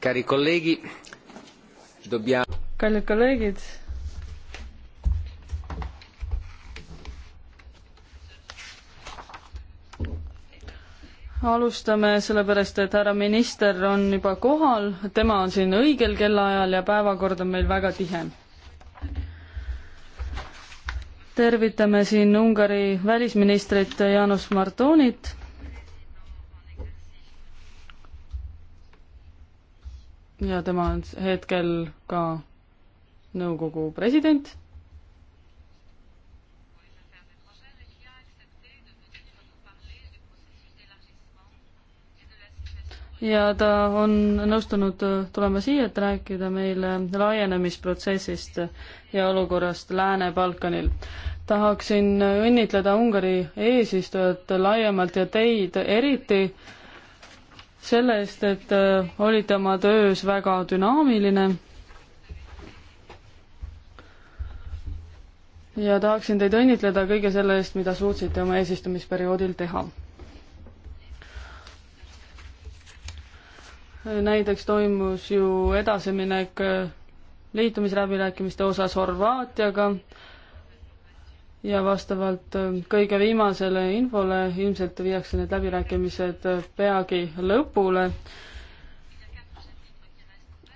kallid kolleegid alustame sellepärast et härra minister on juba kohal tema on siin õigel kellaajal ja päevakord on meil väga tihe tervitame siin ungari välisministrit janus martonit ja tema on hetkel ka nõukogu president. ja ta on nõustunud tulema siia, et rääkida meile laienemisprotsessist ja olukorrast Lääne-Balkanil. tahaksin õnnitleda Ungari eesistujat laiemalt ja teid eriti äh, selle eest, et äh, olite oma töös väga dünaamiline. ja tahaksin teid õnnitleda kõige selle eest, mida suutsite oma eesistumisperioodil teha. näiteks toimus ju edasiminek äh, liitumisläbirääkimiste osas Horvaatiaga ja vastavalt äh, kõige viimasele infole ilmselt viiakse need läbirääkimised äh, peagi lõpule.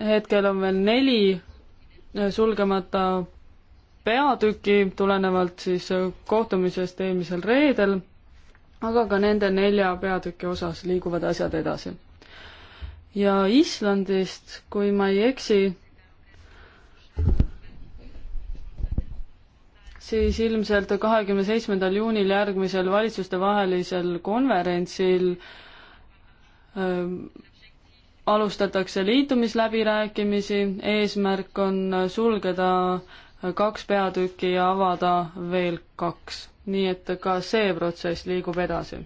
hetkel on veel neli äh, sulgemata peatüki tulenevalt siis kohtumisest eelmisel reedel, aga ka nende nelja peatüki osas liiguvad asjad edasi. ja Islandist, kui ma ei eksi, siis ilmselt kahekümne seitsmendal juunil järgmisel valitsustevahelisel konverentsil ähm, alustatakse liitumisläbirääkimisi, eesmärk on sulgeda äh, kaks peatükki ja avada veel kaks. nii et ka see protsess liigub edasi.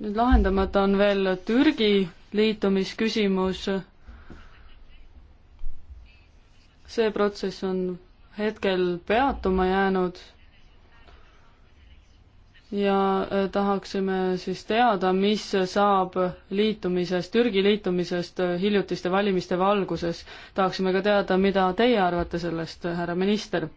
nüüd lahendamata on veel Türgi liitumisküsimus see protsess on hetkel peatuma jäänud ja äh, tahaksime siis teada, mis saab liitumisest, Türgi liitumisest äh, hiljutiste valimiste valguses. tahaksime ka teada, mida teie arvate sellest, äh, härra minister.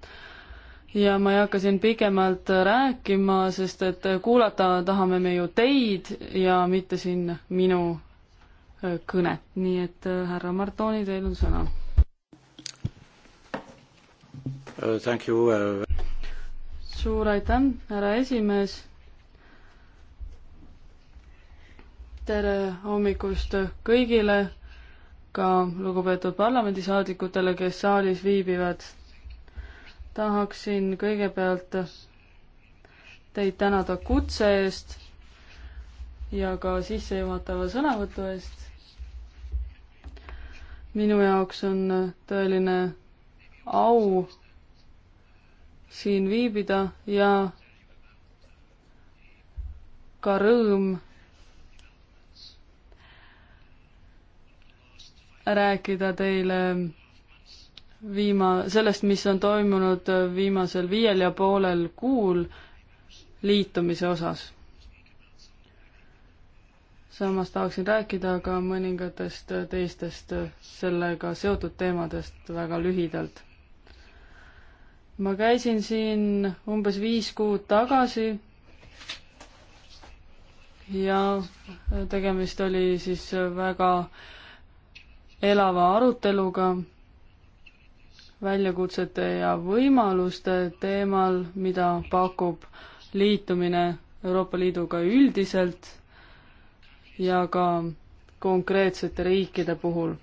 ja ma ei hakka siin pikemalt rääkima, sest et kuulata tahame me ju teid ja mitte siin minu kõnet, nii et härra Martoni, teil on sõna Uh, suur aitäh, härra esimees. tere hommikust kõigile, ka lugupeetud parlamendisaadikutele, kes saalis viibivad. tahaksin kõigepealt teid tänada kutse eest ja ka sissejuhatava sõnavõtu eest. minu jaoks on tõeline au siin viibida ja ka rõõm rääkida teile viima-, sellest, mis on toimunud viimasel viiel ja poolel kuul liitumise osas. samas tahaksin rääkida ka mõningatest teistest sellega seotud teemadest väga lühidalt ma käisin siin umbes viis kuud tagasi ja tegemist oli siis väga elava aruteluga väljakutsete ja võimaluste teemal, mida pakub liitumine Euroopa Liiduga üldiselt ja ka konkreetsete riikide puhul.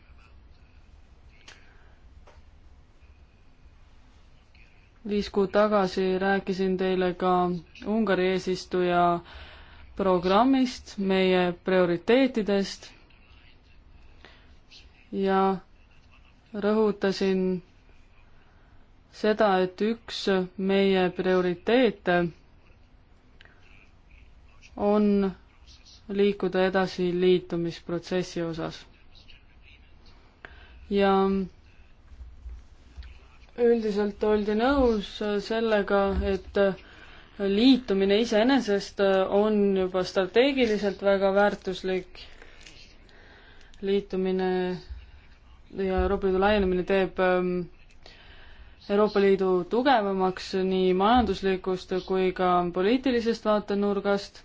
viis kuud tagasi rääkisin teile ka Ungari eesistuja programmist, meie prioriteetidest ja rõhutasin seda, et üks meie prioriteete on liikuda edasi liitumisprotsessi osas. ja üldiselt oldi nõus sellega, et liitumine iseenesest on juba strateegiliselt väga väärtuslik. liitumine ja Euroopa Liidu laienemine teeb ähm, Euroopa Liidu tugevamaks nii majanduslikust kui ka poliitilisest vaatenurgast.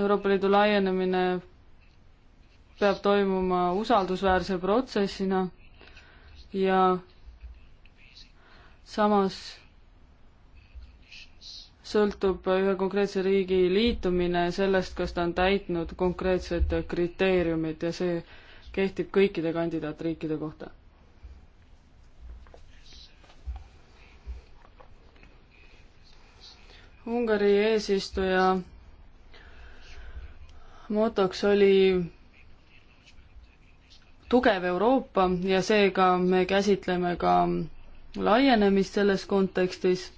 Euroopa Liidu laienemine peab toimuma usaldusväärse protsessina ja samas sõltub ühe konkreetse riigi liitumine sellest, kas ta on täitnud konkreetsed kriteeriumid ja see kehtib kõikide kandidaatriikide kohta. Ungari eesistuja motoks oli tugev Euroopa ja seega me käsitleme ka laienemist selles kontekstis.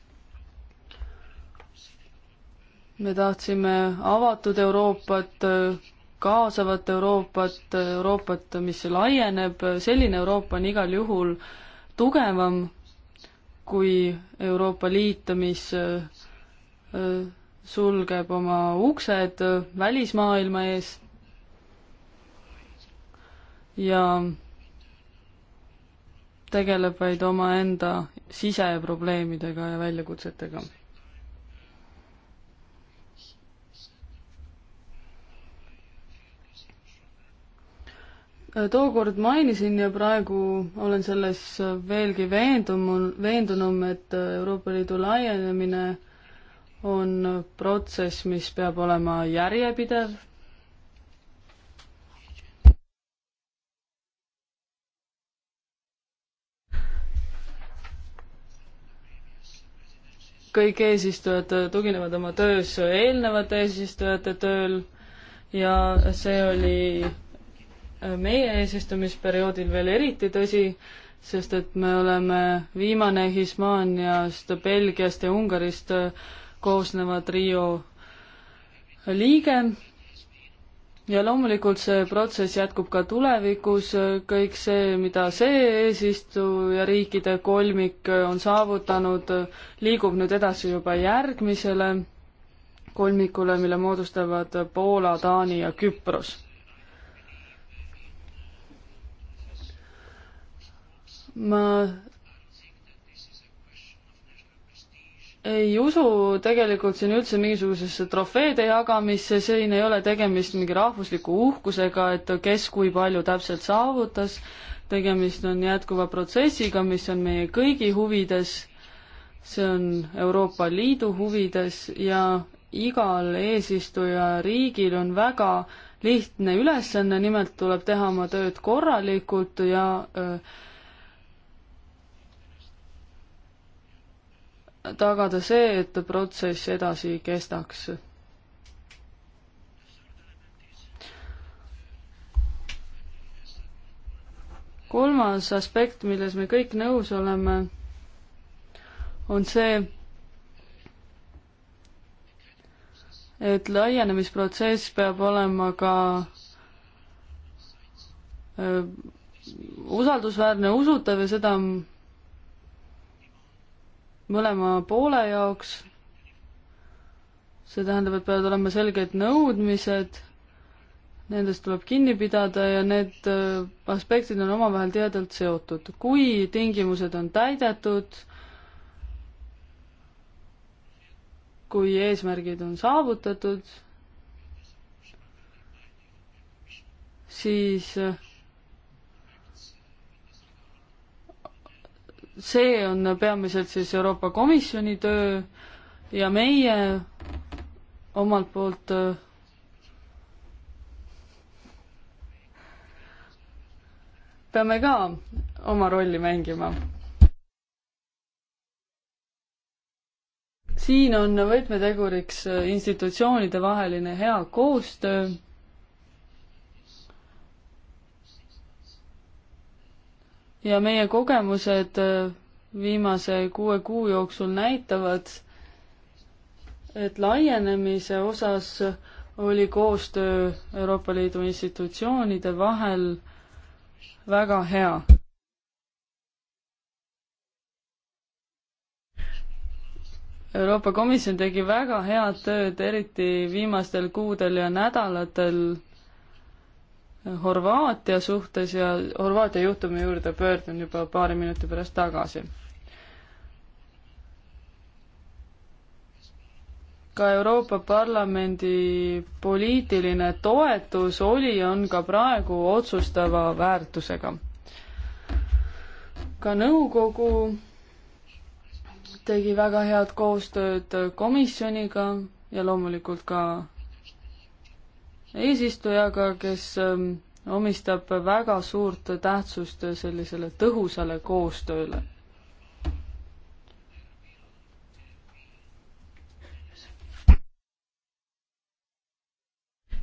me tahtsime avatud Euroopat, kaasavat Euroopat, Euroopat, mis laieneb, selline Euroopa on igal juhul tugevam kui Euroopa Liit, mis äh, sulgeb oma uksed välismaailma ees ja tegeleb vaid omaenda siseprobleemidega ja väljakutsetega. tookord mainisin ja praegu olen selles veelgi veendum-, veendunum, et Euroopa Liidu laienemine on protsess, mis peab olema järjepidev kõik eesistujad äh, tuginevad oma töös eelnevate eesistujate tööl ja see oli äh, meie eesistumisperioodil veel eriti tõsi, sest et me oleme viimane Hispaaniast, Belgiast ja Ungarist äh, koosnevad Rio liige ja loomulikult see protsess jätkub ka tulevikus, kõik see, mida see eesistuja riikide kolmik on saavutanud, liigub nüüd edasi juba järgmisele kolmikule, mille moodustavad Poola, Taani ja Küpros. ma ei usu tegelikult siin üldse mingisugusesse trofeede jagamisse, siin ei ole tegemist mingi rahvusliku uhkusega, et kes kui palju täpselt saavutas. tegemist on jätkuva protsessiga, mis on meie kõigi huvides. see on Euroopa Liidu huvides ja igal eesistujariigil on väga lihtne ülesanne, nimelt tuleb teha oma tööd korralikult ja öö, äh, tagada see, et protsess edasi kestaks. kolmas aspekt, milles me kõik nõus oleme, on see, et laienemisprotsess peab olema ka öö, äh, usaldusväärne, usutav ja seda mõlema poole jaoks. see tähendab, et peavad olema selged nõudmised, nendest tuleb kinni pidada ja need äh, aspektid on omavahel tihedalt seotud. kui tingimused on täidetud, kui eesmärgid on saavutatud, siis äh, see on peamiselt siis Euroopa Komisjoni töö ja meie omalt poolt äh, peame ka oma rolli mängima. siin on võtmeteguriks institutsioonide vaheline hea koostöö ja meie kogemused äh, viimase kuue kuu jooksul näitavad, et laienemise osas oli koostöö Euroopa Liidu institutsioonide vahel väga hea. Euroopa Komisjon tegi väga head tööd, eriti viimastel kuudel ja nädalatel Horvaatia suhtes ja Horvaatia juhtumi juurde pöördun juba paari minuti pärast tagasi. ka Euroopa Parlamendi poliitiline toetus oli, on ka praegu otsustava väärtusega. ka nõukogu tegi väga head koostööd komisjoniga ja loomulikult ka eesistujaga, kes ähm, omistab väga suurt tähtsust sellisele tõhusale koostööle.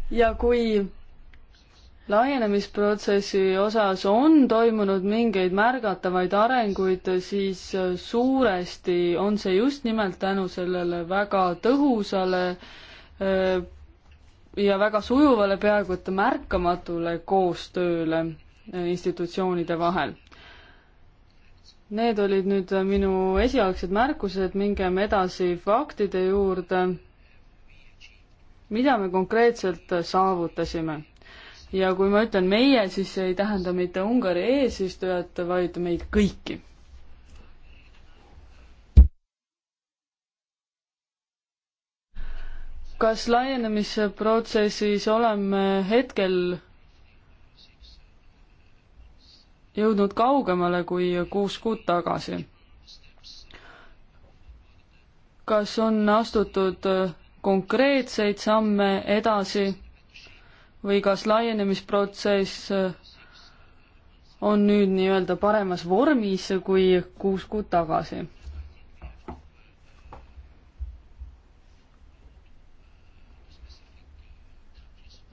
ja kui laienemisprotsessi osas on toimunud mingeid märgatavaid arenguid, siis äh, suuresti on see just nimelt tänu sellele väga tõhusale äh, ja väga sujuvale, peaaegu et märkamatule koostööle eh, institutsioonide vahel. Need olid nüüd eh, minu esialgsed märkused, mingem edasi faktide juurde. mida me konkreetselt eh, saavutasime? ja kui ma ütlen meie, siis see ei tähenda mitte Ungari eesistujat, vaid meid kõiki kas laienemisprotsessis oleme hetkel jõudnud kaugemale kui kuus kuud tagasi? kas on astutud konkreetseid samme edasi või kas laienemisprotsess on nüüd nii-öelda paremas vormis kui kuus kuud tagasi?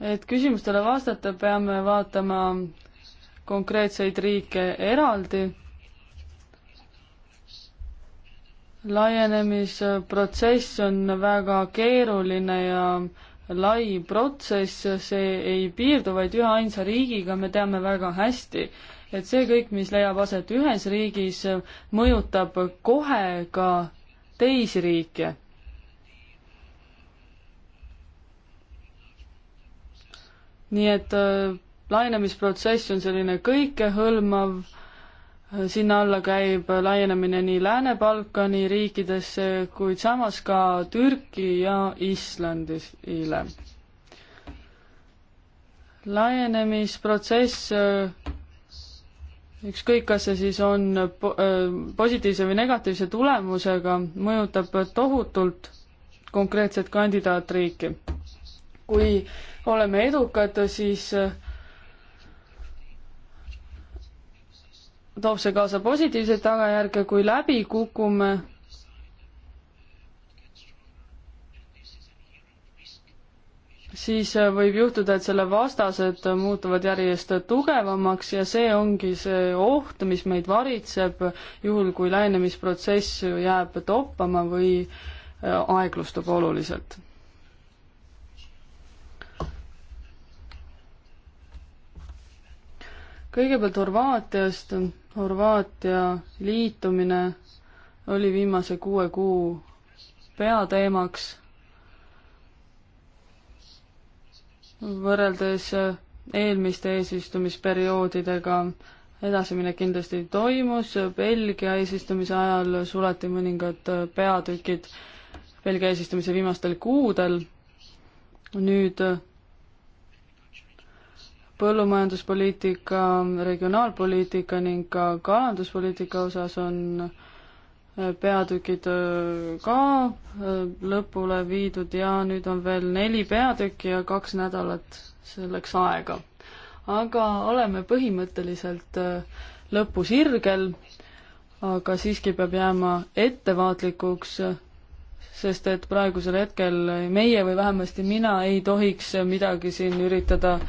et küsimustele vastata, peame vaatama konkreetseid riike eraldi. laienemisprotsess on väga keeruline ja lai protsess, see ei piirdu vaid üheainsa riigiga, me teame väga hästi, et see kõik, mis leiab aset ühes riigis, mõjutab kohe ka teisi riike nii et äh, laienemisprotsess on selline kõikehõlmav, äh, sinna alla käib laienemine nii Lääne-Balkani riikidesse, kuid samas ka Türgi ja Islandile. laienemisprotsess äh, ükskõik, kas see siis on po äh, positiivse või negatiivse tulemusega, mõjutab tohutult konkreetset kandidaatriiki kui oleme edukad, siis äh, toob see kaasa positiivseid tagajärge, kui läbi kukume, siis äh, võib juhtuda, et selle vastased muutuvad järjest tugevamaks ja see ongi see oht, mis meid varitseb, juhul kui lähenemisprotsess jääb toppama või äh, aeglustub oluliselt. kõigepealt Horvaatiast. Horvaatia liitumine oli viimase kuue kuu peateemaks. võrreldes eelmiste eesistumisperioodidega edasiminek kindlasti toimus, Belgia eesistumise ajal suleti mõningad peatükid Belgia eesistumise viimastel kuudel. nüüd põllumajanduspoliitika, regionaalpoliitika ning ka kalanduspoliitika osas on äh, peatükid äh, ka äh, lõpule viidud ja nüüd on veel neli peatükki ja kaks nädalat selleks aega. aga oleme põhimõtteliselt lõpusirgel, aga siiski peab jääma ettevaatlikuks sest et praegusel hetkel meie või vähemasti mina ei tohiks midagi siin üritada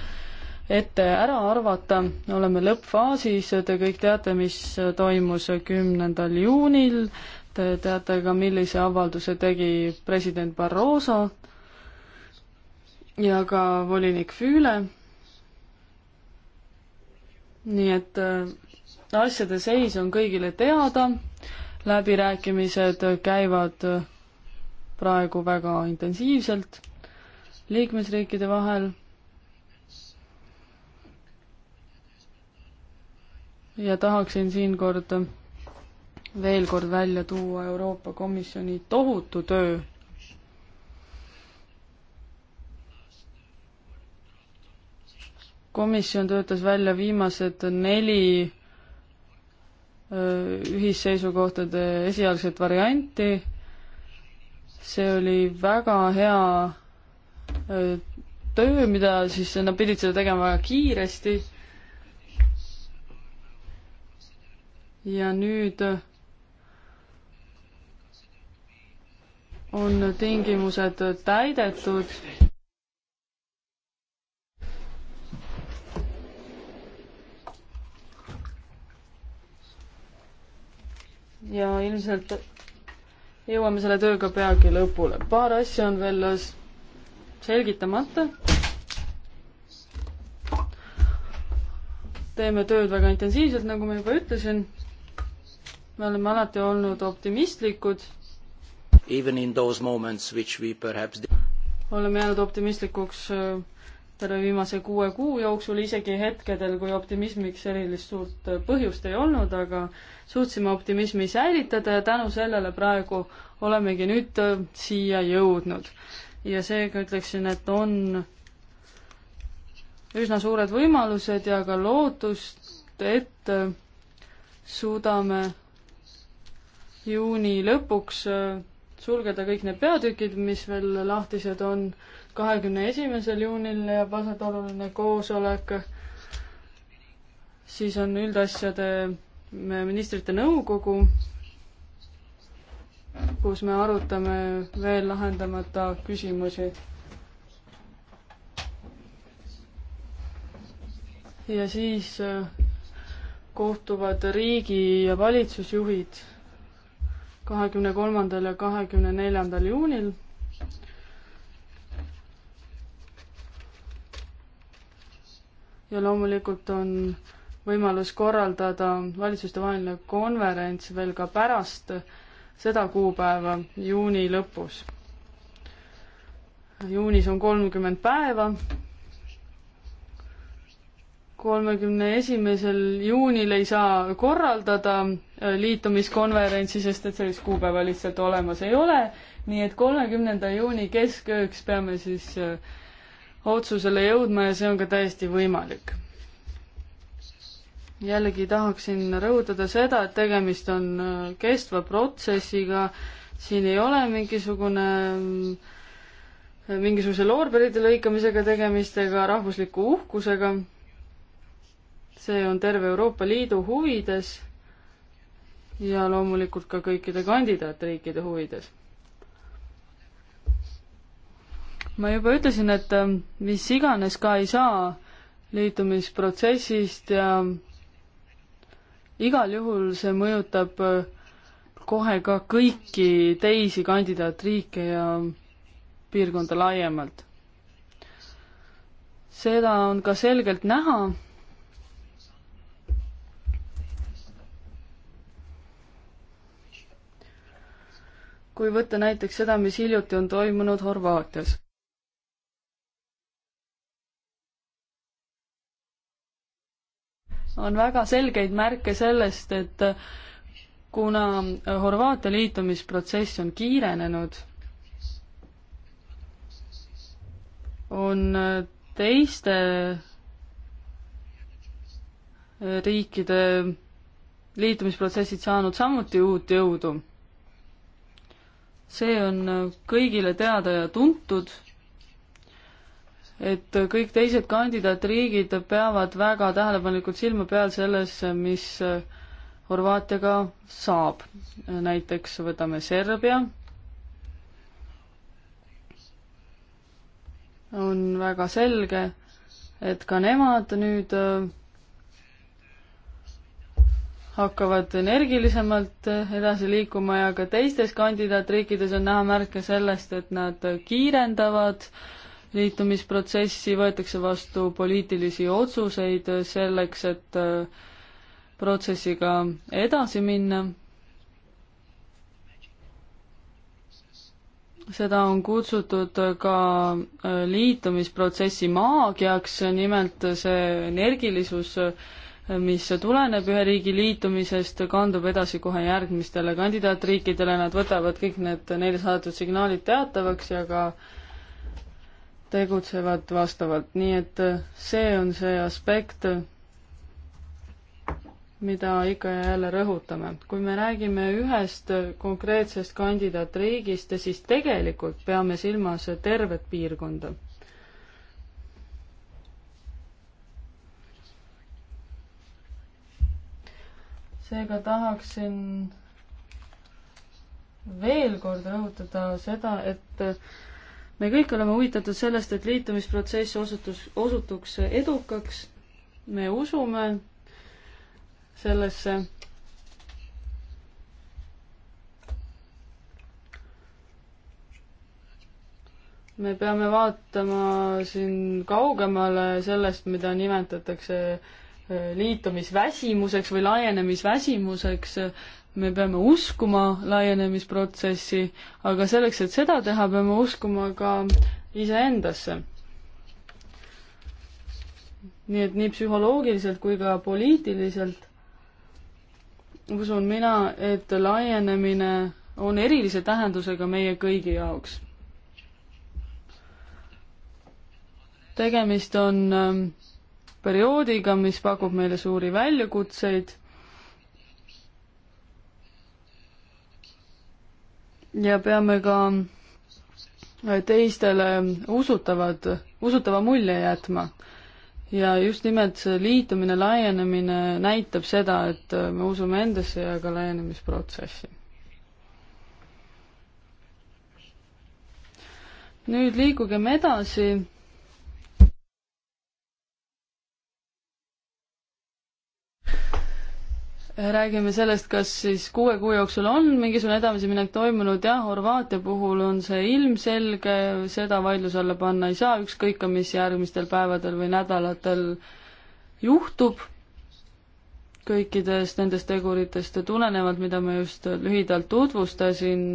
ette ära arvata, oleme lõppfaasis, te kõik teate, mis toimus kümnendal juunil, te teate ka, millise avalduse tegi president Barroso ja ka volinik Füüle. nii et äh, asjade seis on kõigile teada, läbirääkimised käivad praegu väga intensiivselt liikmesriikide vahel ja tahaksin siinkord veel kord välja tuua Euroopa Komisjoni tohutu töö. komisjon töötas välja viimased neli ühisseisukohtade esialgset varianti. see oli väga hea töö, mida siis nad pidid seda tegema väga kiiresti ja nüüd on tingimused täidetud. ja ilmselt jõuame selle tööga peagi lõpule. paar asja on veel selgitamata. teeme tööd väga intensiivselt, nagu ma juba ütlesin me oleme alati olnud optimistlikud. Even in those moments which we perhaps oleme jäänud optimistlikuks äh, terve viimase kuue kuu jooksul, isegi hetkedel, kui optimismiks erilist suurt äh, põhjust ei olnud, aga suutsime optimismi säilitada ja tänu sellele praegu olemegi nüüd äh, siia jõudnud. ja seega ütleksin, et on üsna suured võimalused ja ka lootust, et suudame juuni lõpuks äh, sulgeda kõik need peatükid, mis veel lahtised on. kahekümne esimesel juunil jääb aset oluline koosolek, siis on üldasjade äh, ministrite nõukogu, kus me arutame veel lahendamata küsimusi. ja siis äh, kohtuvad riigi ja valitsusjuhid kahekümne kolmandal ja kahekümne neljandal juunil. ja loomulikult on võimalus korraldada valitsustevaheline konverents veel ka pärast seda kuupäeva juuni lõpus. juunis on kolmkümmend päeva kolmekümne esimesel juunil ei saa korraldada äh, liitumiskonverentsi, sest et sellist kuupäeva lihtsalt olemas ei ole. nii et kolmekümnenda juuni keskööks peame siis äh, otsusele jõudma ja see on ka täiesti võimalik. jällegi tahaksin rõhutada seda, et tegemist on äh, kestva protsessiga, siin ei ole mingisugune mingisuguse loorberite lõikamisega tegemist ega rahvusliku uhkusega see on terve Euroopa Liidu huvides ja loomulikult ka kõikide kandidaatriikide huvides. ma juba ütlesin, et ähm, mis iganes ka ei saa liitumisprotsessist ja igal juhul see mõjutab äh, kohe ka kõiki teisi kandidaatriike ja piirkonda laiemalt. seda on ka selgelt näha kui võtta näiteks seda, mis hiljuti on toimunud Horvaatias. on väga selgeid märke sellest, et kuna Horvaatia liitumisprotsess on kiirenenud, on teiste riikide liitumisprotsessid saanud samuti uut jõudu see on kõigile teada ja tuntud, et kõik teised kandidaatriigid peavad väga tähelepanelikult silma peal selles, mis Horvaatiaga saab. näiteks võtame Serbia, on väga selge, et ka nemad nüüd hakkavad energilisemalt eh, edasi liikuma ja ka teistes kandidaatriikides on näha märke sellest, et nad kiirendavad liitumisprotsessi, võetakse vastu poliitilisi otsuseid selleks, et eh, protsessiga edasi minna. seda on kutsutud ka eh, liitumisprotsessi maagiaks, nimelt see energilisus mis tuleneb ühe riigi liitumisest, kandub edasi kohe järgmistele kandidaatriikidele, nad võtavad kõik need neile saadetud signaalid teatavaks ja ka tegutsevad vastavalt, nii et see on see aspekt, mida ikka ja jälle rõhutame. kui me räägime ühest konkreetsest kandidaatriigist, siis tegelikult peame silmas tervet piirkonda. seega tahaksin veel kord rõhutada seda, et me kõik oleme huvitatud sellest, et liitumisprotsess osutus, osutuks edukaks. me usume sellesse. me peame vaatama siin kaugemale sellest, mida nimetatakse liitumisväsimuseks või laienemisväsimuseks, me peame uskuma laienemisprotsessi, aga selleks, et seda teha, peame uskuma ka iseendasse. nii et nii psühholoogiliselt kui ka poliitiliselt usun mina, et laienemine on erilise tähendusega meie kõigi jaoks. tegemist on ähm, perioodiga, mis pakub meile suuri väljakutseid. ja peame ka teistele usutavad, usutava mulje jätma. ja just nimelt see liitumine, laienemine näitab seda, et me usume endasse ja ka laienemisprotsessi. nüüd liigugem edasi räägime sellest, kas siis kuue kuu jooksul on mingisugune edasiminek toimunud, jah, Horvaatia puhul on see ilmselge, seda vaidluse alla panna ei saa, ükskõik ka mis järgmistel päevadel või nädalatel juhtub, kõikidest nendest teguritest tulenevalt, mida ma just lühidalt tutvustasin,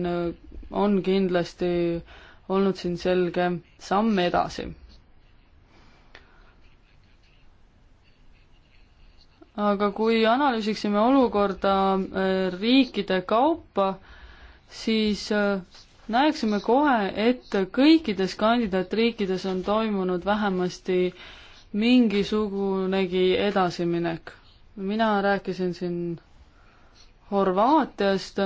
on kindlasti olnud siin selge samm edasi aga kui analüüsiksime olukorda äh, riikide kaupa, siis äh, näeksime kohe, et kõikides kandidaatriikides on toimunud vähemasti mingisugunegi edasiminek. mina rääkisin siin Horvaatiast,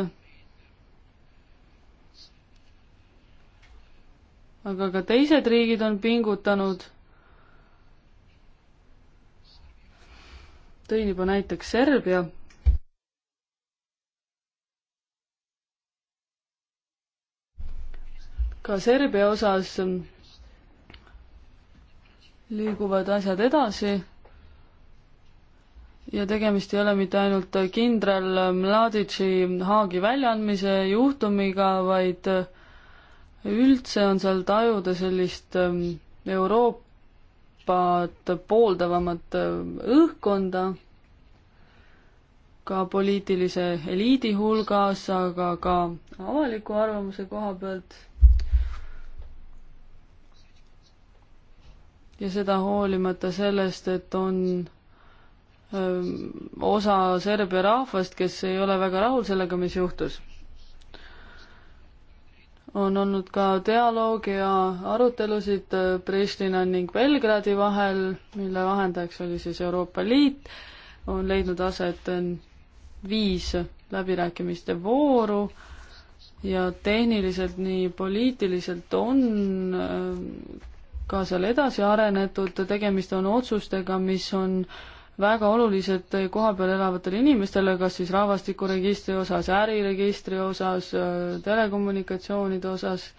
aga ka teised riigid on pingutanud tõin juba näiteks Serbia. ka Serbia osas liiguvad asjad edasi ja tegemist ei ole mitte ainult kindral Mladici Haagi väljaandmise juhtumiga, vaid üldse on seal tajuda sellist ähm, Euroopa Euroopat pooldavamat õhkkonda ka poliitilise eliidi hulgas, aga ka avaliku arvamuse koha pealt. ja seda hoolimata sellest, et on öö, ähm, osa Serbia rahvast, kes ei ole väga rahul sellega, mis juhtus on olnud ka dialoogi ja arutelusid äh, Pristina ning Belgradi vahel, mille vahendajaks oli siis Euroopa Liit, on leidnud aset äh, viis läbirääkimiste vooru ja tehniliselt nii poliitiliselt on äh, ka seal edasi arenetud, tegemist on otsustega, mis on äh, väga olulised kohapeal elavatele inimestele, kas siis rahvastikuregistri osas, äriregistri osas, telekommunikatsioonide osas.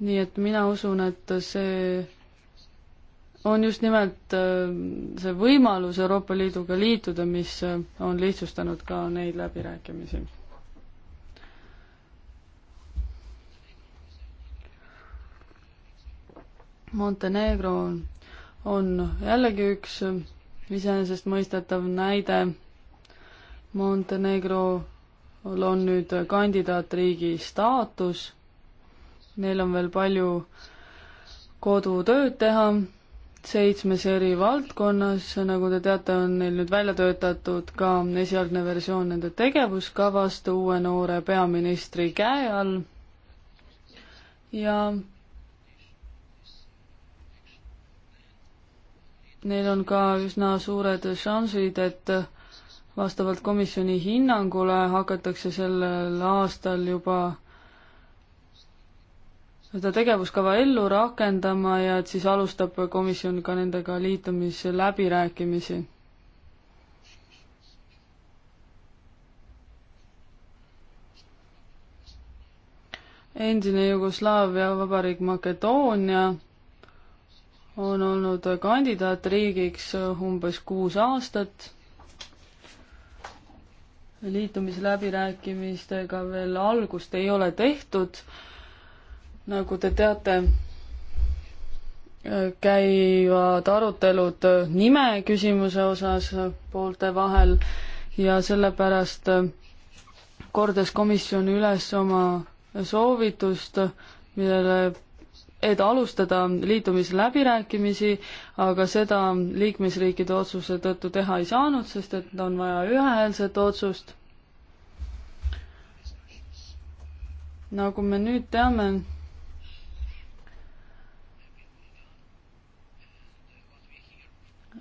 nii et mina usun, et see on just nimelt äh, see võimalus Euroopa Liiduga liituda, mis on lihtsustanud ka neid läbirääkimisi. Montenegro on on jällegi üks iseenesestmõistetav näide. Montenegrol on nüüd kandidaatriigi staatus. Neil on veel palju kodutööd teha seitsmes eri valdkonnas, nagu te teate, on neil nüüd välja töötatud ka esialgne versioon nende tegevuskavast uue noore peaministri käe all. ja neil on ka üsna suured šansid, et vastavalt komisjoni hinnangule hakatakse sellel aastal juba seda tegevuskava ellu rakendama ja et siis alustab komisjon ka nendega liitumisläbirääkimisi. endine Jugoslaavia vabariik Makedoonia on olnud kandidaatriigiks umbes kuus aastat. liitumisläbirääkimistega veel algust ei ole tehtud. nagu te teate, käivad arutelud nime küsimuse osas poolte vahel ja sellepärast kordas komisjon üles oma soovitust, millele et alustada liitumisläbirääkimisi, aga seda liikmesriikide otsuse tõttu teha ei saanud, sest et on vaja ühehäälset otsust. nagu me nüüd teame,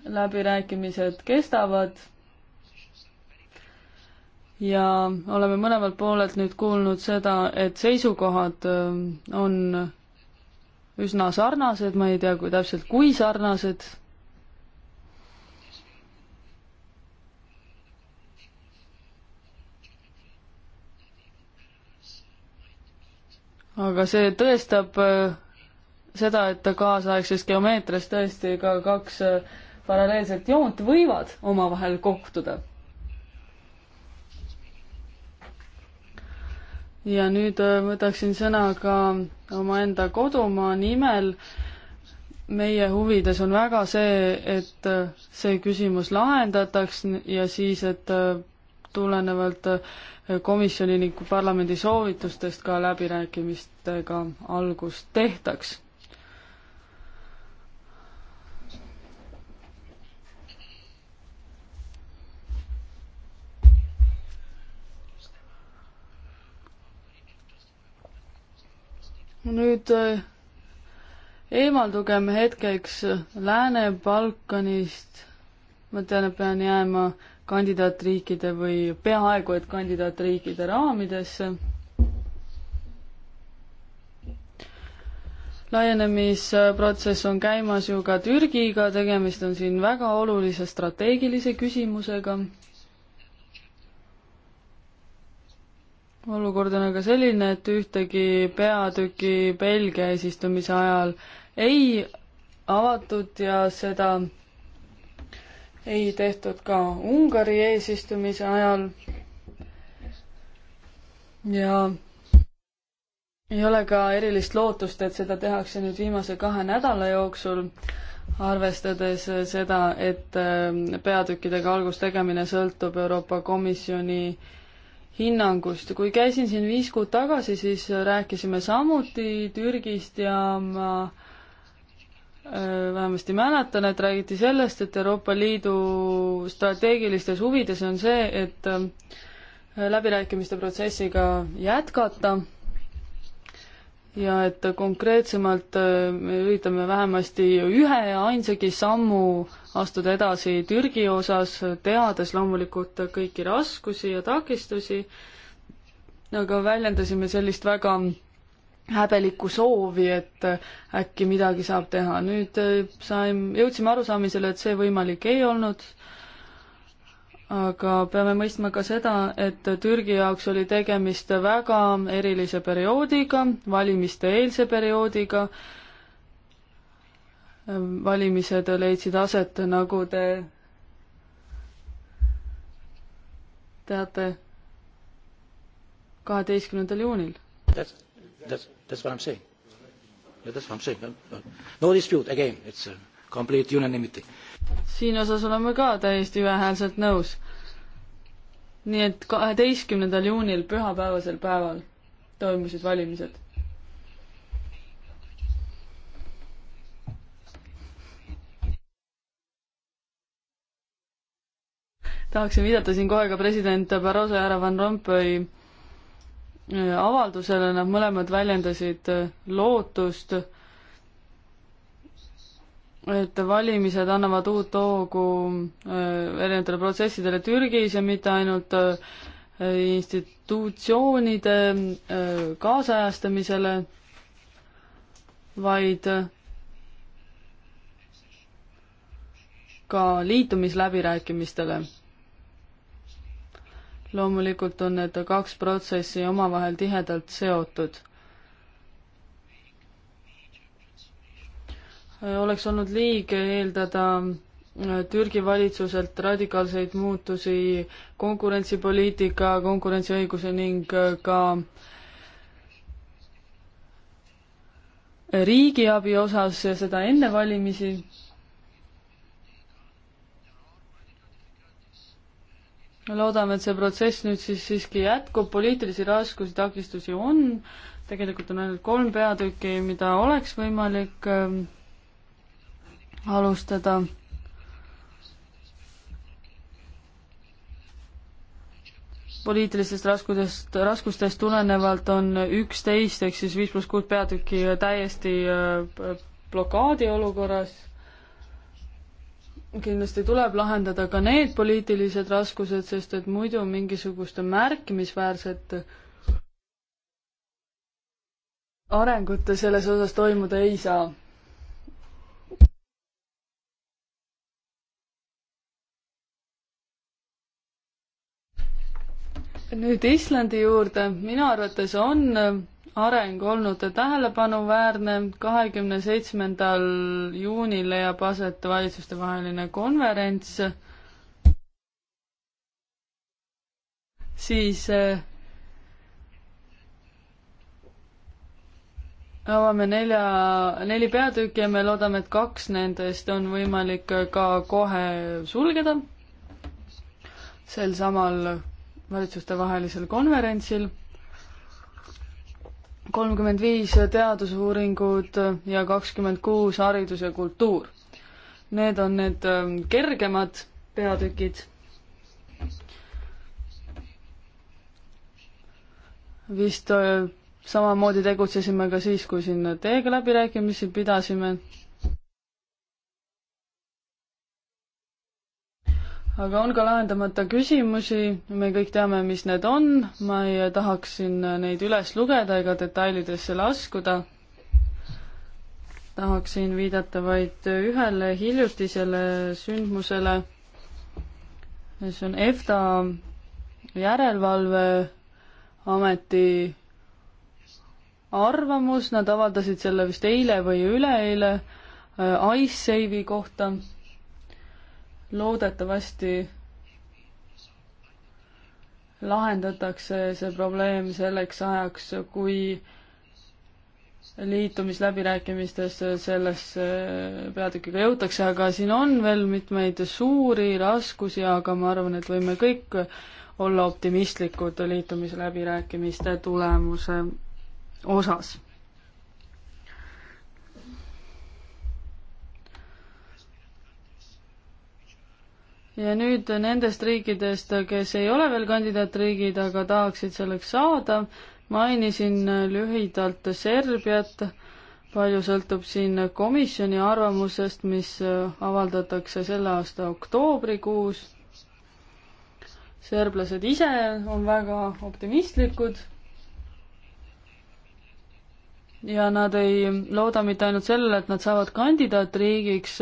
läbirääkimised kestavad ja oleme mõlemalt poolelt nüüd kuulnud seda, et seisukohad ähm, on üsna sarnased, ma ei tea, kui täpselt, kui sarnased. aga see tõestab äh, seda, et kaasaegses geomeetrias tõesti ka kaks äh, paralleelset joont võivad omavahel kohtuda ja nüüd äh, võtaksin sõna ka omaenda kodumaa nimel. meie huvides on väga see, et see küsimus lahendataks ja siis, et tulenevalt komisjoni ning parlamendi soovitustest ka läbirääkimistega algus tehtaks nüüd eh, eemaldugem hetkeks Lääne-Balkanist. ma tean, et pean jääma kandidaatriikide või peaaegu et kandidaatriikide raamidesse. laienemisprotsess on käimas ju ka Türgiga, tegemist on siin väga olulise strateegilise küsimusega olukord on aga selline, et ühtegi peatüki Belgia eesistumise ajal ei avatud ja seda ei tehtud ka Ungari eesistumise ajal. ja ei ole ka erilist lootust, et seda tehakse nüüd viimase kahe nädala jooksul, arvestades seda, et ähm, peatükkidega algustegemine sõltub Euroopa Komisjoni äh, hinnangust. kui käisin siin viis kuud tagasi, siis rääkisime samuti Türgist ja ma äh, vähemasti mäletan, et räägiti sellest, et Euroopa Liidu strateegilistes huvides on see, et äh, läbirääkimiste protsessiga jätkata ja et konkreetsemalt äh, me üritame vähemasti ühe ja ainsagi sammu astuda edasi Türgi osas, teades loomulikult kõiki raskusi ja takistusi, aga väljendasime sellist väga häbelikku soovi, et äkki midagi saab teha. nüüd äh, saime, jõudsime arusaamisele, et see võimalik ei olnud, aga peame mõistma ka seda, et Türgi jaoks oli tegemist väga erilise perioodiga, valimiste eelse perioodiga, valimised leidsid aset, nagu te teate, kaheteistkümnendal juunil. That's, that's, that's what I'm saying. That's what I'm saying. No dispute again, it's a complete unanimity. siin osas oleme ka täiesti ühehäälselt nõus. nii et kaheteistkümnendal juunil, pühapäevasel päeval toimusid valimised tahaksin viidata siin kohe ka president Barroso ja härra Van Rompuy äh, avaldusele, nad mõlemad väljendasid äh, lootust, et valimised annavad uut hoogu äh, erinevatele protsessidele Türgis ja mitte ainult institutsioonide kaasajastamisele, vaid ka liitumisläbirääkimistele loomulikult on need kaks protsessi omavahel tihedalt seotud. oleks olnud liig eeldada äh, Türgi valitsuselt radikaalseid muutusi konkurentsipoliitika, konkurentsiõiguse ning äh, ka äh, riigiabi osas ja seda enne valimisi loodame, et see protsess nüüd siis siiski jätkub, poliitilisi raskusi, takistusi on, tegelikult on ainult kolm peatükki, mida oleks võimalik äh, alustada. poliitilistest raskudest, raskustest tulenevalt on üksteist ehk siis viis pluss kuus peatükki täiesti äh, blokaadi olukorras kindlasti tuleb lahendada ka need poliitilised raskused, sest et muidu mingisugust märkimisväärset arengut selles osas toimuda ei saa. nüüd Islandi juurde, minu arvates on areng olnud tähelepanuväärne, kahekümne seitsmendal juunil leiab aset valitsustevaheline konverents, siis äh, avame nelja, neli peatükki ja me loodame, et kaks nendest on võimalik ka kohe sulgeda sel samal valitsustevahelisel konverentsil kolmkümmend viis teadusuuringud ja kakskümmend kuus haridus ja kultuur. Need on need ähm, kergemad peatükid. vist äh, samamoodi tegutsesime ka siis, kui siin teiega läbirääkimisi pidasime aga on ka lahendamata küsimusi, me kõik teame, mis need on, ma ei tahaks siin neid üles lugeda ega detailidesse laskuda. tahaksin viidata vaid ühele hiljutisele sündmusele. see on EFTA järelevalveameti arvamus, nad avaldasid selle vist eile või üleeile, äh, Icesave'i kohta loodetavasti lahendatakse see probleem selleks ajaks, kui liitumisläbirääkimistes sellesse peatükiga jõutakse, aga siin on veel mitmeid suuri raskusi, aga ma arvan, et võime kõik olla optimistlikud liitumisläbirääkimiste tulemuse osas ja nüüd nendest riikidest, kes ei ole veel kandidaatriigid, aga tahaksid selleks saada, mainisin lühidalt Serbiat, palju sõltub siin komisjoni arvamusest, mis avaldatakse selle aasta oktoobrikuus. serblased ise on väga optimistlikud ja nad ei looda mitte ainult sellele, et nad saavad kandidaatriigiks,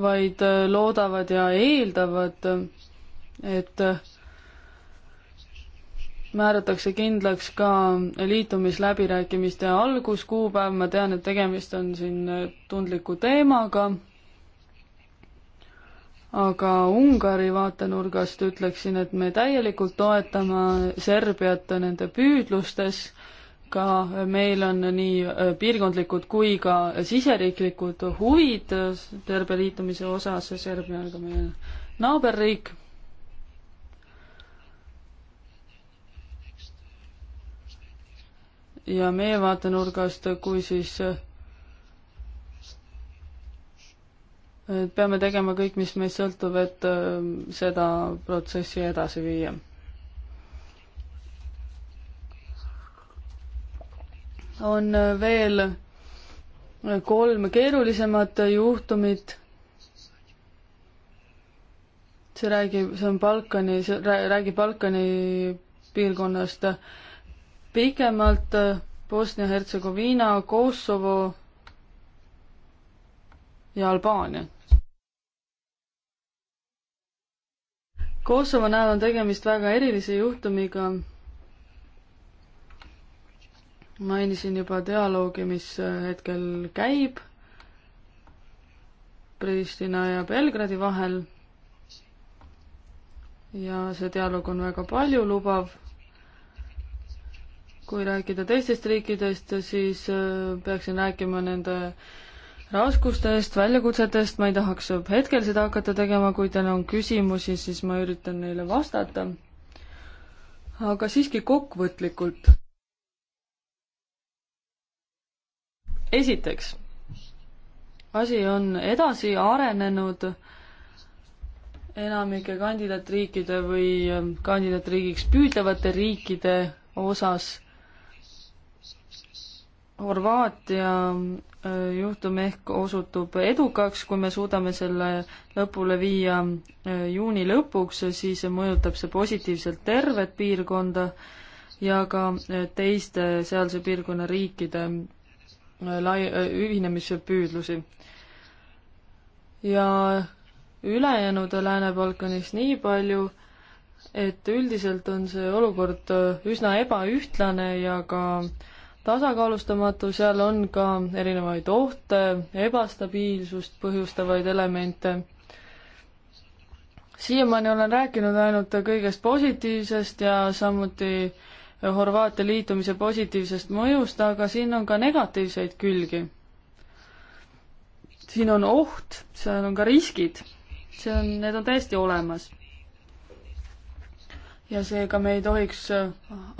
vaid äh, loodavad ja eeldavad, et äh, määratakse kindlaks ka liitumisläbirääkimiste alguskuupäev, ma tean, et tegemist on siin äh, tundliku teemaga, aga Ungari vaatenurgast ütleksin, et me täielikult toetame Serbiat nende püüdlustes äh, ka meil on nii äh, piirkondlikud kui ka siseriiklikud huvid Serbia äh, liitumise osas, Serbia on ka meie naaberriik. ja meie vaatenurgast, kui siis äh, peame tegema kõik, mis meist sõltub, et seda protsessi edasi viia on veel kolm keerulisemat juhtumit. see räägib, see on Balkani, see räägib Balkani piirkonnast pikemalt Bosnia-Hertsegoviina, Kosovo ja Albaania. Kosovo näol on tegemist väga erilise juhtumiga mainisin juba dialoogi, mis äh, hetkel käib Pristina ja Belgradi vahel. ja see dialoog on väga paljulubav. kui rääkida teistest riikidest, siis äh, peaksin rääkima nende raskustest, väljakutsetest, ma ei tahaks hetkel seda hakata tegema, kui teil on küsimusi, siis ma üritan neile vastata. aga siiski kokkuvõtlikult esiteks, asi on edasi arenenud enamike kandidaatriikide või ähm, kandidaatriigiks püüdlevate riikide osas. Horvaatia äh, juhtum ehk osutub edukaks, kui me suudame selle lõpule viia äh, juuni lõpuks, siis mõjutab see positiivselt tervet piirkonda ja ka äh, teiste sealse piirkonna riikide lai-, ühinemispüüdlusi. ja ülejäänud Lääne-Balkanis nii palju, et üldiselt on see olukord äh, üsna ebaühtlane ja ka tasakaalustamatu, seal on ka erinevaid ohte, ebastabiilsust põhjustavaid elemente. siiamaani olen rääkinud ainult kõigest positiivsest ja samuti äh, Horvaatia liitumise positiivsest mõjust, aga siin on ka negatiivseid külgi. siin on oht, seal on ka riskid, see on, need on täiesti olemas. ja seega me ei tohiks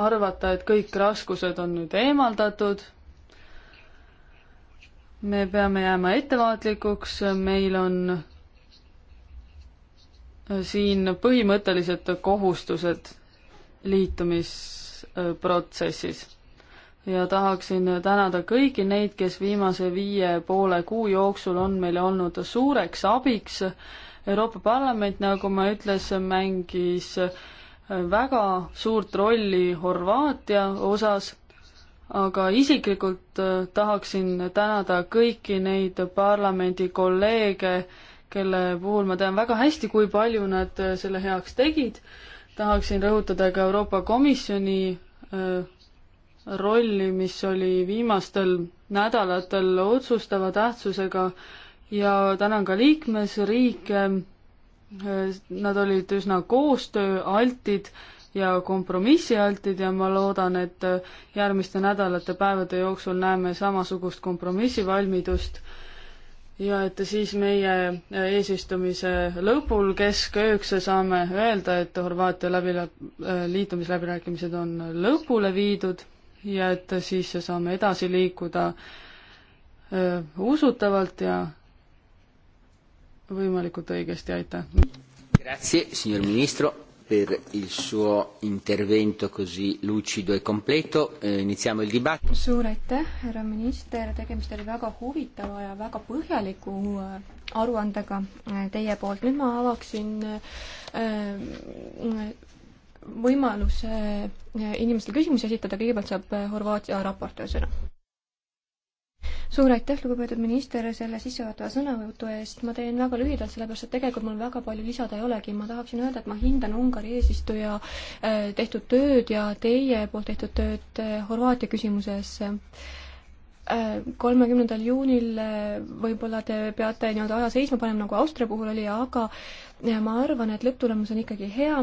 arvata, et kõik raskused on nüüd eemaldatud, me peame jääma ettevaatlikuks, meil on siin põhimõttelised kohustused liitumis protsessis. ja tahaksin tänada kõiki neid, kes viimase viie poole kuu jooksul on meile olnud suureks abiks. Euroopa Parlament, nagu ma ütlesin, mängis väga suurt rolli Horvaatia osas, aga isiklikult tahaksin tänada kõiki neid parlamendi kolleege, kelle puhul ma tean väga hästi, kui palju nad selle heaks tegid tahaksin rõhutada ka Euroopa Komisjoni rolli, mis oli viimastel nädalatel otsustava tähtsusega ja tänan ka liikmesriike. Nad olid üsna koostööaltid ja kompromissialtid ja ma loodan, et järgmiste nädalate, päevade jooksul näeme samasugust kompromissivalmidust ja et siis meie äh, eesistumise lõpul keskööks saame öelda, et Horvaatia läbi, äh, liitumisläbirääkimised on lõpule viidud ja et siis saame edasi liikuda öö, äh, usutavalt ja võimalikult õigesti, aitäh! Grazie, signor ministro! per il suo intervento così lucido e completo. Eh, iniziamo il dibattito. Suur aitäh, härra minister, tegemist oli väga huvitava ja väga põhjaliku äh, aruandega äh, teie poolt. nüüd ma avaksin äh, võimaluse inimestel küsimusi esitada, kõigepealt saab Horvaatia raportöö sõna suur aitäh, lugupeetud minister, selle sissejuhatava sõnavõtu eest. ma teen väga lühidalt, sellepärast et tegelikult mul väga palju lisada ei olegi. ma tahaksin öelda, et ma hindan Ungari eesistuja äh, tehtud tööd ja teie poolt tehtud tööd äh, Horvaatia küsimuses äh, kolmekümnendal juunil võib-olla te peate nii-öelda aja seisma panema, nagu Austria puhul oli, aga ma arvan, et lõpptulemus on ikkagi hea.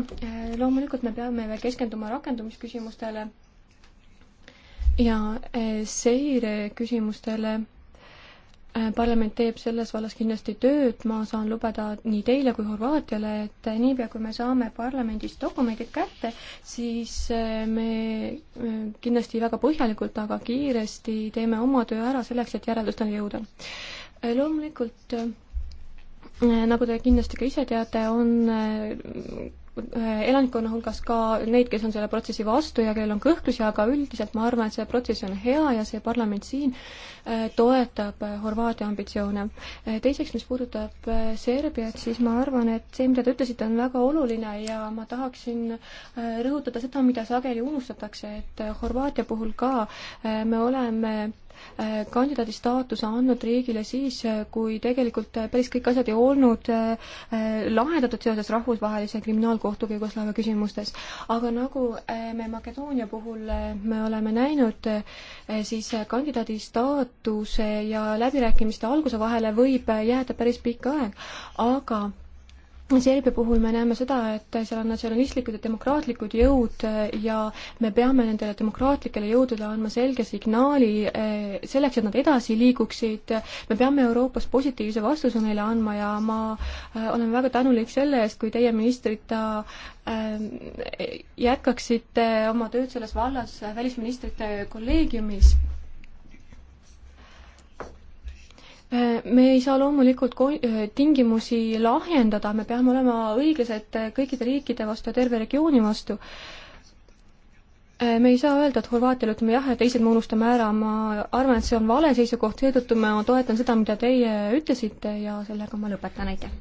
loomulikult me peame veel keskenduma rakendumisküsimustele ja eh, seire küsimustele eh, parlament teeb selles vallas kindlasti tööd, ma saan lubada nii teile kui Horvaatiale, et niipea, kui me saame parlamendis dokumendid kätte, siis eh, me kindlasti väga põhjalikult, aga kiiresti teeme oma töö ära selleks, et järeldusteni jõuda. loomulikult nagu te kindlasti ka ise teate, on Äh, elanikkonna hulgas ka neid, kes on selle protsessi vastu ja kellel on kõhklusi, aga üldiselt ma arvan, et see protsess on hea ja see parlament siin äh, toetab äh, Horvaatia ambitsioone. teiseks, mis puudutab Serbiat, siis ma arvan, et see, mida te ütlesite, on väga oluline ja ma tahaksin rõhutada seda, mida sageli unustatakse, et Horvaatia puhul ka me oleme kandidaadi staatuse andnud riigile siis, kui tegelikult päris kõik asjad ei olnud äh, lahendatud seoses rahvusvahelise kriminaalkohtuga Jugoslaavia küsimustes. aga nagu äh, me Makedoonia puhul äh, me oleme näinud, siis kandidaadi staatuse ja läbirääkimiste alguse vahele võib jääda päris pikk aeg, aga Serbia puhul me näeme seda, et seal on natsionalistlikud ja demokraatlikud jõud eh, ja me peame nendele demokraatlikele jõududele andma selge signaali eh, selleks, et nad edasi liiguksid. me peame Euroopas positiivse vastuse neile andma ja ma eh, olen väga tänulik selle eest, kui teie ministrita jätkaksite oma tööd selles vallas välisministrite kolleegiumis me ei saa loomulikult tingimusi lahjendada, me peame olema õiglased kõikide riikide vastu ja terve regiooni vastu. me ei saa öelda, et Horvaatiale ütleme jah ja teised me unustame ära, ma arvan, et see on vale seisukoht, seetõttu ma toetan seda, mida teie ütlesite ja sellega ma lõpetan, aitäh!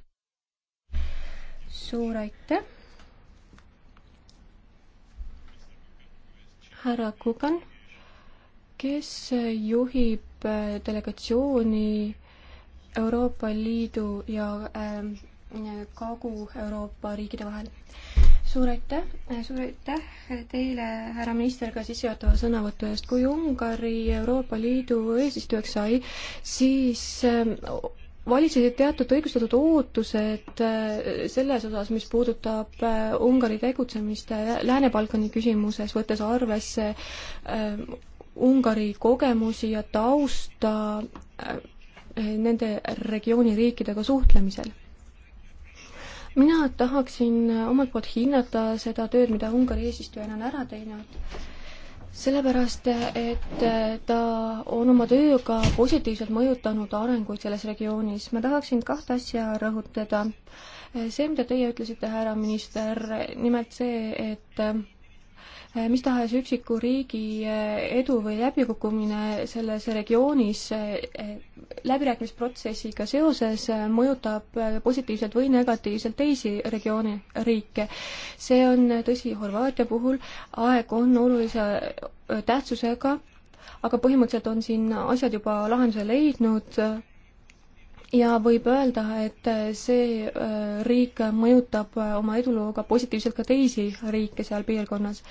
suur aitäh! härra Kukan kes juhib äh, delegatsiooni Euroopa Liidu ja ähm, Kagu-Euroopa riikide vahel? suur aitäh, äh, suur aitäh teile, härra minister, ka sissejuhatava sõnavõtu eest. kui Ungari Euroopa Liidu eesistujaks sai, siis ähm, valitsesid teatud õigustatud ootused äh, selles osas, mis puudutab Ungari tegutsemist Lääne-Balkani küsimuses, võttes arvesse ähm, Ungari kogemusi ja tausta äh, nende regiooni riikidega suhtlemisel. mina tahaksin äh, omalt poolt hinnata seda tööd, mida Ungari eesistujana on ära teinud sellepärast, et äh, ta on oma tööga positiivselt mõjutanud arenguid selles regioonis. ma tahaksin kahte asja rõhutada. see, mida teie ütlesite, härra minister, nimelt see, et mis tahes üksiku riigi eh, edu või läbikukkumine selles regioonis eh, läbirääkimisprotsessiga seoses eh, mõjutab positiivselt või negatiivselt teisi regiooni riike. see on tõsi Horvaatia puhul, aeg on olulise tähtsusega, aga põhimõtteliselt on siin asjad juba lahenduse leidnud ja võib öelda, et see riik mõjutab oma edulooga positiivselt ka teisi riike seal piirkonnas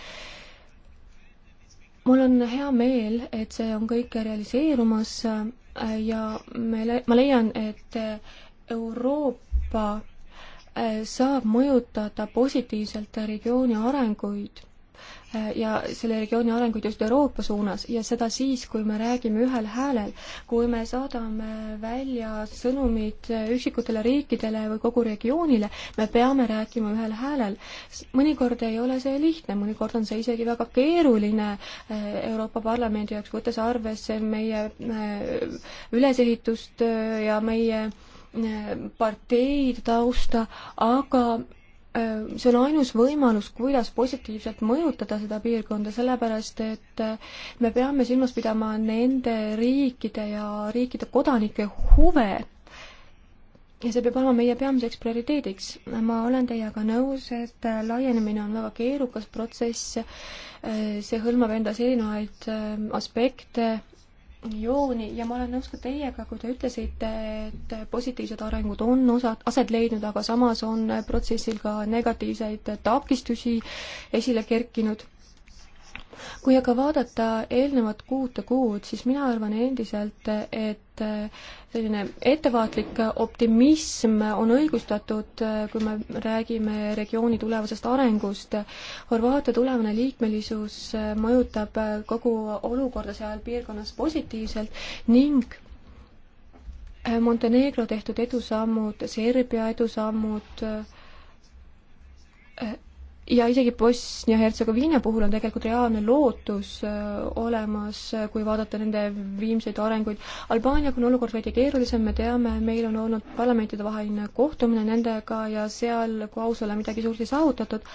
mul on hea meel, et see on kõik realiseerumas äh, ja me, ma leian, et äh, Euroopa äh, saab mõjutada positiivselt regiooni arenguid ja selle regiooni arenguid just Euroopa suunas ja seda siis, kui me räägime ühel häälel. kui me saadame välja sõnumid üksikutele riikidele või kogu regioonile, me peame rääkima ühel häälel. mõnikord ei ole see lihtne, mõnikord on see isegi väga keeruline eh, Euroopa Parlamendi jaoks, võttes arvesse meie eh, ülesehitust eh, ja meie parteide tausta, aga Äh, see on ainus võimalus, kuidas positiivselt mõjutada seda piirkonda, sellepärast et äh, me peame silmas pidama nende riikide ja riikide kodanike huve. ja see peab olema meie peamiseks prioriteediks. ma olen teiega nõus, et äh, laienemine on väga keerukas protsess, see hõlmab endas erinevaid aspekte jooni ja ma olen nõus ka teiega, kui te ütlesite, et positiivsed arengud on osad, aset leidnud, aga samas on protsessil ka negatiivseid takistusi esile kerkinud kui aga vaadata eelnevat kuute kuud, siis mina arvan endiselt, et eh, selline ettevaatlik optimism on õigustatud, eh, kui me räägime regiooni tulevasest arengust. Horvaatia tulevane liikmelisus eh, mõjutab kogu olukorda seal piirkonnas positiivselt ning Montenegro tehtud edusammud, Serbia edusammud, ja isegi Bosnia-Hertsegoviina puhul on tegelikult reaalne lootus äh, olemas, äh, kui vaadata nende viimseid arenguid. Albaaniaga on olukord veidi keerulisem, me teame, meil on olnud parlamentidevaheline kohtumine nendega ja seal, kui aus olla, midagi suurt ei saavutatud,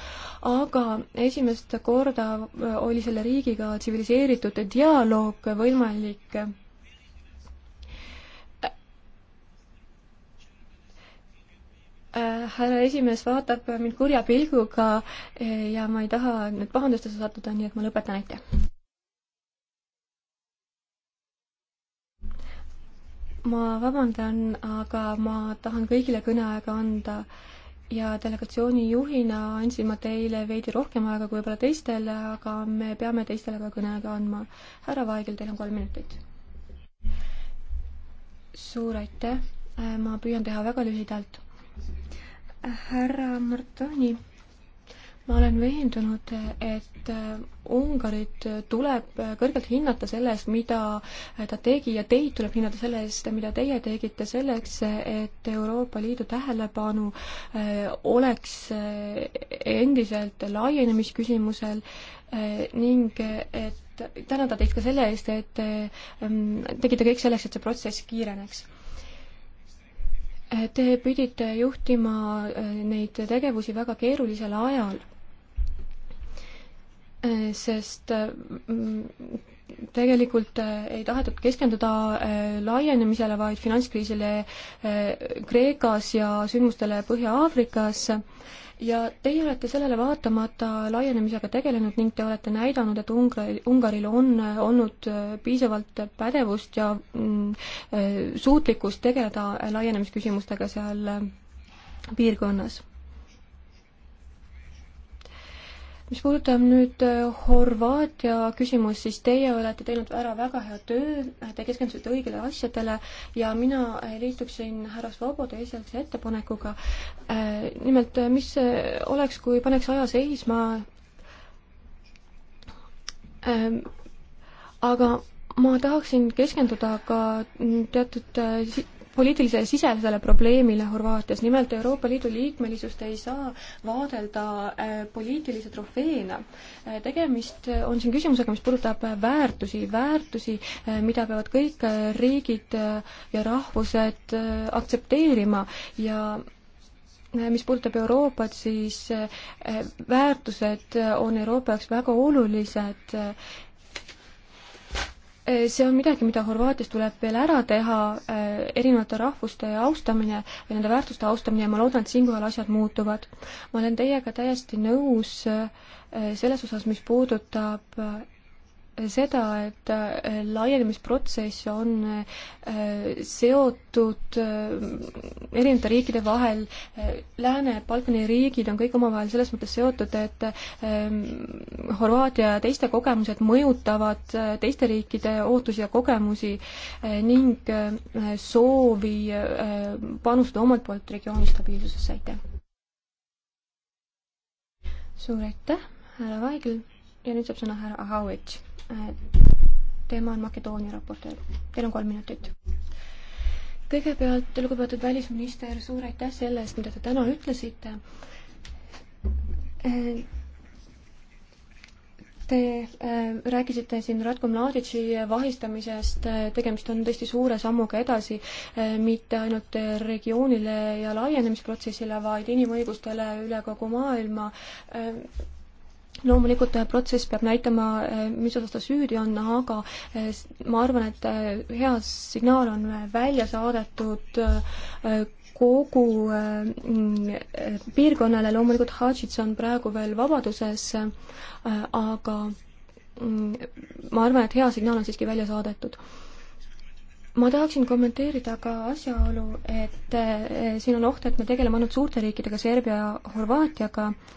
aga esimest korda äh, oli selle riigiga tsiviliseeritud dialoog võimalik Äh, härra esimees vaatab mind kurja pilguga äh, ja ma ei taha nüüd pahandustesse sattuda, nii et ma lõpetan, aitäh. ma vabandan, aga ma tahan kõigile kõneaega anda ja delegatsiooni juhina andsin ma teile veidi rohkem aega kui võib-olla teistele, aga me peame teistele ka kõneaega andma. härra Vaigel, teil on kolm minutit. suur aitäh, äh, ma püüan teha väga lühidalt härra Martoni, ma olen veendunud, et äh, Ungarit tuleb kõrgelt hinnata selle eest, mida äh, ta tegi ja teid tuleb hinnata selle eest, mida teie tegite selleks, et Euroopa Liidu tähelepanu äh, oleks endiselt laienemisküsimusel ning et tänada teid ka selle eest, et tegite kõik selleks, et see protsess kiireneks Te pidite juhtima äh, neid tegevusi väga keerulisel ajal, äh, sest äh, mm, tegelikult ei tahetud keskenduda laienemisele, vaid finantskriisile Kreekas ja sündmustele Põhja-Aafrikas ja teie olete sellele vaatamata laienemisega tegelenud ning te olete näidanud, et Ungaril, Ungaril on äh, olnud äh, piisavalt pädevust ja mm, äh, suutlikkust tegeleda laienemisküsimustega seal piirkonnas. mis puudutab nüüd äh, Horvaatia küsimust, siis teie olete teinud ära väga hea töö, te keskendusite õigele asjadele ja mina äh, liituksin härra Svoboda esialgse ettepanekuga. Äh, nimelt, mis oleks, kui paneks aja seisma ähm, aga ma tahaksin keskenduda ka teatud poliitilisele sisesele probleemile Horvaatias, nimelt Euroopa Liidu liikmelisust ei saa vaadelda äh, poliitilise trofeena. Äh, tegemist on siin küsimusega, mis puudutab äh, väärtusi, väärtusi, mida peavad kõik riigid ja rahvused aktsepteerima ja mis puudutab Euroopat, siis väärtused on Euroopa jaoks väga olulised Äh, see on midagi, mida Horvaatias tuleb veel ära teha, äh, erinevate rahvuste austamine ja nende väärtuste austamine ja ma loodan, et siinkohal asjad muutuvad. ma olen teiega täiesti nõus äh, selles osas, mis puudutab seda, et äh, laienemisprotsess on äh, seotud äh, erinevate riikide vahel. Lääne-Balkani riigid on kõik omavahel selles mõttes seotud, et ähm, Horvaatia ja teiste kogemused mõjutavad teiste riikide ootusi ja kogemusi ning soovi panustada omalt poolt regiooni stabiilsusesse, aitäh! suur aitäh, härra Vaigel! ja nüüd saab sõna härra Ahavitš. Äh, tema on Makedoonia raportöör. Teil on kolm minutit. kõigepealt, lugupeetud välisminister, suur aitäh selle eest, mida te täna ütlesite. Äh, te äh, rääkisite siin Ratko Mladici vahistamisest, tegemist on tõesti suure sammuga edasi, mitte ainult regioonile ja laienemisprotsessile, vaid inimõigustele üle kogu maailma loomulikult äh, protsess peab näitama, äh, mis osas ta süüdi on, aga äh, ma arvan, et hea signaal on välja saadetud kogu mm, piirkonnale, loomulikult Hadžits on praegu veel vabaduses, aga mm, ma arvan, et hea signaal on siiski välja saadetud ma tahaksin kommenteerida ka asjaolu, et siin on oht, et me tegeleme ainult suurte riikidega, Serbia ja Horvaatiaga äh,,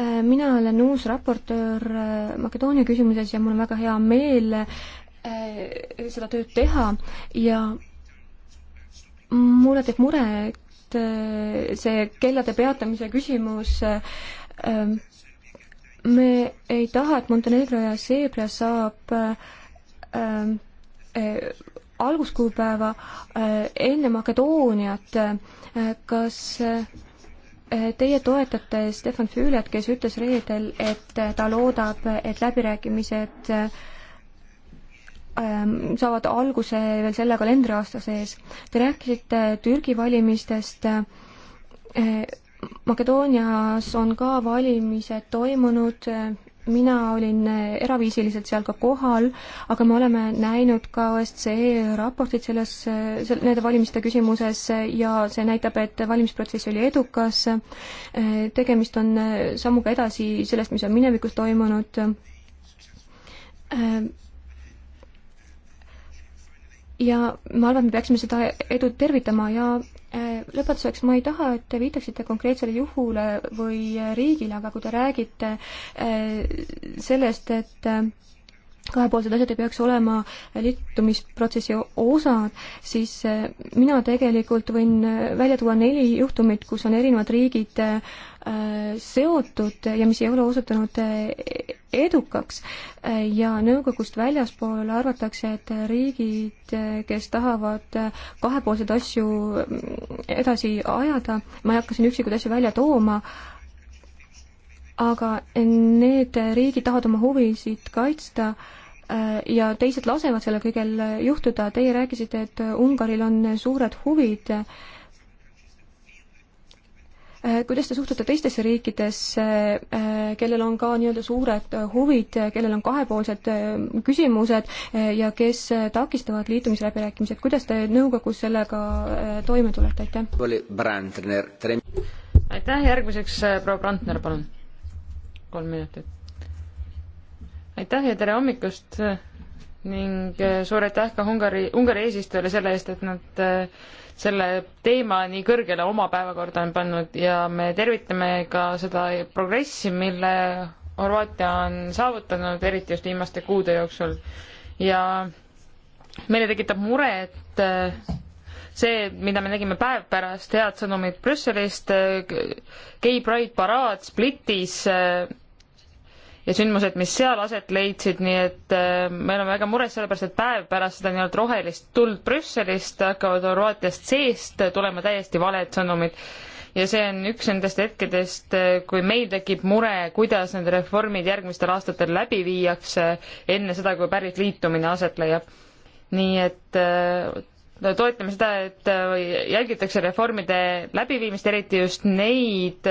Äh, mina olen uus raportöör äh, Makedoonia küsimuses ja mul on väga hea meel äh, seda tööd teha ja mulle teeb mure, et see kellade peatamise küsimus me ei taha, et Montenegro ja Serbia saab alguskuupäeva enne Makedooniat, kas äh, Teie toetate Stefan Füület, kes ütles reedel, et ta loodab, et läbirääkimised ähm, saavad alguse veel selle kalendriaasta sees. Te rääkisite Türgi valimistest. Äh, Makedoonias on ka valimised toimunud, mina olin eh, eraviisiliselt seal ka kohal, aga me oleme näinud ka OSCE raportit selles, eh, sel-, nende valimiste küsimuses eh, ja see näitab, et valimisprotsess oli edukas, tegemist on sammuga edasi sellest, mis on minevikus toimunud, ja ma arvan, et me peaksime seda edu tervitama ja Äh, lõpetuseks, ma ei taha, et te viitaksite konkreetsele juhule või riigile, aga kui te räägite äh, sellest, et äh, kahepoolsed asjad ei peaks olema liitumisprotsessi osad, siis mina tegelikult võin välja tuua neli juhtumit, kus on erinevad riigid Äh, seotud ja mis ei ole osutunud äh, edukaks äh, ja nõukogust väljaspool arvatakse, et riigid, kes tahavad kahepoolseid asju mm, edasi ajada, ma ei hakka siin üksikuid asju välja tooma, aga need riigid tahavad oma huvisid kaitsta ja teised lasevad sellel kõigel juhtuda, teie rääkisite, et Ungaril on suured huvid Äh, kuidas te suhtute teistesse riikidesse, äh, kellel on ka nii-öelda suured äh, huvid, kellel on kahepoolsed küsimused ja kes takistavad liitumisläbirääkimised, kuidas te nõukogus sellega toime tulete, aitäh? aitäh, järgmiseks proua Brandner, palun. kolm minutit. aitäh ja tere hommikust ning suur aitäh ka Ungari, Ungari eesistujale selle eest, et nad selle teema nii kõrgele oma päevakorda on pannud ja me tervitame ka seda progressi, mille Horvaatia on saavutanud, eriti just viimaste kuude jooksul. ja meile tekitab mure, et äh, see, mida me nägime päev pärast head sõnumit Brüsselist, äh, gei pride paraad Splitis, äh, ja sündmused, mis seal aset leidsid, nii et äh, me oleme väga mures, sellepärast et päev pärast seda nii-öelda rohelist tuld Brüsselist hakkavad Horvaatiast seest tulema täiesti valed sõnumid. ja see on üks nendest hetkedest, äh, kui meil tekib mure, kuidas need reformid järgmistel aastatel läbi viiakse enne seda, kui päris liitumine aset leiab. nii et äh, toetame seda, et jälgitakse reformide läbiviimist, eriti just neid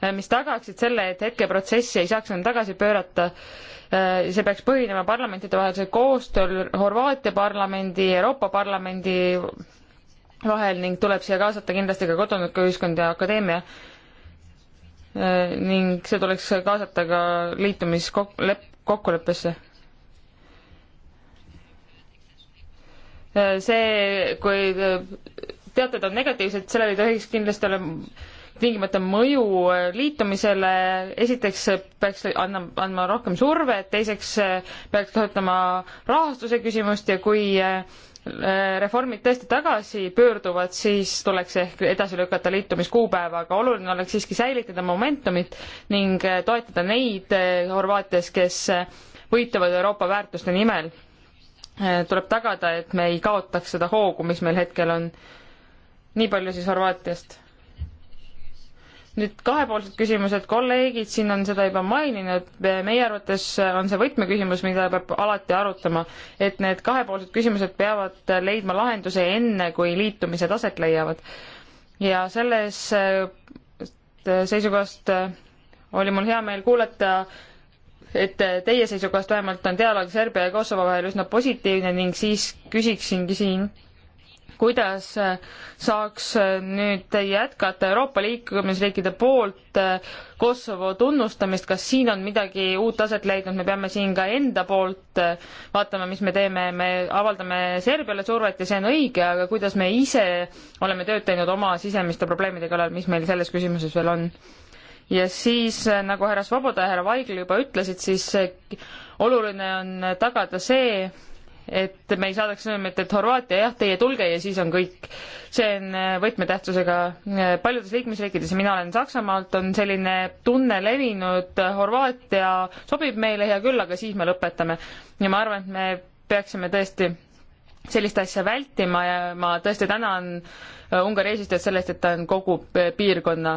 Äh, mis tagaksid selle, et hetkeprotsessi ei saaks enam tagasi pöörata. Äh, see peaks põhinema parlamentidevahelisel koostööl Horvaatia parlamendi, Euroopa Parlamendi vahel ning tuleb siia kaasata kindlasti ka kodanikuühiskond ja akadeemia äh, ning see tuleks kaasata ka liitumiskokkuleppesse. see, kui teated on negatiivsed, sellel ei tohiks kindlasti olla tingimata mõju äh, liitumisele, esiteks äh, peaks andma, andma rohkem survet, teiseks äh, peaks kasutama rahastuse küsimust ja kui reformid tõesti tagasi pöörduvad, siis tuleks ehk edasi lükata liitumiskuupäeva, aga oluline oleks siiski säilitada momentumit ning toetada neid Horvaatias, kes võitlevad Euroopa väärtuste nimel. tuleb tagada, et me ei kaotaks seda hoogu, mis meil hetkel on. nii palju siis Horvaatiast nüüd kahepoolsed küsimused, kolleegid siin on seda juba maininud, meie arvates on see võtmeküsimus, mida peab alati arutama, et need kahepoolsed küsimused peavad leidma lahenduse enne, kui liitumise taset leiavad. ja selles äh, seisukohast äh, oli mul hea meel kuulata, et äh, teie seisukohast vähemalt on dialoog Serbia ja Kosovo vahel üsna positiivne ning siis küsiksingi siin kuidas äh, saaks äh, nüüd jätkata Euroopa liikumisriikide poolt äh, Kosovo tunnustamist, kas siin on midagi uut aset leidnud, me peame siin ka enda poolt vaatama, mis me teeme, me avaldame Serbiale survet ja see on õige, aga kuidas me ise oleme tööd teinud oma sisemiste probleemide kallal, mis meil selles küsimuses veel on? ja siis, nagu härra Svoboda ja härra Vaigel juba ütlesid, siis oluline on tagada see, et me ei saadaks sõnumit, et Horvaatia jah, teie tulge ja siis on kõik. see on äh, võtmetähtsusega äh, paljudes liikmesriikides ja mina olen Saksamaalt, on selline tunne levinud, äh, Horvaatia sobib meile hea küll, aga siis me lõpetame. ja ma arvan, et me peaksime tõesti sellist asja vältima ja ma tõesti tänan Ungari eesistujat selle eest, et ta on kogu piirkonna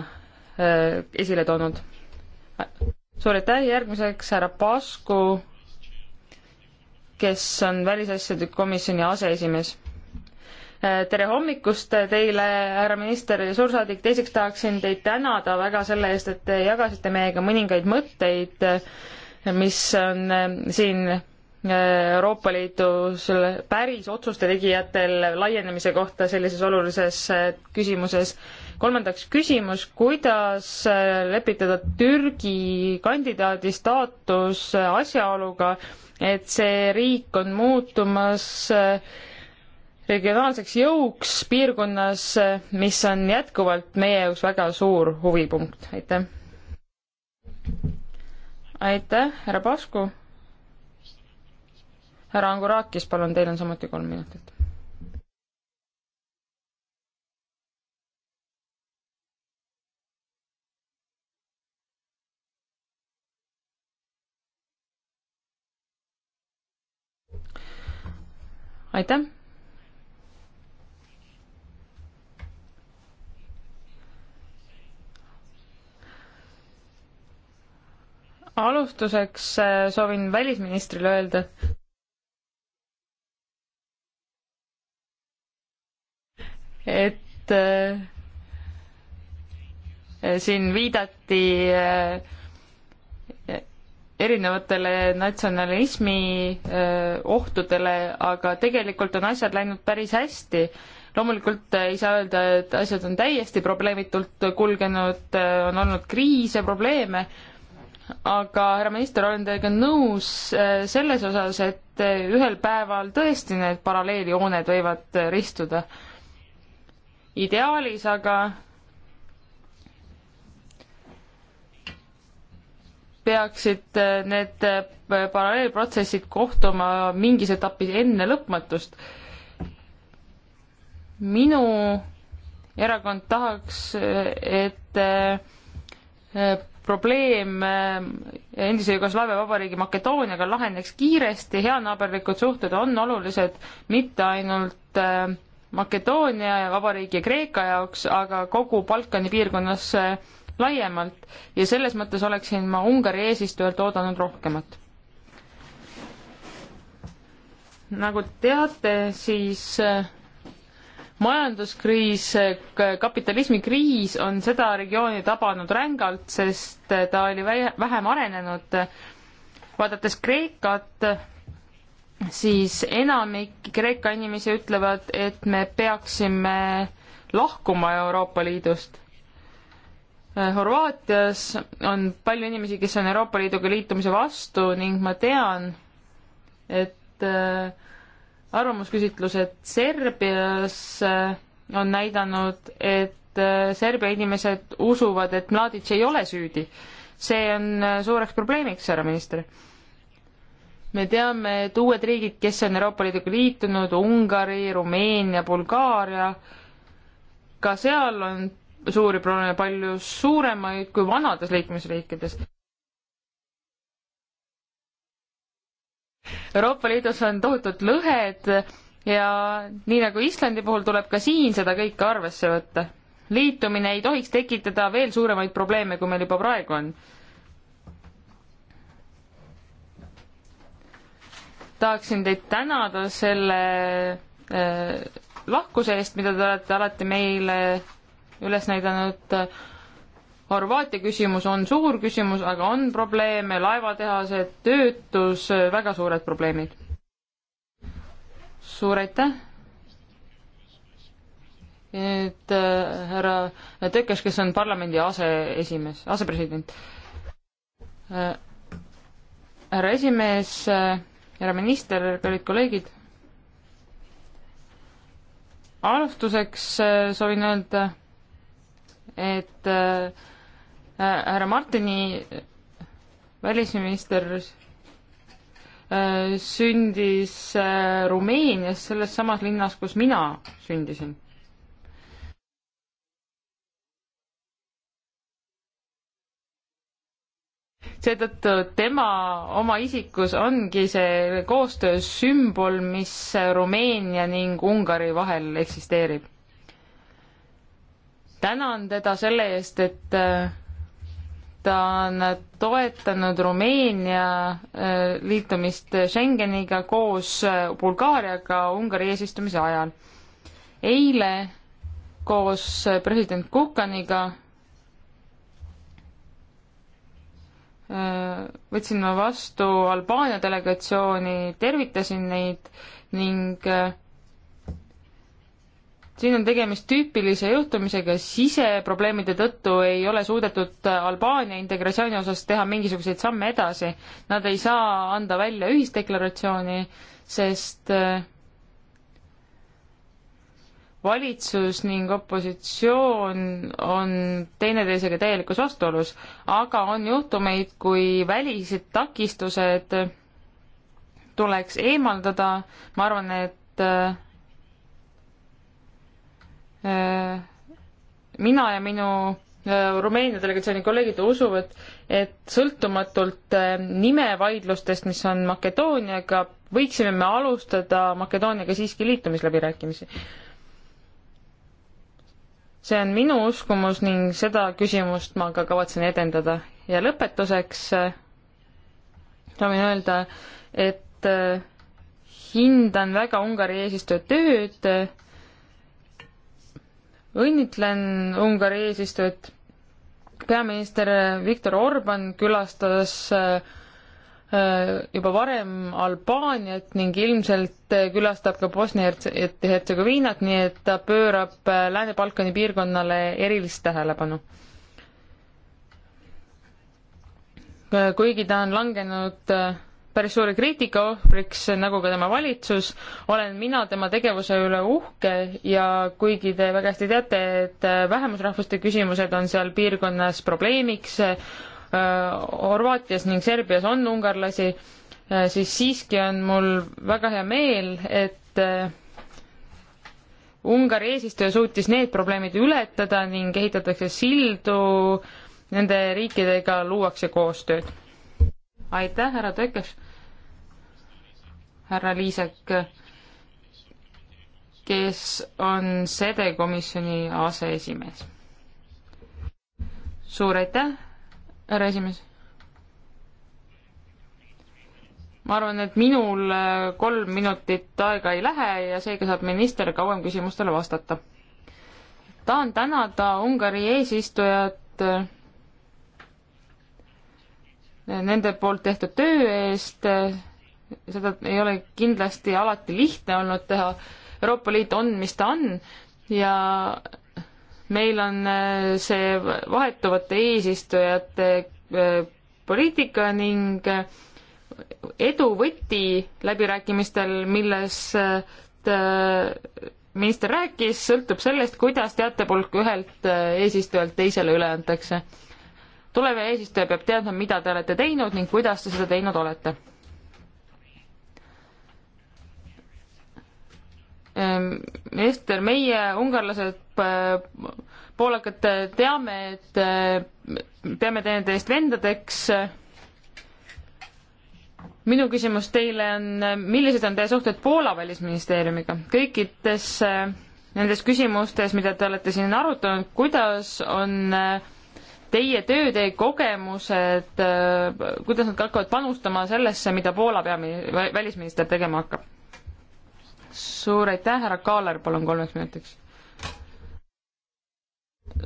esile toonud. suur aitäh, järgmiseks härra Pasku kes on välisasjade komisjoni aseesimees. Äh, tere hommikust teile, härra minister ja suursaadik, teiseks tahaksin teid tänada väga selle eest, et te jagasite meiega mõningaid mõtteid, äh, mis on äh, siin Euroopa Liidus päris otsuste tegijatel laienemise kohta sellises olulises küsimuses. kolmandaks küsimus, kuidas lepitada Türgi kandidaadi staatus asjaoluga, et see riik on muutumas äh, regionaalseks jõuks piirkonnas, äh, mis on jätkuvalt meie jaoks väga suur huvipunkt, aitäh. aitäh, härra Pasku. härra Angurakis, palun, teil on samuti kolm minutit aitäh. alustuseks äh, soovin välisministrile öelda, et äh, siin viidati äh, erinevatele natsionalismi ohtudele, aga tegelikult on asjad läinud päris hästi. loomulikult äh, ei saa öelda, et asjad on täiesti probleemitult kulgenud, äh, on olnud kriise, probleeme, aga härra minister, olen teiega nõus äh, selles osas, et ühel päeval tõesti need paralleeljooned võivad ristuda. ideaalis aga peaksid äh, need äh, paralleelprotsessid kohtuma mingis etapis enne lõpmatust. minu erakond tahaks, äh, et probleem endise Jugoslaavia vabariigi Makedooniaga laheneks kiiresti, heanaaberlikud suhted on olulised mitte ainult Makedoonia ja vabariigi ja Kreeka jaoks, aga kogu Balkani piirkonnas laiemalt ja selles mõttes oleksin ma Ungari eesistujalt oodanud rohkemat. nagu teate, siis äh, majanduskriis, äh, kapitalismikriis on seda regiooni tabanud rängalt, sest äh, ta oli vähem arenenud. vaadates Kreekat, siis enamik Kreeka inimesi ütlevad, et me peaksime lahkuma Euroopa Liidust. Äh, Horvaatias on palju inimesi, kes on Euroopa Liiduga liitumise vastu ning ma tean, et äh, arvamusküsitlused Serbias äh, on näidanud, et Serbia inimesed usuvad, et Mladic ei ole süüdi. see on suureks probleemiks, härra minister. me teame, et uued riigid, kes on Euroopa Liiduga liitunud, Ungari, Rumeenia, Bulgaaria, ka seal on suuri probleeme, palju suuremaid kui vanades liikmesriikides. Euroopa Liidus on tohutud lõhed ja nii nagu Islandi puhul, tuleb ka siin seda kõike arvesse võtta. liitumine ei tohiks tekitada veel suuremaid probleeme, kui meil juba praegu on. tahaksin teid tänada selle äh, lahkuse eest, mida te olete alati meile üles näidanud. Horvaatia küsimus on suur küsimus, aga on probleeme, laevatehased, töötus, väga suured probleemid. suur aitäh! nüüd äh, härra Tökes, kes on parlamendi aseesimees, asepresident. Äh, härra esimees, äh, härra minister, kallid kolleegid alustuseks soovin öelda, et äh, härra Martini välisminister äh, sündis äh, Rumeenias, selles samas linnas, kus mina sündisin seetõttu tema oma isikus ongi see koostöö sümbol, mis Rumeenia ning Ungari vahel eksisteerib tänan teda selle eest, et äh, ta on toetanud Rumeenia äh, liitumist Schengeniga koos äh, Bulgaariaga Ungari eesistumise ajal. eile koos president Kukaniga võtsin ma vastu Albaania delegatsiooni, tervitasin neid ning äh, siin on tegemist tüüpilise juhtumisega, siseprobleemide tõttu ei ole suudetud Albaania integratsiooni osas teha mingisuguseid samme edasi. Nad ei saa anda välja ühisdeklaratsiooni, sest äh, valitsus ning opositsioon on teineteisega täielikus vastuolus, aga on juhtumeid, kui välised takistused tuleks eemaldada, ma arvan, et äh, Äh, mina ja minu äh, Rumeenia delegatsiooni kolleegid usuvad, et sõltumatult äh, nimevaidlustest, mis on Makedooniaga, võiksime me alustada Makedooniaga siiski liitumisläbirääkimisi. see on minu uskumus ning seda küsimust ma ka kavatsen edendada. ja lõpetuseks soovin öelda, et hindan väga Ungari eesistuja tööd õnnitlen Ungari eesistujat. peaminister Viktor Orban külastas äh, äh, juba varem Albaaniat ning ilmselt külastab ka Bosnia-Hertsegoviinat, nii et ta pöörab äh, Lääne-Balkani piirkonnale erilist tähelepanu. kuigi ta on langenud päris suure kriitika ohvriks, nagu ka tema valitsus, olen mina tema tegevuse üle uhke ja kuigi te väga hästi teate, et äh, vähemusrahvuste küsimused on seal piirkonnas probleemiks, äh, Horvaatias ning Serbias on ungarlasi, äh, siis siiski on mul väga hea meel, et Ungari eesistuja suutis need probleemid ületada ning ehitatakse sildu, nende riikidega luuakse koostööd aitäh, härra Tökes. härra Liisek, kes on sede komisjoni aseesimees. suur aitäh, härra esimees. ma arvan, et minul äh, kolm minutit aega ei lähe ja seega saab minister kauem küsimustele vastata. tahan tänada Ungari eesistujat äh, nende poolt tehtud töö eest, seda ei ole kindlasti alati lihtne olnud teha, Euroopa Liit on, mis ta on ja meil on äh, see vahetuvate eesistujate äh, poliitika ning äh, edu võti läbirääkimistel, millest minister rääkis, sõltub sellest, kuidas teatepulk ühelt eesistujalt teisele üle antakse tulev eesistuja peab teadma, mida te olete teinud ning kuidas te seda teinud olete. Ehm, minister, meie ungarlased, poolakad teame, et eh, peame teineteist vendadeks minu küsimus teile on, millised on teie suhted Poola välisministeeriumiga? kõikides eh, nendes küsimustes, mida te olete siin arutanud, kuidas on äh, teie töö, teie kogemused, äh, kuidas nad hakkavad panustama sellesse, mida Poola peamin-, välisminister tegema hakkab? suur aitäh, härra Kaaler, palun kolmeks minutiks.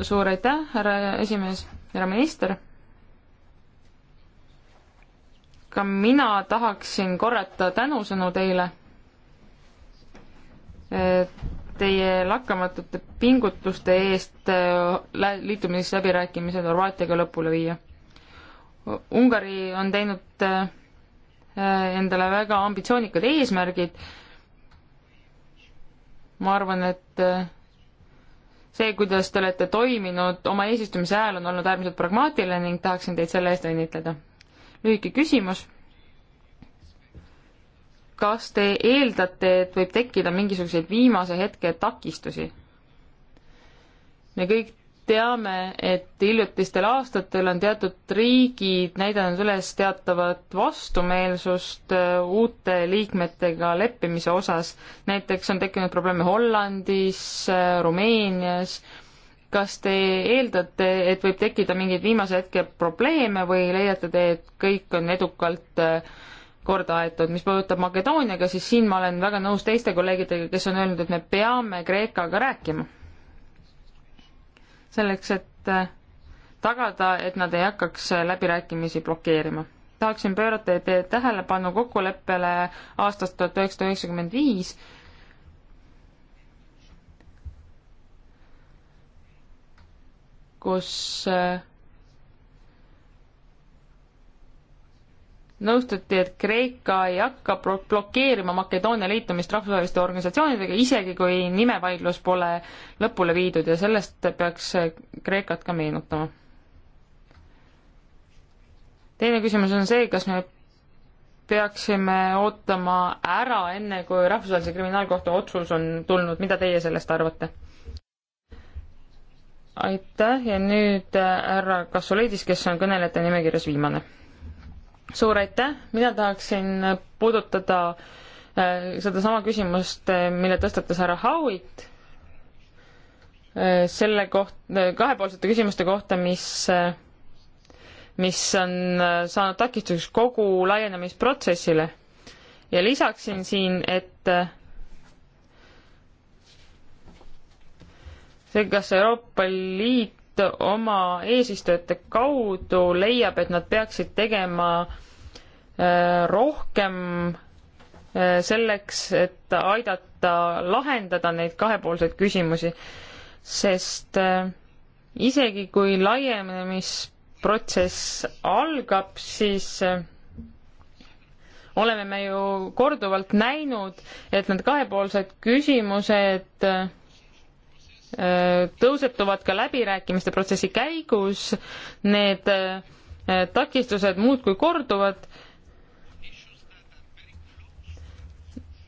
suur aitäh, härra esimees, härra minister. ka mina tahaksin korrata tänusõnu teile et teie lakkamatute pingutuste eest äh, liitumisläbirääkimised Horvaatiaga lõpule viia. Ungari on teinud äh, äh, endale väga ambitsioonikad eesmärgid. ma arvan, et see, kuidas te olete toiminud oma eesistumise ajal, on olnud äärmiselt pragmaatiline ning tahaksin teid selle eest õnnitleda. lühike küsimus kas te eeldate, et võib tekkida mingisuguseid viimase hetke takistusi? me kõik teame, et hiljutistel aastatel on teatud riigid näidanud üles teatavat vastumeelsust äh, uute liikmetega leppimise osas. näiteks on tekkinud probleeme Hollandis, äh, Rumeenias. kas te eeldate, et võib tekkida mingeid viimase hetke probleeme või leiate te, et kõik on edukalt äh, korda aetud. mis puudutab Makedooniaga, siis siin ma olen väga nõus teiste kolleegidega, kes on öelnud, et me peame Kreekaga rääkima. selleks, et äh, tagada, et nad ei hakkaks äh, läbirääkimisi blokeerima. tahaksin pöörata teie tähelepanu kokkuleppele aastast tuhat üheksasada üheksakümmend viis, kus äh, nõustuti, et Kreeka ei hakka blokeerima Makedoonia liitumist rahvusvaheliste organisatsioonidega, isegi kui nimevaidlus pole lõpule viidud ja sellest peaks Kreekat ka meenutama. teine küsimus on see, kas me peaksime ootama ära, enne kui Rahvusvahelise Kriminaalkohtu otsus on tulnud, mida teie sellest arvate? aitäh ja nüüd äh, härra Kassuleidis, kes on kõnelejate nimekirjas viimane suur aitäh, mina tahaksin puudutada äh, sedasama küsimust, äh, mille tõstatas härra Howitt, äh, selle koht-, kahepoolsete küsimuste kohta, mis, mis on saanud takistuseks kogu laienemisprotsessile. ja lisaksin siin, et see, kas Euroopa Liit oma eesistujate kaudu leiab, et nad peaksid tegema Äh, rohkem äh, selleks, et aidata lahendada neid kahepoolseid küsimusi, sest äh, isegi kui laienemisprotsess algab, siis oleme me ju korduvalt näinud, et need kahepoolsed küsimused tõusetuvad ka läbirääkimiste protsessi käigus, need takistused muudkui korduvad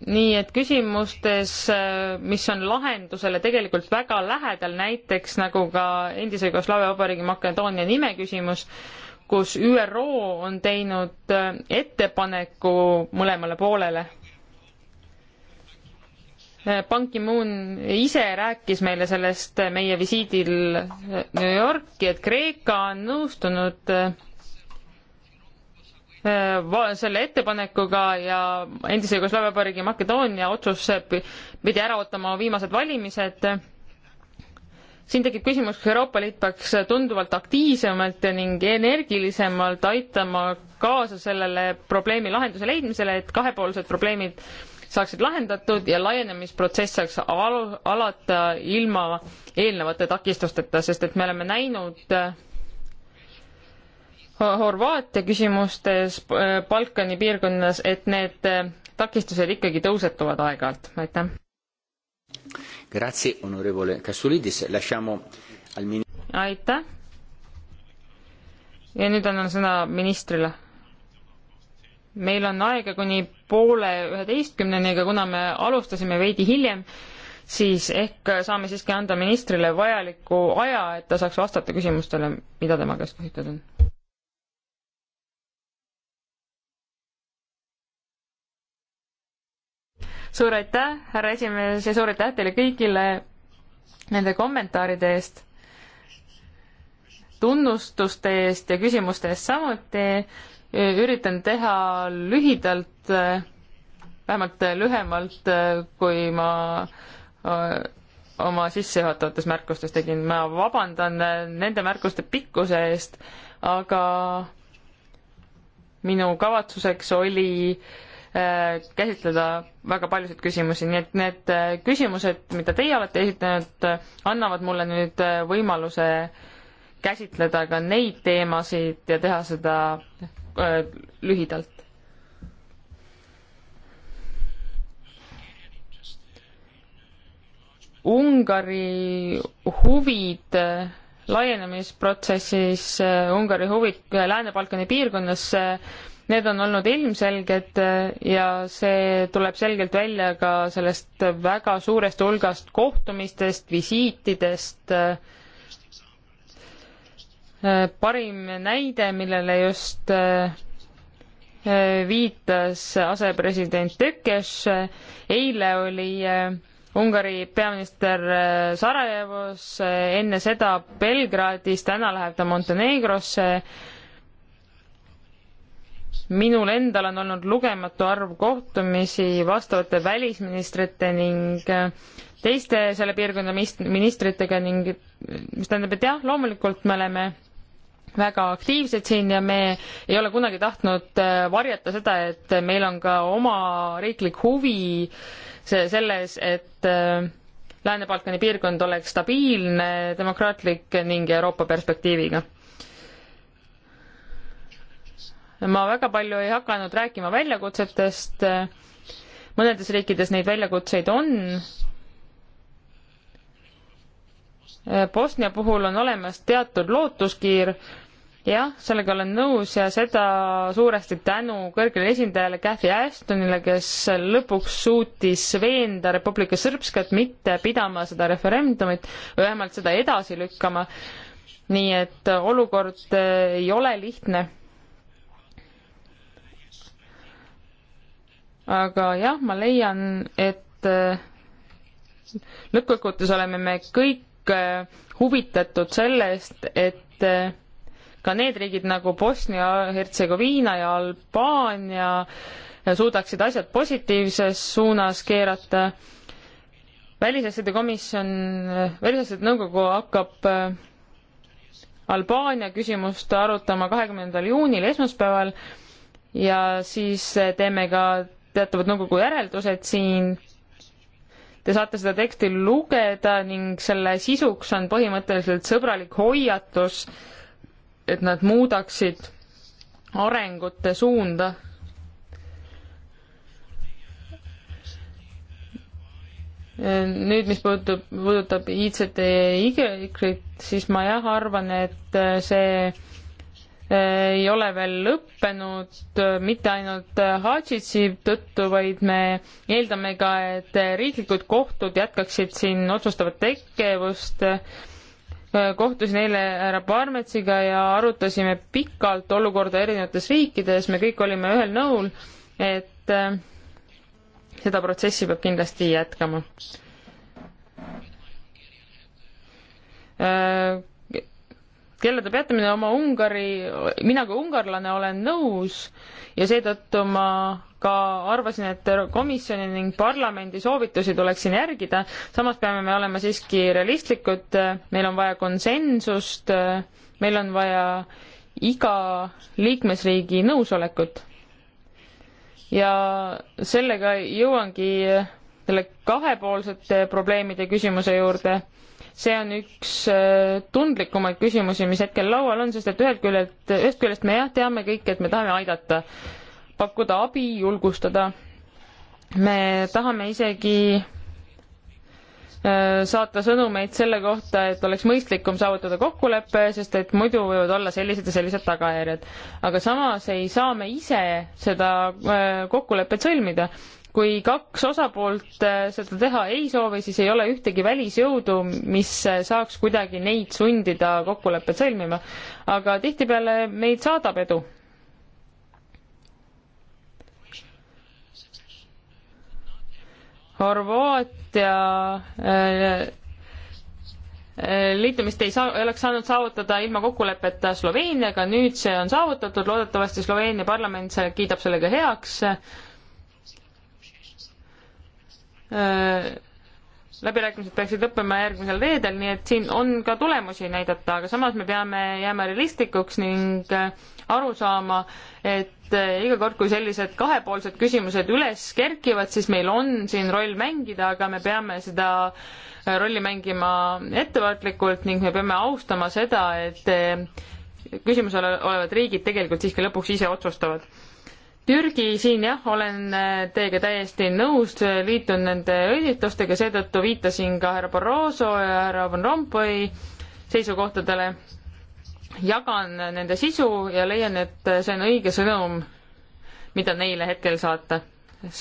nii et küsimustes, äh, mis on lahendusele tegelikult väga lähedal, näiteks nagu ka endise Jugoslaavia Vabariigi Makedoonia nime küsimus, kus ÜRO on teinud äh, ettepaneku mõlemale poolele. Äh, Ban Ki-moon ise rääkis meile sellest meie visiidil New Yorki, et Kreeka on nõustunud Äh, selle ettepanekuga ja endise Jugoslaavia Vabariigi Makedoonia otsus pidi ära ootama viimased valimised. siin tekib küsimus, kas Euroopa Liit peaks tunduvalt aktiivsemalt ning energilisemalt aitama kaasa sellele probleemi lahenduse leidmisele, et kahepoolsed probleemid saaksid lahendatud ja laienemisprotsess saaks al alata ilma eelnevate takistusteta, sest et me oleme näinud äh, Horvaatia küsimustes eh, Balkani piirkonnas, et need eh, takistused ikkagi tõusetuvad aeg-ajalt, aitäh. Grazie, onorevole Kasulidis, lasciamo al min-. aitäh. ja nüüd annan sõna ministrile. meil on aega kuni poole üheteistkümneni, aga kuna me alustasime veidi hiljem, siis ehk saame siiski anda ministrile vajaliku aja, et ta saaks vastata küsimustele, mida tema käest küsitud on suur aitäh, härra esimees ja suur aitäh teile kõigile nende kommentaaride eest, tunnustuste eest ja küsimuste eest samuti. üritan teha lühidalt, vähemalt lühemalt, kui ma oma sissejuhatavates märkustes tegin. ma vabandan nende märkuste pikkuse eest, aga minu kavatsuseks oli äh, Äh, käsitleda väga paljusid küsimusi, nii et need äh, küsimused, mida teie olete esitanud, äh, annavad mulle nüüd võimaluse käsitleda ka neid teemasid ja teha seda lühidalt. Ungari huvid laienemisprotsessis, Ungari huvid Lääne-Balkani piirkonnas äh, Need on olnud ilmselged eh, ja see tuleb selgelt välja ka sellest väga suurest hulgast kohtumistest, visiitidest. Eh, eh, parim näide, millele just viitas asepresident Tökes, eile oli Ungari peaminister Sarajevos, enne seda Belgradis, täna läheb ta Montenegrosse minul endal on olnud lugematu arv kohtumisi vastavate välisministrite ning äh, teiste selle piirkonna ministritega ning mis tähendab, et jah, loomulikult me oleme väga aktiivsed siin ja me ei ole kunagi tahtnud äh, varjata seda, et meil on ka oma riiklik huvi see selles, et äh, Lääne-Balkani piirkond oleks stabiilne, demokraatlik ning Euroopa perspektiiviga ma väga palju ei hakanud rääkima väljakutsetest, mõnedes riikides neid väljakutseid on. Bosnia puhul on olemas teatud lootuskiir, jah, sellega olen nõus ja seda suuresti tänu kõrgele esindajale Cathy Ashtonile, kes lõpuks suutis veenda Republika Srpskat mitte pidama seda referendumit või vähemalt seda edasi lükkama. nii et olukord ei ole lihtne aga jah, ma leian, et äh, lõppkokkuvõttes oleme me kõik äh, huvitatud sellest, et äh, ka need riigid nagu Bosnia-Hertsegoviina ja Albaania suudaksid asjad positiivses suunas keerata. välisasjade komisjon, välisasjade nõukogu hakkab Albaania küsimust arutama kahekümnendal juunil, esmaspäeval ja siis teeme ka teatavad nõukogu järeldused siin. Te saate seda teksti lugeda ning selle sisuks on põhimõtteliselt sõbralik hoiatus, et nad muudaksid arengute suunda. nüüd, mis puudutab, puudutab ICT-i, siis ma jah arvan, et see ei ole veel lõppenud äh, mitte ainult äh, Hadžitsi tõttu, vaid me eeldame ka, et äh, riiklikud kohtud jätkaksid siin otsustavat tegevust. kohtusin eile härra Parmetsiga ja arutasime pikalt olukorda erinevates riikides, me kõik olime ühel nõul, et seda protsessi peab kindlasti jätkama keeldude peatamine oma Ungari, mina kui ungarlane olen nõus ja seetõttu ma ka arvasin, et komisjoni ning parlamendi soovitusi tuleks siin järgida, samas peame me olema siiski realistlikud, meil on vaja konsensust, meil on vaja iga liikmesriigi nõusolekut. ja sellega jõuangi selle kahepoolsete probleemide küsimuse juurde see on üks äh, tundlikumaid küsimusi, mis hetkel laual on, sest et ühelt küljelt, ühest küljest me jah, teame kõik, et me tahame aidata, pakkuda abi, julgustada. me tahame isegi äh, saata sõnumeid selle kohta, et oleks mõistlikum saavutada kokkulepe, sest et muidu võivad olla sellised ja sellised tagajärjed. aga samas ei saa me ise seda äh, kokkulepet sõlmida, kui kaks osapoolt äh, seda teha ei soovi, siis ei ole ühtegi välisjõudu, mis äh, saaks kuidagi neid sundida kokkulepet sõlmima. aga tihtipeale meid saadab edu. Horvaatia äh, liitumist ei saa, ei oleks saanud saavutada ilma kokkuleppeta Sloveeniaga, nüüd see on saavutatud, loodetavasti Sloveenia parlament kiidab selle ka heaks Äh, läbirääkimised peaksid lõppema järgmisel reedel, nii et siin on ka tulemusi näidata, aga samas me peame jääma realistlikuks ning äh, aru saama, et äh, iga kord, kui sellised kahepoolsed küsimused üles kerkivad, siis meil on siin roll mängida, aga me peame seda rolli mängima ettevaatlikult ning me peame austama seda, et küsimusel olevad riigid tegelikult siiski lõpuks ise otsustavad Türgi, siin jah, olen äh, teiega täiesti nõus, liitun nende õnnitlustega, seetõttu viitasin ka härra Barroso ja härra Van Rompuy seisukohtadele. jagan nende sisu ja leian, et see on õige sõnum, mida neile hetkel saata.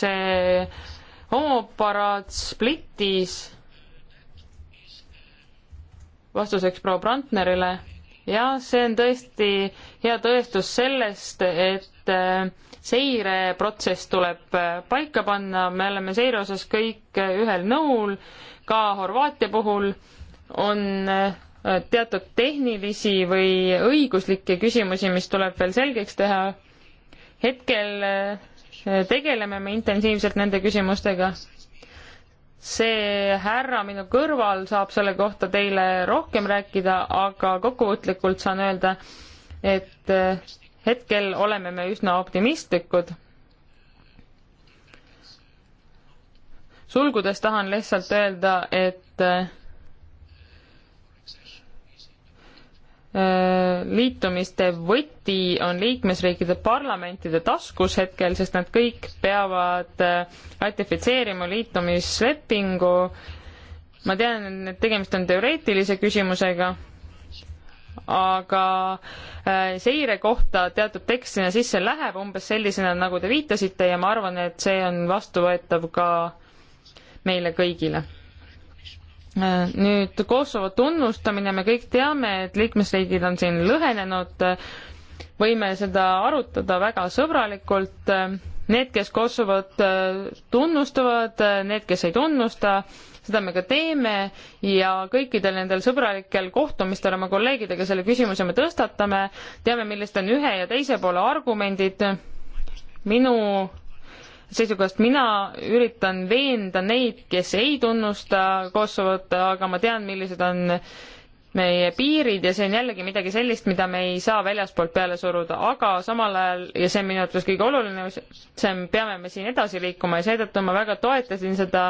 see homoparaat Splitis vastuseks proua Brandnerile, jah, see on tõesti hea tõestus sellest, et äh, seireprotsess tuleb äh, paika panna, me oleme seire osas kõik äh, ühel nõul, ka Horvaatia puhul on äh, teatud tehnilisi või õiguslikke küsimusi, mis tuleb veel selgeks teha. hetkel tegeleme me intensiivselt nende küsimustega. see härra minu kõrval saab selle kohta teile rohkem rääkida, aga kokkuvõtlikult saan öelda, et hetkel oleme me üsna optimistlikud. sulgudes tahan lihtsalt öelda, et äh, liitumiste võti on liikmesriikide parlamentide taskus hetkel, sest nad kõik peavad äh, ratifitseerima liitumislepingu. ma tean, et tegemist on teoreetilise küsimusega aga äh, seire kohta teatud tekst sinna sisse läheb umbes sellisena, nagu te viitasite ja ma arvan, et see on vastuvõetav ka meile kõigile. Äh, nüüd Kosovo tunnustamine, me kõik teame, et liikmesriigid on siin lõhenenud, võime seda arutada väga sõbralikult, äh, need, kes Kosovot tunnustavad, need, kes ei tunnusta, seda me ka teeme ja kõikidel nendel sõbralikel kohtumistel oma kolleegidega selle küsimuse me tõstatame, teame, millised on ühe ja teise poole argumendid. minu seisukohast mina üritan veenda neid, kes ei tunnusta Kosovot, aga ma tean, millised on meie piirid ja see on jällegi midagi sellist, mida me ei saa väljaspoolt peale suruda, aga samal ajal, ja see on minu arvates kõige oluline, see on, peame me siin edasi liikuma ja seetõttu ma väga toetasin seda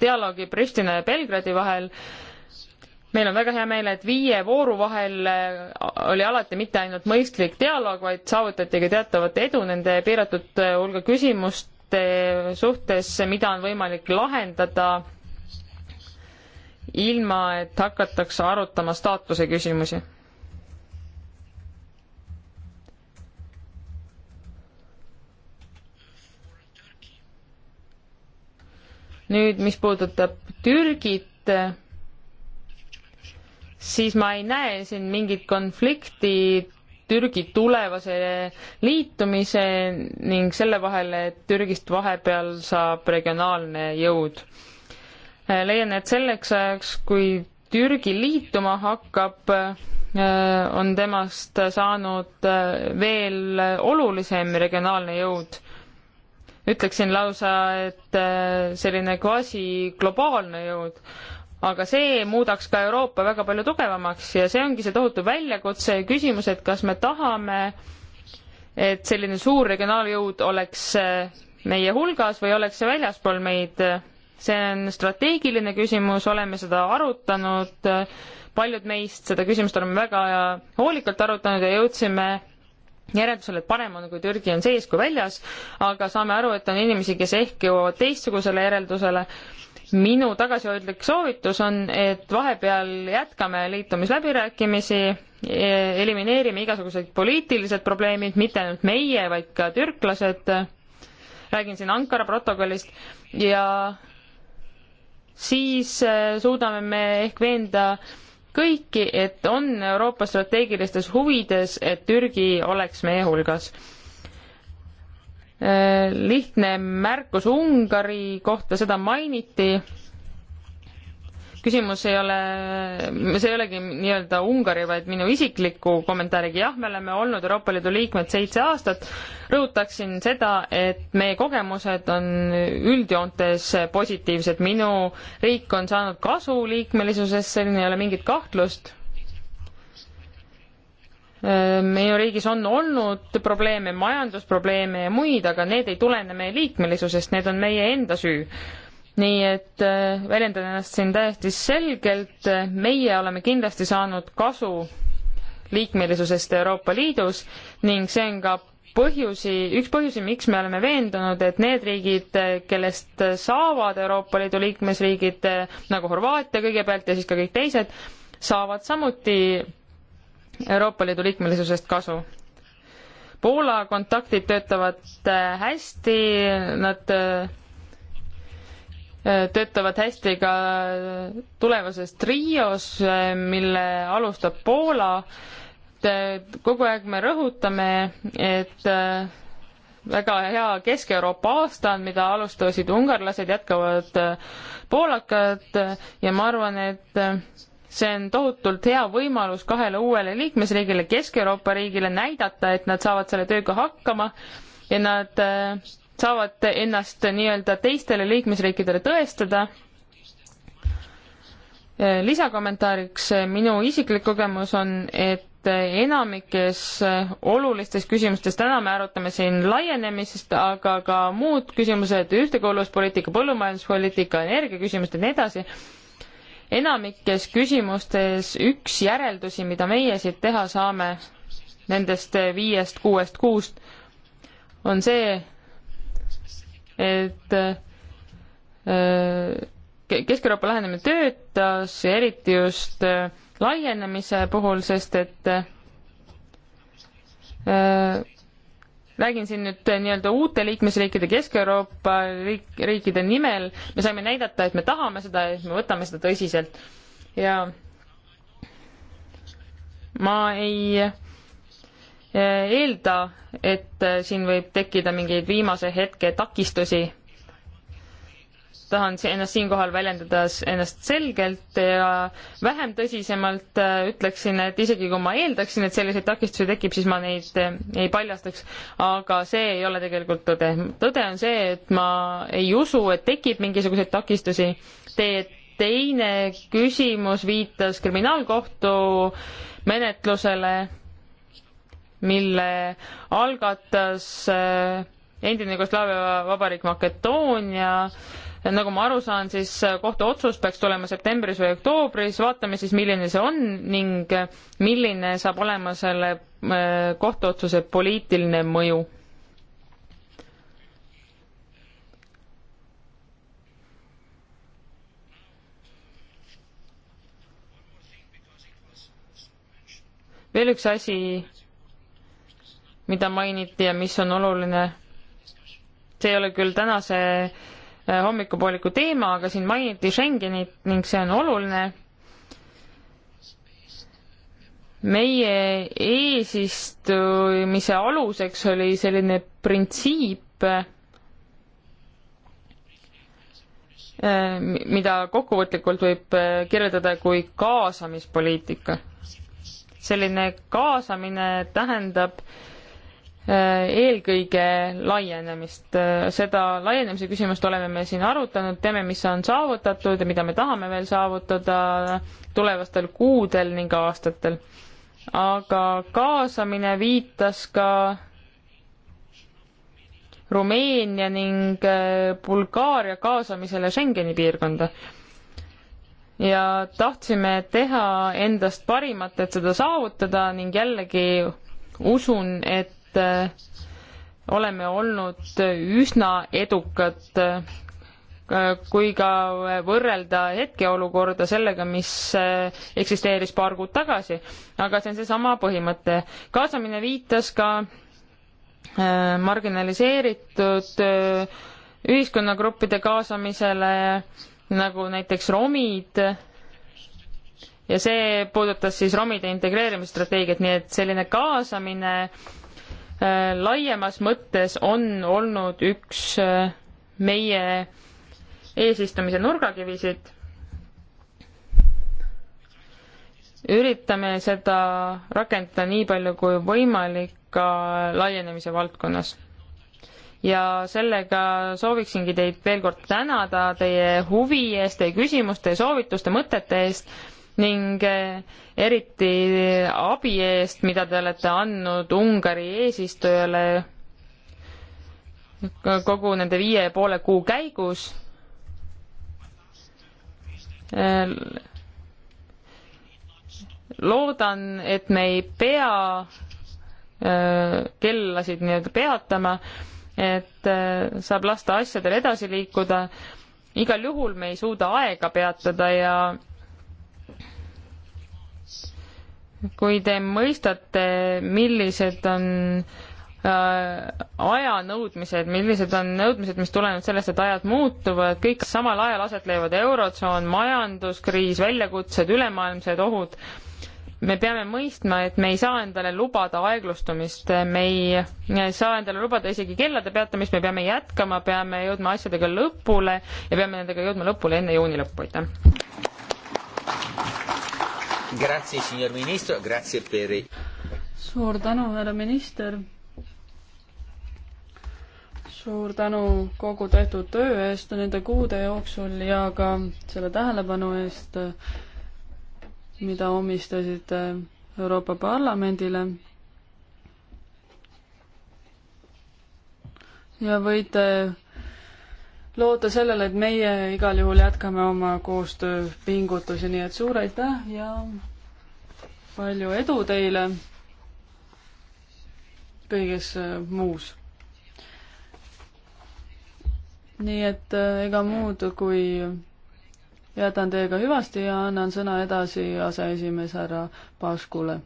dialoogi Pristina ja Belgradi vahel. meil on väga hea meel, et viie vooru vahel äh, oli alati mitte ainult mõistlik dialoog, vaid saavutati ka teatavat edu nende piiratud äh, hulga küsimuste suhtes, mida on võimalik lahendada ilma et hakatakse arutama staatuse küsimusi. nüüd, mis puudutab Türgit, siis ma ei näe siin mingit konflikti Türgi tulevase liitumise ning selle vahel, et Türgist vahepeal saab regionaalne jõud leian, et selleks ajaks, kui Türgi liituma hakkab, äh, on temast saanud äh, veel olulisem regionaalne jõud. ütleksin lausa, et äh, selline quasi globaalne jõud, aga see muudaks ka Euroopa väga palju tugevamaks ja see ongi see tohutu väljakutse ja küsimus, et kas me tahame, et selline suur regionaaljõud oleks meie hulgas või oleks see väljaspool meid see on strateegiline küsimus, oleme seda arutanud, paljud meist seda küsimust oleme väga hoolikalt arutanud ja jõudsime järeldusel, et parem on, kui Türgi on sees kui väljas, aga saame aru, et on inimesi, kes ehk jõuavad teistsugusele järeldusele. minu tagasihoidlik soovitus on, et vahepeal jätkame liitumisläbirääkimisi, elimineerime igasugused poliitilised probleemid, mitte ainult meie, vaid ka türklased, räägin siin Ankara protokollist ja siis äh, suudame me ehk veenda kõiki, et on Euroopa strateegilistes huvides, et Türgi oleks meie hulgas. Äh, lihtne märkus Ungari kohta, seda mainiti küsimus ei ole, see ei olegi nii-öelda Ungari, vaid minu isikliku kommentaariga, jah, me oleme olnud Euroopa Liidu liikmed seitse aastat, rõhutaksin seda, et meie kogemused on üldjoontes positiivsed, minu riik on saanud kasu liikmelisusest, selline ei ole mingit kahtlust, meie riigis on olnud probleeme, majandusprobleeme ja muid, aga need ei tulene meie liikmelisusest, need on meie enda süü nii et äh, väljendan ennast siin täiesti selgelt, meie oleme kindlasti saanud kasu liikmelisusest Euroopa Liidus ning see on ka põhjusi, üks põhjusi, miks me oleme veendunud, et need riigid, äh, kellest saavad Euroopa Liidu liikmesriigid, äh, nagu Horvaatia kõigepealt ja siis ka kõik teised, saavad samuti Euroopa Liidu liikmelisusest kasu. Poola kontaktid töötavad hästi, nad töötavad hästi ka tulevases trios, mille alustab Poola. kogu aeg me rõhutame, et äh, väga hea Kesk-Euroopa aasta on, mida alustasid ungarlased, jätkavad äh, poolakad äh, ja ma arvan, et see on tohutult hea võimalus kahele uuele liikmesriigile, Kesk-Euroopa riigile näidata, et nad saavad selle tööga hakkama ja nad äh, saavad ennast nii-öelda teistele liikmesriikidele tõestada. lisakommentaariks eh, minu isiklik kogemus on, et eh, enamikes eh, olulistes küsimustes, täna me arutame siin laienemisest, aga ka muud küsimused, ühtekuuluvuspoliitika, põllumajanduspoliitika, energiaküsimused ja nii edasi, enamikes küsimustes üks järeldusi, mida meie siit teha saame nendest viiest, kuuest, kuust, on see, et äh, Kesk-Euroopa lähenemine töötas ja eriti just äh, laienemise puhul, sest et äh, räägin siin nüüd nii-öelda uute liikmesriikide, Kesk-Euroopa riik, riikide nimel, me saime näidata, et me tahame seda ja me võtame seda tõsiselt. ja ma ei Eh, eelda, et eh, siin võib tekkida mingeid viimase hetke takistusi. tahan ennast siinkohal väljendada ennast selgelt ja vähem tõsisemalt eh, ütleksin, et isegi kui ma eeldaksin, et selliseid takistusi tekib, siis ma neid ei paljastaks. aga see ei ole tegelikult tõde. tõde on see, et ma ei usu, et tekib mingisuguseid takistusi. Teie teine küsimus viitas kriminaalkohtu menetlusele mille algatas äh, endine Jugoslaavia vabariik Makedoonia. nagu ma aru saan, siis äh, kohtuotsus peaks tulema septembris või oktoobris, vaatame siis, milline see on ning äh, milline saab olema selle kohtuotsuse poliitiline mõju. veel üks asi mida mainiti ja mis on oluline. see ei ole küll tänase äh, hommikupooliku teema, aga siin mainiti Schengenit ning see on oluline. meie eesistumise aluseks oli selline printsiip, äh, mida kokkuvõtlikult võib äh, kirjeldada kui kaasamispoliitika. selline kaasamine tähendab äh, Äh, eelkõige laienemist. Äh, seda laienemise küsimust oleme me siin arutanud, teame, mis on saavutatud ja mida me tahame veel saavutada tulevastel kuudel ning aastatel. aga kaasamine viitas ka Rumeenia ning äh, Bulgaaria kaasamisele Schengeni piirkonda. ja tahtsime teha endast parimat, et seda saavutada ning jällegi usun, et et äh, oleme olnud üsna edukad, äh, kui ka võrrelda hetkeolukorda sellega, mis äh, eksisteeris paar kuud tagasi. aga see on seesama põhimõte. kaasamine viitas ka marginaliseeritud ühiskonnagruppide kaasamisele, nagu näiteks romid, ja see puudutas siis romide integreerimisstrateegiat, nii et selline kaasamine äh, Äh, laiemas mõttes on olnud üks äh, meie eesistumise nurgakivisid. üritame seda rakendada nii palju kui võimalik ka laienemise valdkonnas. ja sellega sooviksingi teid veel kord tänada teie huvi eest, teie küsimuste, soovituste, mõtete eest ning eh, eriti abi eest, mida te olete andnud Ungari eesistujale kogu nende viie ja poole kuu käigus. Eh, loodan, et me ei pea eh, kellasid nii-öelda peatama, et saab lasta asjadel edasi liikuda. igal juhul me ei suuda aega peatada ja kui te mõistate, millised on äh, ajanõudmised, millised on nõudmised, mis tulenevad sellest, et ajad muutuvad, kõik samal ajal aset leiavad eurotsoon, majanduskriis, väljakutsed, ülemaailmsed ohud. me peame mõistma, et me ei saa endale lubada aeglustumist, me ei saa endale lubada isegi kellade peatamist, me peame jätkama, peame jõudma asjadega lõpule ja peame nendega jõudma lõpule enne juuni lõppu, aitäh. Grazie, signor ministro, grazie per. suur tänu, härra minister. suur tänu kogu tehtud töö eest nende kuude jooksul ja ka selle tähelepanu eest, mida omistasite Euroopa Parlamendile. ja võite loota sellele, et meie igal juhul jätkame oma koostööpingutusi, nii et suur aitäh ja palju edu teile kõiges äh, muus. nii et äh, ega muud, kui jätan teiega hüvasti ja annan sõna edasi aseesimees härra Paskule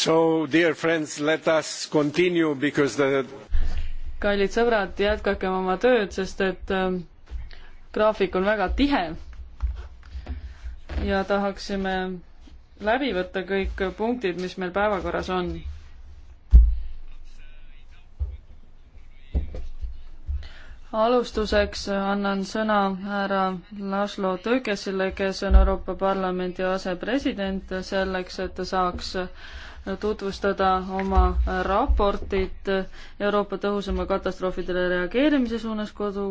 So, dear friends, let us continue because the kallid sõbrad, jätkakem oma tööd, sest et ähm, graafik on väga tihe. ja tahaksime läbi võtta kõik punktid, mis meil päevakorras on. alustuseks annan sõna härra Laslo Tõkesile, kes on Euroopa Parlamendi asepresident, selleks et ta saaks äh, tutvustada oma raportit Euroopa tõhusama katastroofidele reageerimise suunas kodu,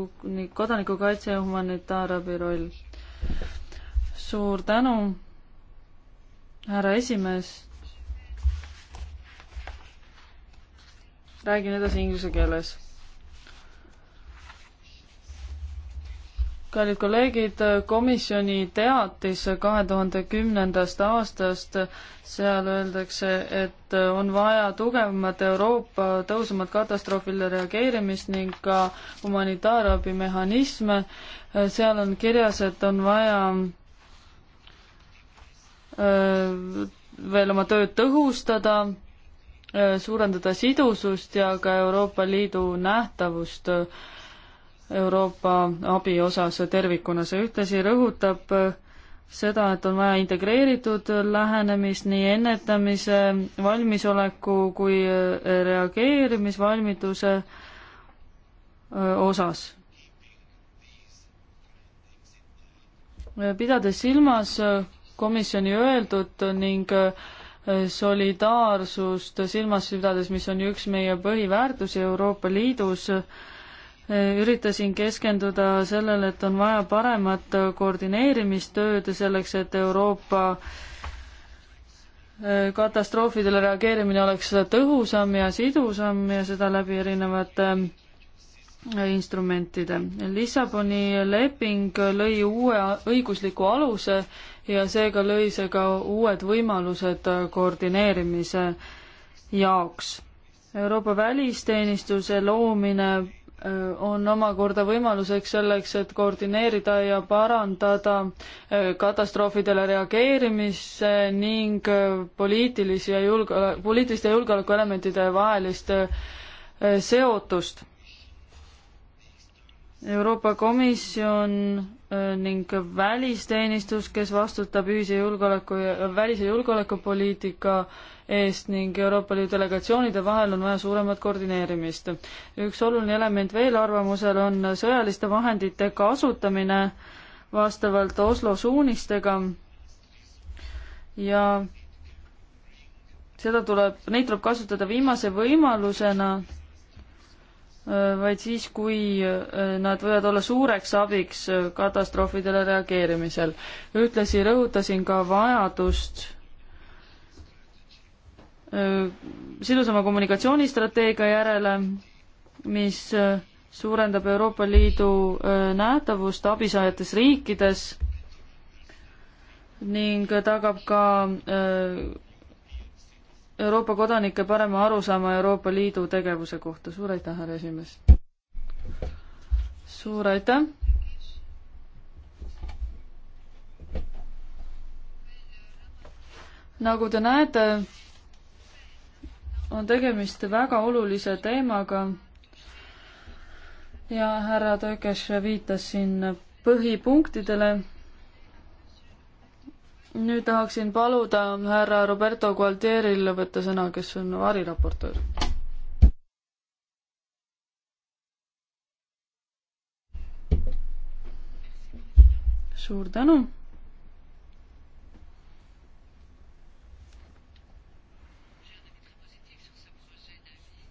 kodanikukaitse ja humanitaarabi roll. suur tänu, härra esimees. räägin edasi inglise keeles kallid kolleegid, komisjoni teatis kahe tuhande kümnendast aastast, seal öeldakse, et on vaja tugevamat Euroopa tõusumat katastroofile reageerimist ning ka humanitaarabimehhanisme. seal on kirjas, et on vaja äh, veel oma tööd tõhustada, äh, suurendada sidusust ja ka Euroopa Liidu nähtavust Euroopa abi osas tervikuna. see ühtlasi rõhutab äh, seda, et on vaja integreeritud lähenemist nii ennetamise valmisoleku kui äh, reageerimisvalmiduse äh, osas. pidades silmas komisjoni öeldut ning solidaarsust silmas pidades, mis on ju üks meie põhiväärtusi Euroopa Liidus, üritasin keskenduda sellele, et on vaja paremat koordineerimistööd selleks, et Euroopa äh, katastroofidele reageerimine oleks tõhusam ja sidusam ja seda läbi erinevate äh, instrumentide. Lissaboni leping lõi uue õigusliku aluse ja seega lõi see ka uued võimalused äh, koordineerimise jaoks Euroopa välisteenistuse loomine Äh, on omakorda võimaluseks selleks, et koordineerida ja parandada äh, katastroofidele reageerimise ning äh, poliitilisi ja julge-, poliitiliste julgeolekuelementide vahelist seotust. Euroopa Komisjon ning välisteenistus, kes vastutab ühise julgeoleku ja välise julgeolekupoliitika eest ning Euroopa Liidu delegatsioonide vahel on vaja suuremat koordineerimist. üks oluline element veel arvamusel on sõjaliste vahendite kasutamine vastavalt Oslo suunistega ja seda tuleb, neid tuleb kasutada viimase võimalusena vaid siis, kui äh, nad võivad olla suureks abiks äh, katastroofidele reageerimisel. ühtlasi rõhutasin ka vajadust äh, sidusama kommunikatsioonistrateegia järele, mis suurendab Euroopa Liidu nähtavust abisaajates riikides ning tagab ka Euroopa kodanike parema arusaama Euroopa Liidu tegevuse kohta. suur aitäh, härra esimees! suur aitäh! nagu te näete, on tegemist väga olulise teemaga ja härra Tökes viitas siin põhipunktidele nüüd tahaksin paluda härra Roberto Gualtieril võtta sõna, kes on variraportöör. suur tänu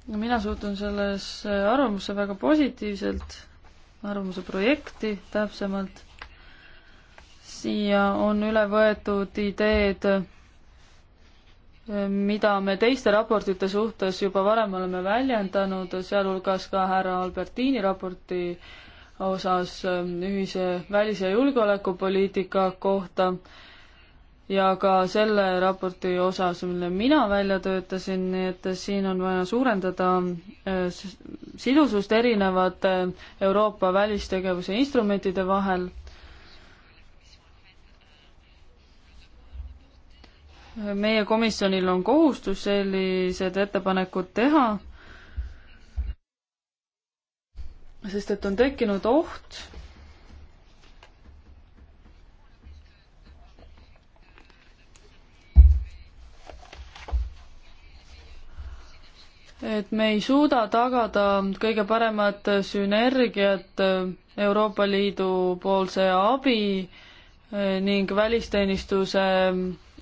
no mina suhtun sellesse arvamusse väga positiivselt, arvamuse projekti täpsemalt siia on üle võetud ideed, mida me teiste raportite suhtes juba varem oleme väljendanud, sealhulgas ka härra Albertini raporti osas ähm, ühise välis- ja julgeolekupoliitika kohta ja ka selle raporti osas, mille mina välja töötasin, nii et siin on vaja suurendada äh, sidusust erinevate Euroopa välistegevuse instrumentide vahel meie komisjonil on kohustus sellised ettepanekud teha, sest et on tekkinud oht, et me ei suuda tagada kõige paremat sünergiat Euroopa Liidu poolse abi ning välisteenistuse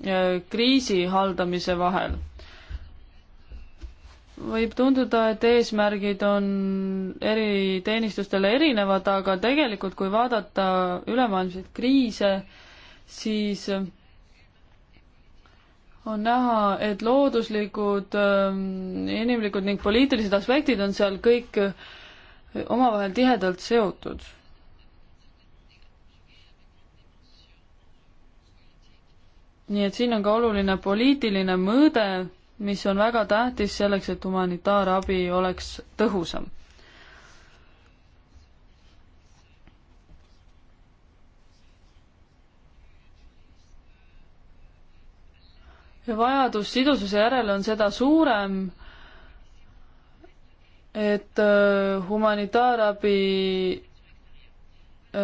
Äh, kriisi haldamise vahel. võib tunduda, et eesmärgid on eri teenistustele erinevad, aga tegelikult, kui vaadata ülemaailmseid kriise, siis äh, on näha, et looduslikud, ähm, inimlikud ning poliitilised aspektid on seal kõik äh, omavahel tihedalt seotud nii et siin on ka oluline poliitiline mõõde, mis on väga tähtis selleks, et humanitaarabi oleks tõhusam. ja vajadus sidususe järele on seda suurem, et äh, humanitaarabi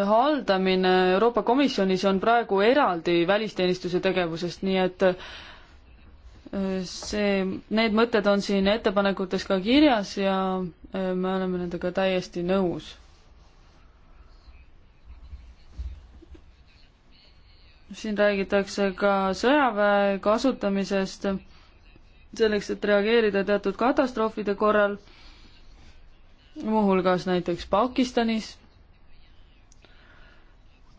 haldamine Euroopa Komisjonis on praegu eraldi välisteenistuse tegevusest, nii et äh, see, need mõtted on siin ettepanekutes ka kirjas ja äh, me oleme nendega täiesti nõus. siin räägitakse ka sõjaväe kasutamisest selleks, et reageerida teatud katastroofide korral, muuhulgas näiteks Pakistanis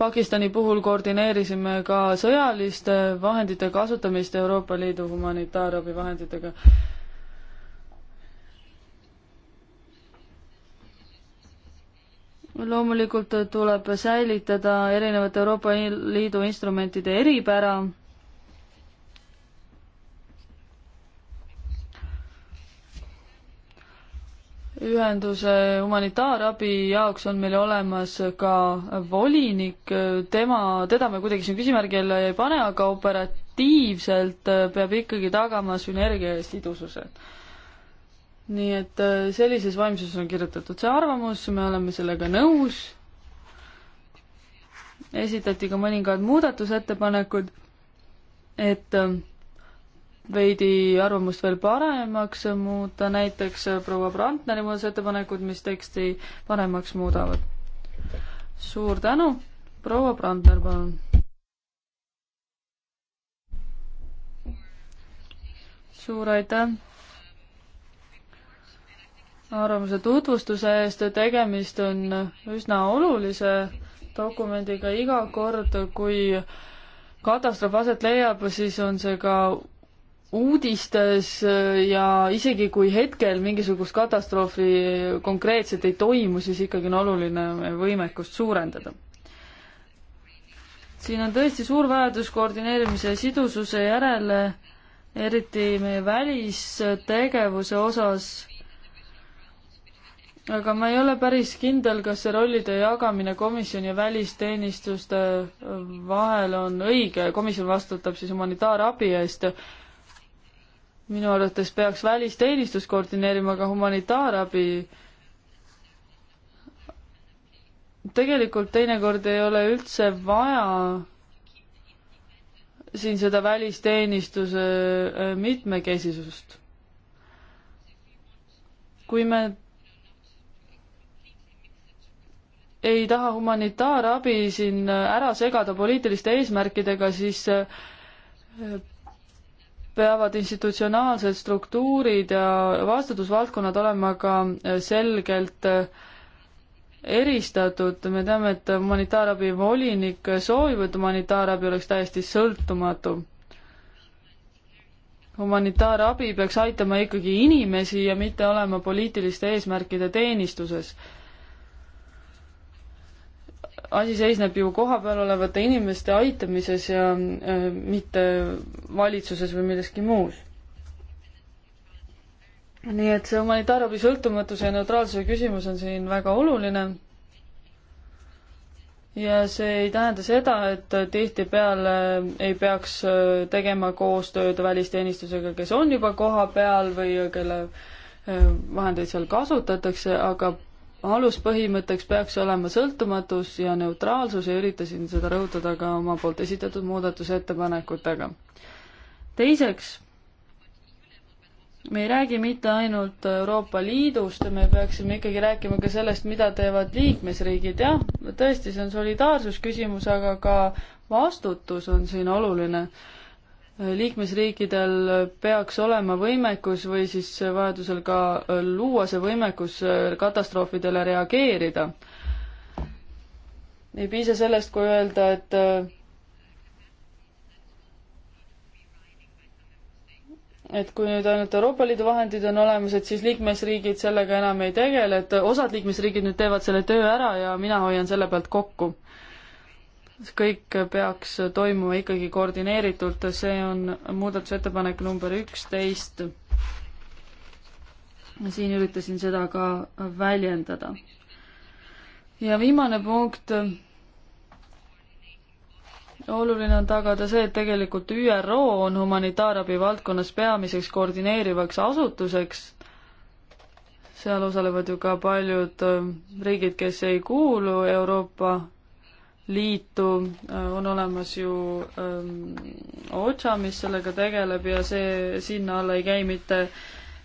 Pakistani puhul koordineerisime ka sõjaliste vahendite kasutamist Euroopa Liidu humanitaarabivahenditega. loomulikult tuleb säilitada erinevate Euroopa Liidu instrumentide eripära ühenduse humanitaarabi jaoks on meil olemas ka volinik, tema, teda me kuidagi siin küsimärgi alla ei pane, aga operatiivselt peab ikkagi tagama sünergia ja sidususe. nii et äh, sellises vaimsuses on kirjutatud see arvamus, me oleme sellega nõus. esitati ka mõningad muudatusettepanekud, et äh, veidi arvamust veel paremaks muuta, näiteks proua Brandneri muudatusettepanekud, mis teksti paremaks muudavad. suur tänu, proua Brandner, palun. suur aitäh arvamuse tutvustuse eest, tegemist on üsna olulise dokumendiga iga kord, kui katastroof aset leiab, siis on see ka uudistes äh, ja isegi kui hetkel mingisugust katastroofi konkreetselt ei toimu, siis ikkagi on oluline võimekust suurendada. siin on tõesti suur vajadus koordineerimise ja sidususe järele, eriti meie välistegevuse osas aga ma ei ole päris kindel, kas see rollide jagamine komisjoni ja välisteenistuste vahel on õige, komisjon vastutab siis humanitaarabi eest minu arvates peaks välisteenistus koordineerima ka humanitaarabi. tegelikult teinekord ei ole üldse vaja siin seda välisteenistuse äh, mitmekesisust. kui me ei taha humanitaarabi siin ära segada poliitiliste eesmärkidega, siis äh, peavad institutsionaalsed struktuurid ja vastutusvaldkonnad olema ka äh, selgelt äh, eristatud, me teame, et humanitaarabi volinik soovib, et humanitaarabi oleks täiesti sõltumatu. humanitaarabi peaks aitama ikkagi inimesi ja mitte olema poliitiliste eesmärkide teenistuses asi seisneb ju kohapeal olevate inimeste aitamises ja äh, mitte valitsuses või milleski muus. nii et see humanitaarabi sõltumatuse ja neutraalsuse küsimus on siin väga oluline. ja see ei tähenda seda, et tihtipeale ei peaks äh, tegema koostööd välisteenistusega, kes on juba kohapeal või kelle äh, vahendeid seal kasutatakse, aga aluspõhimõtteks peaks olema sõltumatus ja neutraalsus ja üritasin seda rõhutada ka oma poolt esitatud muudatusettepanekutega. teiseks, me ei räägi mitte ainult Euroopa Liidust, me peaksime ikkagi rääkima ka sellest, mida teevad liikmesriigid, jah, tõesti, see on solidaarsusküsimus, aga ka vastutus on siin oluline liikmesriikidel peaks olema võimekus või siis vajadusel ka luua see võimekus katastroofidele reageerida. ei piisa sellest, kui öelda, et et kui nüüd ainult Euroopa Liidu vahendid on olemas, et siis liikmesriigid sellega enam ei tegele, et osad liikmesriigid nüüd teevad selle töö ära ja mina hoian selle pealt kokku kõik peaks toimuma ikkagi koordineeritult, see on muudatusettepanek number üksteist. siin üritasin seda ka väljendada. ja viimane punkt. oluline on tagada see, et tegelikult ÜRO on humanitaarabi valdkonnas peamiseks koordineerivaks asutuseks. seal osalevad ju ka paljud riigid, kes ei kuulu Euroopa liitu, äh, on olemas ju ähm, OTSA, mis sellega tegeleb ja see, sinna alla ei käi mitte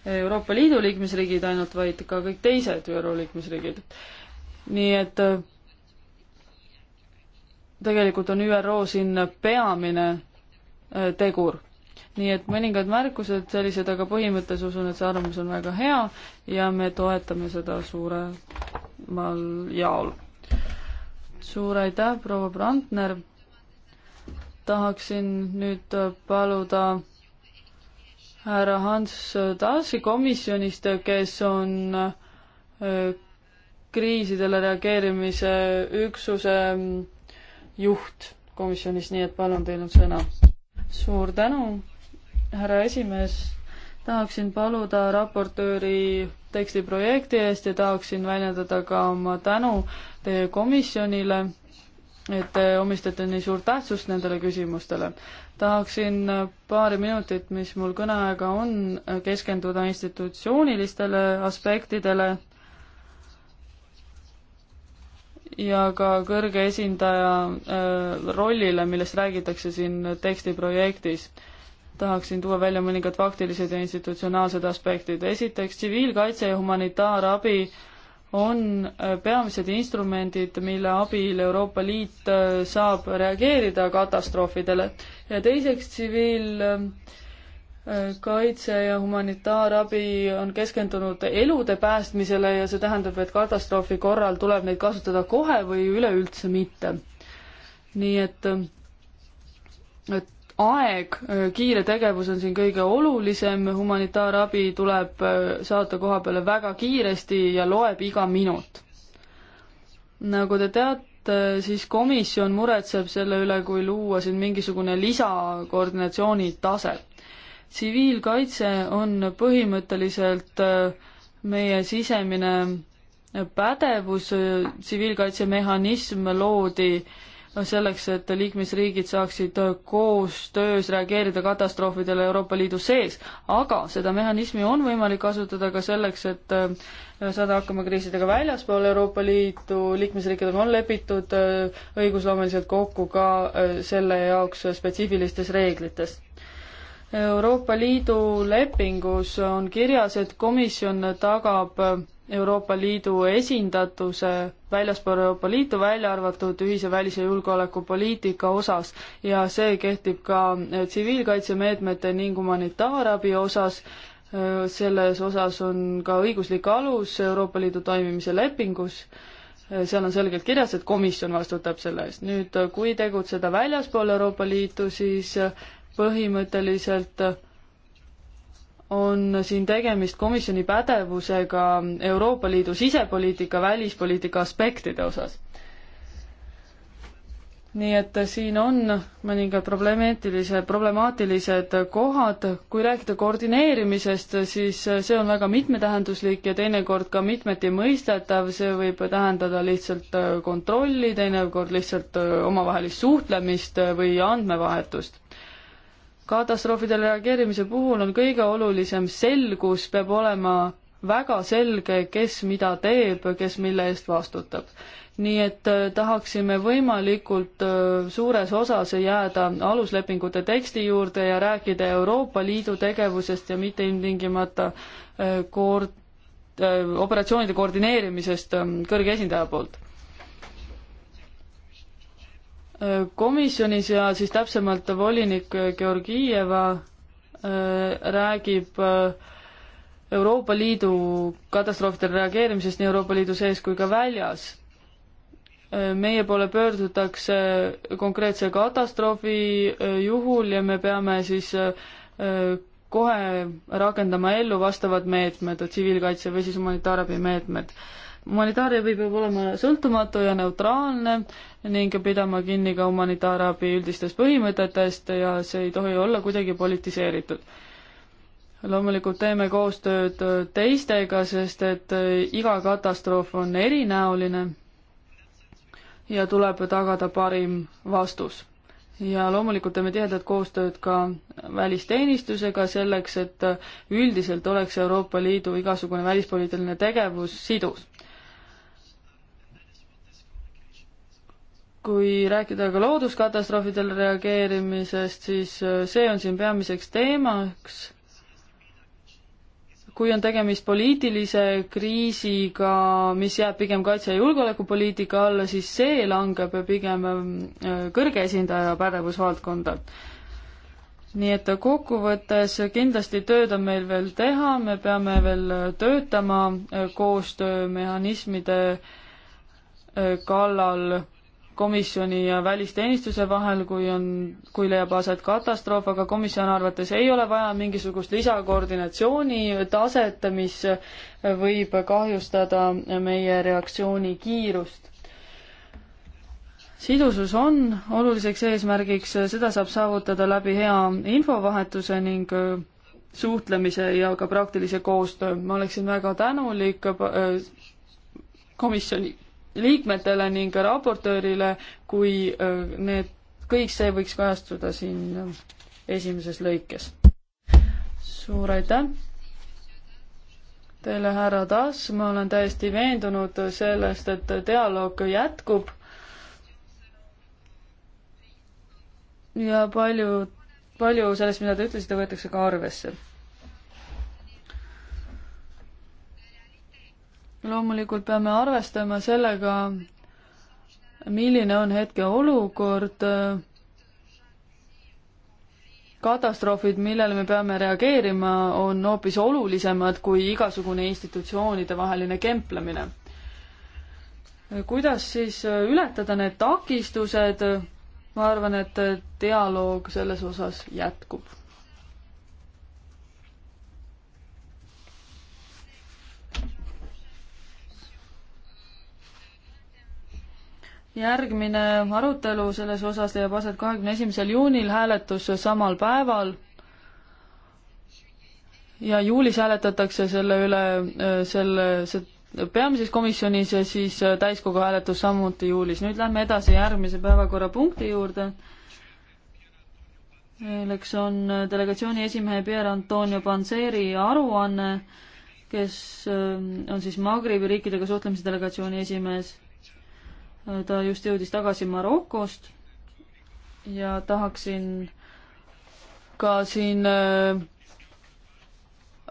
Euroopa Liidu liikmesriigid ainult, vaid ka kõik teised ÜRO liikmesriigid. nii et äh, tegelikult on ÜRO siin peamine äh, tegur. nii et mõningad märkused sellised, aga põhimõttes usun, et see arvamus on väga hea ja me toetame seda suuremal jaol suur aitäh, proua Brandner. tahaksin nüüd paluda härra Hans Taasi komisjonist, kes on äh, kriisidele reageerimise üksuse mm, juht komisjonis, nii et palun teil on sõna. suur tänu, härra esimees. tahaksin paluda raportööri tekstiprojekti eest ja tahaksin väljendada ka oma tänu komisjonile, et te omistate nii suurt tähtsust nendele küsimustele. tahaksin paari minutit, mis mul kõneaega on, keskenduda institutsioonilistele aspektidele ja ka kõrge esindaja äh, rollile, millest räägitakse siin tekstiprojektis. tahaksin tuua välja mõningad faktilised ja institutsionaalsed aspektid. esiteks, tsiviilkaitse ja humanitaarabi äh, on äh, peamised instrumendid, mille abil Euroopa Liit äh, saab reageerida katastroofidele ja teiseks tsiviilkaitse äh, ja humanitaarabi on keskendunud elude päästmisele ja see tähendab, et katastroofi korral tuleb neid kasutada kohe või üleüldse mitte. nii et, et aeg, äh, kiire tegevus on siin kõige olulisem, humanitaarabi tuleb äh, saata koha peale väga kiiresti ja loeb iga minut. nagu te teate, siis komisjon muretseb selle üle, kui luua siin mingisugune lisakoordinatsiooni tase. tsiviilkaitse on põhimõtteliselt äh, meie sisemine pädevus, tsiviilkaitsemehhanism loodi äh, selleks, et liikmesriigid saaksid koostöös reageerida katastroofidele Euroopa Liidu sees, aga seda mehhanismi on võimalik kasutada ka selleks, et äh, saada hakkama kriisidega väljaspool Euroopa Liitu, liikmesriikidega on lepitud äh, õigusloomeliselt kokku ka äh, selle jaoks spetsiifilistes reeglites Euroopa Liidu lepingus on kirjas, et komisjon tagab Euroopa Liidu esindatuse väljaspool Euroopa Liitu, välja arvatud ühise välis- ja julgeolekupoliitika osas ja see kehtib ka äh, tsiviilkaitsemeetmete ning humanitaarabi osas. Äh, selles osas on ka õiguslik alus Euroopa Liidu toimimise lepingus äh, seal on selgelt kirjas, et komisjon vastutab selle eest. nüüd, kui tegutseda väljaspool Euroopa Liitu, siis põhimõtteliselt äh, on siin tegemist komisjoni pädevusega Euroopa Liidu sisepoliitika, välispoliitika aspektide osas. nii et siin on mõningad problemaatilised, problemaatilised kohad, kui rääkida koordineerimisest, siis see on väga mitmetähenduslik ja teinekord ka mitmeti mõistetav, see võib tähendada lihtsalt äh, kontrolli, teinekord lihtsalt äh, omavahelist suhtlemist äh, või andmevahetust katastroofidele reageerimise puhul on kõige olulisem selgus, peab olema väga selge, kes mida teeb, kes mille eest vastutab. nii et äh, tahaksime võimalikult äh, suures osas jääda aluslepingute teksti juurde ja rääkida Euroopa Liidu tegevusest ja mitte ilmtingimata äh, koord-, operatsioonide koordineerimisest ähm, kõrge esindaja poolt komisjonis ja siis täpsemalt volinik Georgieva äh, räägib äh, Euroopa Liidu katastroofidele reageerimisest nii Euroopa Liidu sees kui ka väljas. Äh, meie poole pöördutakse konkreetse katastroofi juhul ja me peame siis kohe rakendama ellu vastavad meetmed, tsiviilkaitse või siis humanitaarabi meetmed humanitaarabi peab olema sõltumatu ja neutraalne, ning pidama kinni ka humanitaarabi üldistest põhimõtetest ja see ei tohi olla kuidagi politiseeritud. loomulikult teeme koostööd teistega, sest et iga katastroof on erinäoline ja tuleb tagada parim vastus. ja loomulikult teeme tihedat koostööd ka välisteenistusega selleks, et üldiselt oleks Euroopa Liidu igasugune välispoliitiline tegevus sidus kui rääkida ka looduskatastroofidele reageerimisest, siis äh, see on siin peamiseks teemaks. kui on tegemist poliitilise kriisiga, mis jääb pigem kaitse- ja julgeolekupoliitika alla, siis see langeb pigem ähm, äh, kõrge esindaja pädevusvaldkonda. nii et kokkuvõttes kindlasti tööd on meil veel teha, me peame veel äh, töötama koostöömehhanismide kallal komisjoni ja välisteenistuse vahel, kui on, kui leiab aset katastroof, aga komisjoni arvates ei ole vaja mingisugust lisakoordinatsiooni taset, mis võib kahjustada meie reaktsiooni kiirust. sidusus on oluliseks eesmärgiks, seda saab saavutada läbi hea infovahetuse ning suhtlemise ja ka praktilise koostöö. ma oleksin väga tänulik äh, komisjoni liikmetele ning ka raportöörile, kui äh, need, kõik see võiks kajastuda siin äh, esimeses lõikes. suur aitäh teile, härra Tass, ma olen täiesti veendunud sellest, et dialoog jätkub. ja palju, palju sellest, mida te ütlesite, võetakse ka arvesse loomulikult peame arvestama sellega, milline on hetkeolukord, katastroofid, millele me peame reageerima, on hoopis olulisemad kui igasugune institutsioonide vaheline kemplemine. kuidas siis ületada need takistused, ma arvan, et dialoog selles osas jätkub järgmine arutelu selles osas leiab aset kahekümne esimesel juunil, hääletus samal päeval. ja juulis hääletatakse selle üle, äh, selle, see peamises komisjonis ja siis äh, täiskogu hääletus samuti juulis. nüüd lähme edasi järgmise päevakorrapunkti juurde milleks on äh, delegatsiooni esimehe Pierre Antonio Panseri aruanne, kes on siis Magribi riikidega suhtlemise delegatsiooni esimees ta just jõudis tagasi Marokost ja tahaksin ka siin äh,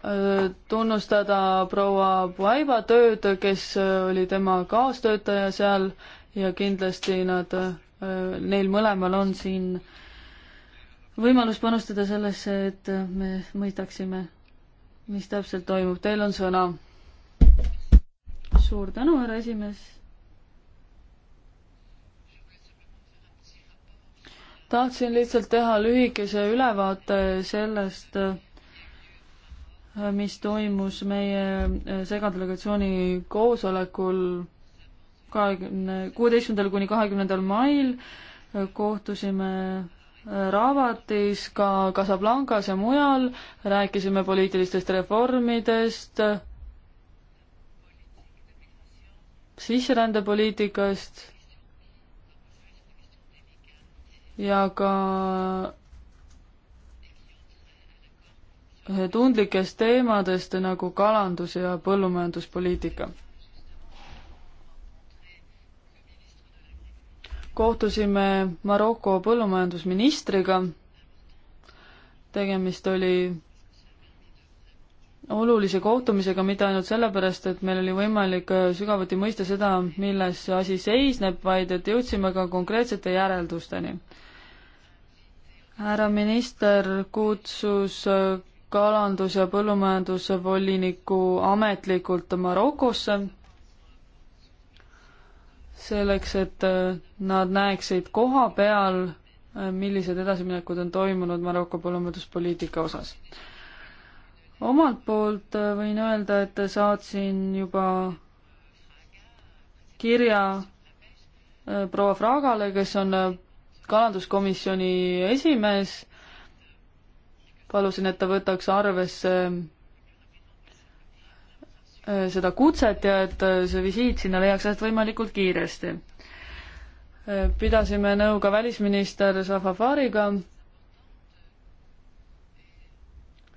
äh, tunnustada proua Paiva tööd, kes äh, oli tema kaastöötaja seal ja kindlasti nad, neil mõlemal on siin võimalus panustada sellesse, et me mõistaksime, mis täpselt toimub. Teil on sõna. suur tänu, härra esimees tahtsin lihtsalt teha lühikese ülevaate sellest, mis toimus meie äh, segadelegatsiooni koosolekul kahekümne, kuueteistkümnendal kuni kahekümnendal mail kohtusime äh, Ravatis, ka Casablancas ja mujal, rääkisime poliitilistest reformidest, sisserändepoliitikast ja ka tundlikest teemadest nagu kalandus ja põllumajanduspoliitika. kohtusime Maroko põllumajandusministriga. tegemist oli olulise kohtumisega mitte ainult sellepärast, et meil oli võimalik sügavuti mõista seda, milles asi seisneb, vaid et jõudsime ka konkreetsete järeldusteni härra minister kutsus äh, kalandus- ja põllumajandusvoliniku ametlikult Marokosse, selleks et äh, nad näeksid koha peal, äh, millised edasiminekud on toimunud Maroko põllumajanduspoliitika osas. omalt poolt võin öelda, et saatsin juba kirja proua Fragale, kes on kalanduskomisjoni esimees, palusin, et ta võtaks arvesse äh, seda kutset ja et äh, see visiit sinna leiaks aset võimalikult kiiresti. Äh, pidasime nõu ka välisminister Safafariga.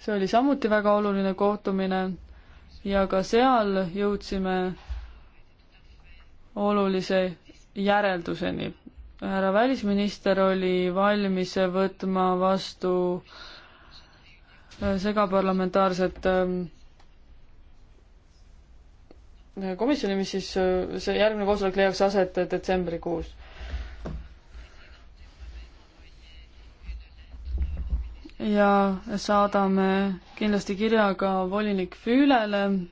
see oli samuti väga oluline kohtumine ja ka seal jõudsime olulise järelduseni härra välisminister oli valmis võtma vastu äh, segaparlamentaarset ähm, äh, komisjoni, mis siis, äh, see järgmine koosolek leiaks aset detsembrikuus. ja saadame kindlasti kirja ka volinik Füülele,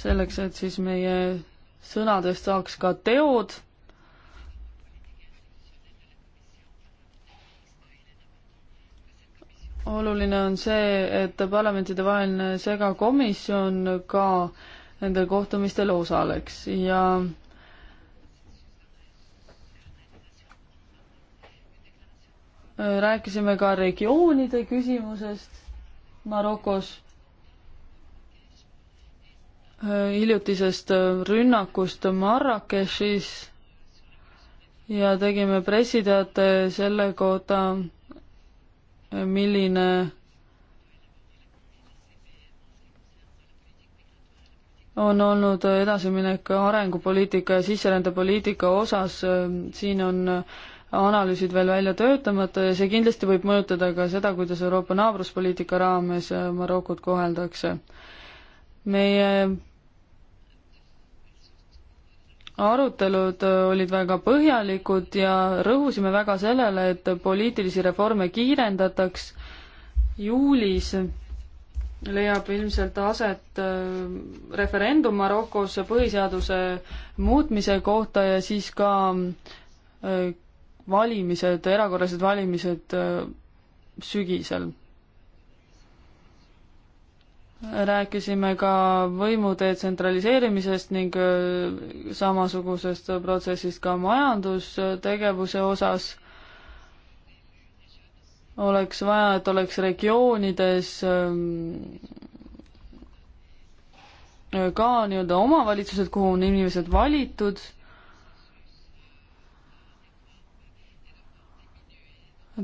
selleks, et siis meie sõnadest saaks ka teod. oluline on see, et parlamentidevaheline segakomisjon ka nendel kohtumistel osaleks ja rääkisime ka regioonide küsimusest Marokos Äh, hiljutisest äh, rünnakust Marrakechis ja tegime pressiteate selle kohta, äh, milline on olnud edasiminek arengupoliitika ja sisserändepoliitika osas, siin on analüüsid veel välja töötamata ja see kindlasti võib mõjutada ka seda, kuidas Euroopa naabruspoliitika raames Marokot koheldakse. meie arutelud äh, olid väga põhjalikud ja rõhusime väga sellele, et poliitilisi reforme kiirendataks. juulis leiab ilmselt aset äh, referendum Marokos põhiseaduse muutmise kohta ja siis ka äh, valimised, erakorralised valimised sügisel rääkisime ka võimu detsentraliseerimisest ning äh, samasugusest protsessist ka majandustegevuse osas. oleks vaja, et oleks regioonides ähm, ka nii-öelda omavalitsused, kuhu on inimesed valitud.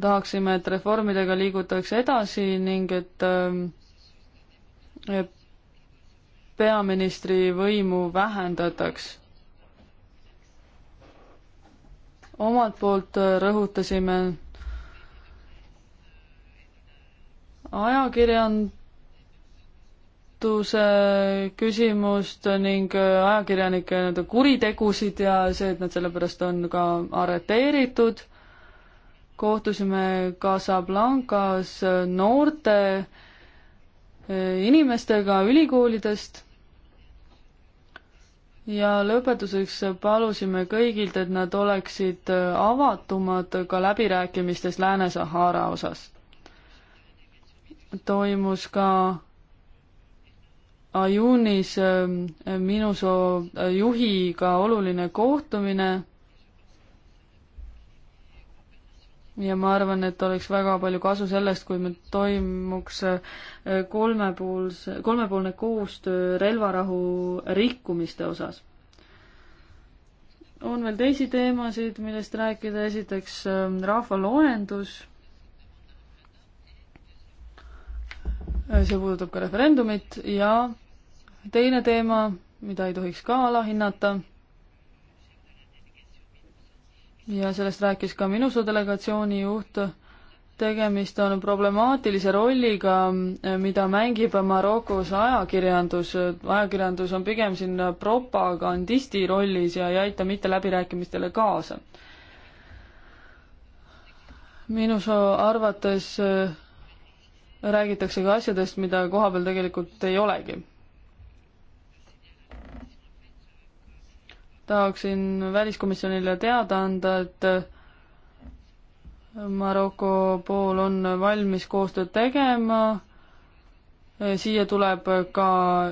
tahaksime, et reformidega liigutakse edasi ning et äh, peaministri võimu vähendataks. omalt poolt rõhutasime ajakirjanduse küsimust ning ajakirjanike nii-öelda kuritegusid ja see, et nad sellepärast on ka arreteeritud. kohtusime Casablancas noorte inimestega ülikoolidest ja lõpetuseks palusime kõigilt, et nad oleksid avatumad ka läbirääkimistes Lääne-Sahara osas. toimus ka Ajunis ehm, Minusoo juhiga oluline kohtumine ja ma arvan, et oleks väga palju kasu sellest, kui meil toimuks äh, kolmepoolse, kolmepoolne koostöö relvarahu rikkumiste osas. on veel teisi teemasid, millest rääkida, esiteks ähm, rahvaloendus. Äh, see puudutab ka referendumit ja teine teema, mida ei tohiks ka alahinnata ja sellest rääkis ka minu su delegatsiooni juht. tegemist on problemaatilise rolliga, mida mängib Marokos ajakirjandus. ajakirjandus on pigem siin propagandisti rollis ja ei aita mitte läbirääkimistele kaasa. minu arvates räägitakse ka asjadest, mida kohapeal tegelikult ei olegi tahaksin väliskomisjonile teada anda, et Maroko pool on valmis koostööd tegema. siia tuleb ka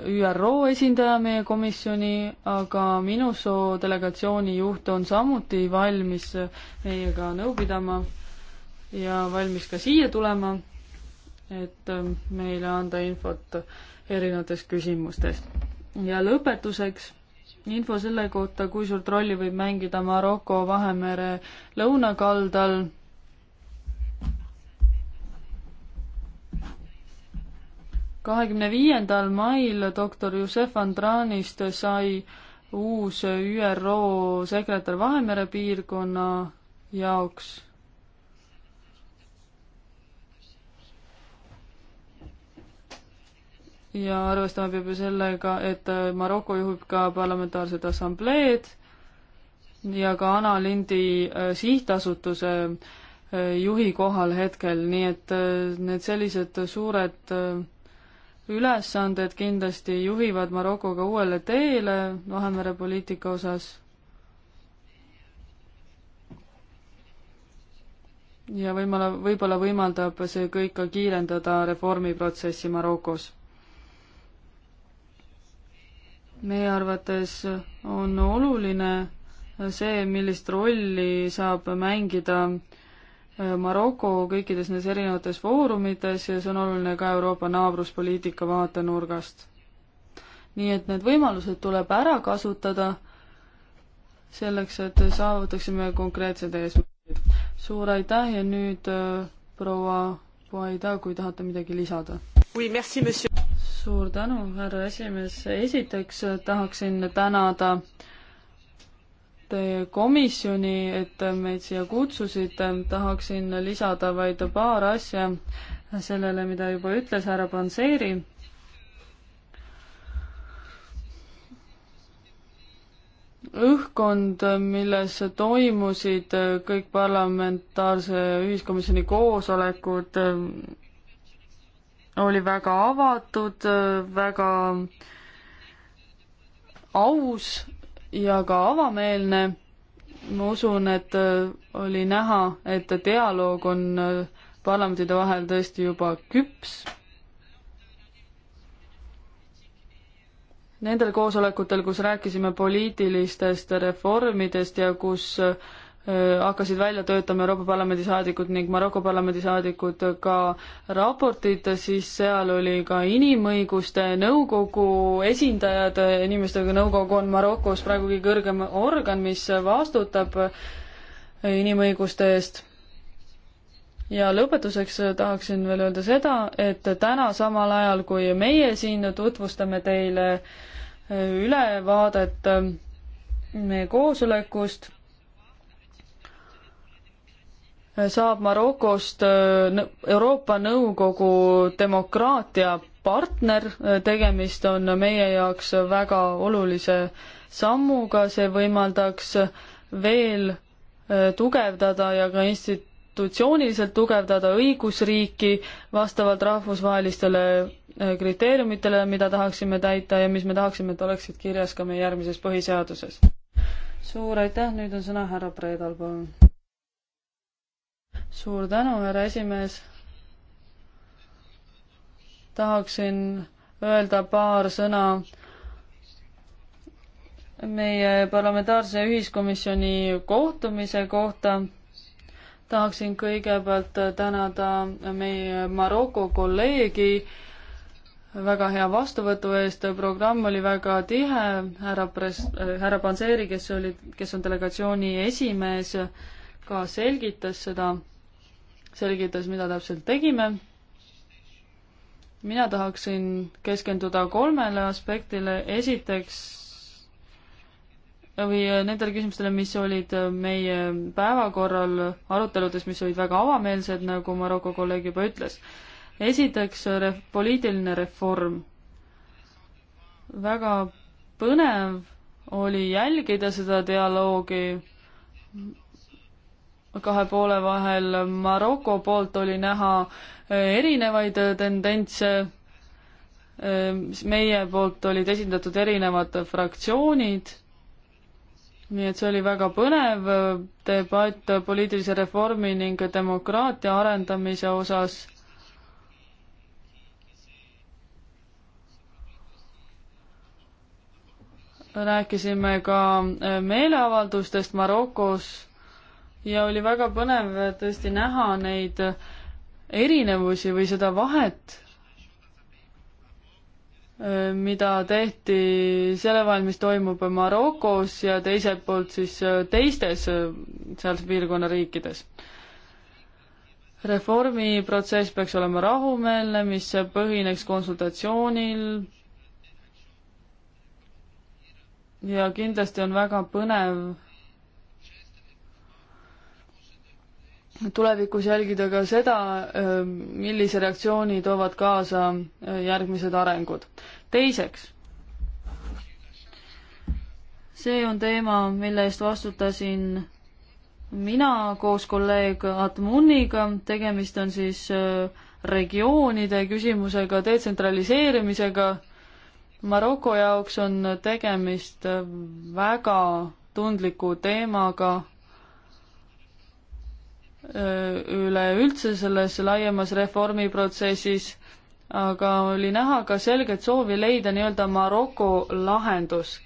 ÜRO esindaja meie komisjoni, aga Minusoo delegatsiooni juht on samuti valmis meiega nõu pidama ja valmis ka siia tulema, et meile anda infot erinevates küsimustes. ja lõpetuseks info selle kohta, kui suurt rolli võib mängida Maroko Vahemere lõunakaldal. kahekümne viiendal mail doktor Jussef Andranist sai uus ÜRO sekretär Vahemere piirkonna jaoks ja arvestama peab ju sellega, et äh, Maroko juhib ka parlamentaarsed assambleed ja ka Ana Lindi äh, sihtasutuse äh, juhi kohal hetkel, nii et need sellised suured ülesanded kindlasti juhivad Marokoga uuele teele Vahemere poliitika osas ja võimala, võib-olla võimaldab see kõik ka kiirendada reformiprotsessi Marokos meie arvates on oluline see, millist rolli saab mängida äh, Maroko kõikides nendes erinevates foorumites ja see on oluline ka Euroopa naabruspoliitika vaatenurgast. nii et need võimalused tuleb ära kasutada selleks, et saavutaksime konkreetsed eesmärgid. suur aitäh ja nüüd äh, proua Paida, kui tahate midagi lisada suur tänu, härra esimees. esiteks tahaksin tänada teie komisjoni, et meid siia kutsusite. tahaksin lisada vaid paar asja sellele, mida juba ütles härra Panseeri. õhkkond, milles toimusid kõik parlamentaarse ühiskomisjoni koosolekud, oli väga avatud, väga aus ja ka avameelne. ma usun, et oli näha, et dialoog on parlamendide vahel tõesti juba küps nendel koosolekutel, kus rääkisime poliitilistest reformidest ja kus hakkasid välja töötama Euroopa Parlamendi saadikud ning Maroko Parlamendi saadikud ka raportid, siis seal oli ka inimõiguste nõukogu esindajad, inimestega nõukogu on Marokos praegu kõige kõrgem organ, mis vastutab inimõiguste eest. ja lõpetuseks tahaksin veel öelda seda, et täna samal ajal, kui meie siin tutvustame teile ülevaadet meie koosolekust, saab Marokost äh, Euroopa Nõukogu demokraatia partner, tegemist on meie jaoks väga olulise sammuga, see võimaldaks veel äh, tugevdada ja ka institutsiooniliselt tugevdada õigusriiki vastavalt rahvusvahelistele äh, kriteeriumitele, mida tahaksime täita ja mis me tahaksime, et oleksid kirjas ka meie järgmises põhiseaduses. suur aitäh, nüüd on sõna härra Predal, palun suur tänu, härra esimees. tahaksin öelda paar sõna meie parlamentaarse ühiskomisjoni kohtumise kohta tahaksin kõigepealt tänada meie Maroko kolleegi väga hea vastuvõtu eest, programm oli väga tihe, härra pres-, härra Panseri, kes oli, kes on delegatsiooni esimees, ka selgitas seda selgitas, mida täpselt tegime. mina tahaksin keskenduda kolmele aspektile, esiteks või äh, nendele küsimustele, mis olid äh, meie päevakorral aruteludes, mis olid väga avameelsed, nagu Maroko kolleeg juba ütles. esiteks äh, ref-, poliitiline reform. väga põnev oli jälgida seda dialoogi kahe poole vahel. Maroko poolt oli näha eh, erinevaid eh, tendentse. Eh, meie poolt olid esindatud erinevad fraktsioonid. nii et see oli väga põnev debatt poliitilise reformi ning demokraatia arendamise osas rääkisime ka meeleavaldustest Marokos ja oli väga põnev äh, tõesti näha neid äh, erinevusi või seda vahet, äh, mida tehti selle vahel, mis toimub Marokos ja teiselt poolt siis teistes sealse piirkonna riikides. reformiprotsess peaks olema rahumeelne, mis põhineks konsultatsioonil, ja kindlasti on väga põnev tulevikus jälgida ka seda, millise reaktsiooni toovad kaasa järgmised arengud. teiseks, see on teema, mille eest vastutasin mina koos kolleeg Atmuniga, tegemist on siis regioonide küsimusega, detsentraliseerimisega. Maroko jaoks on tegemist väga tundliku teemaga üleüldse selles laiemas reformiprotsessis, aga oli näha ka selget soovi leida nii-öelda Maroko lahendus.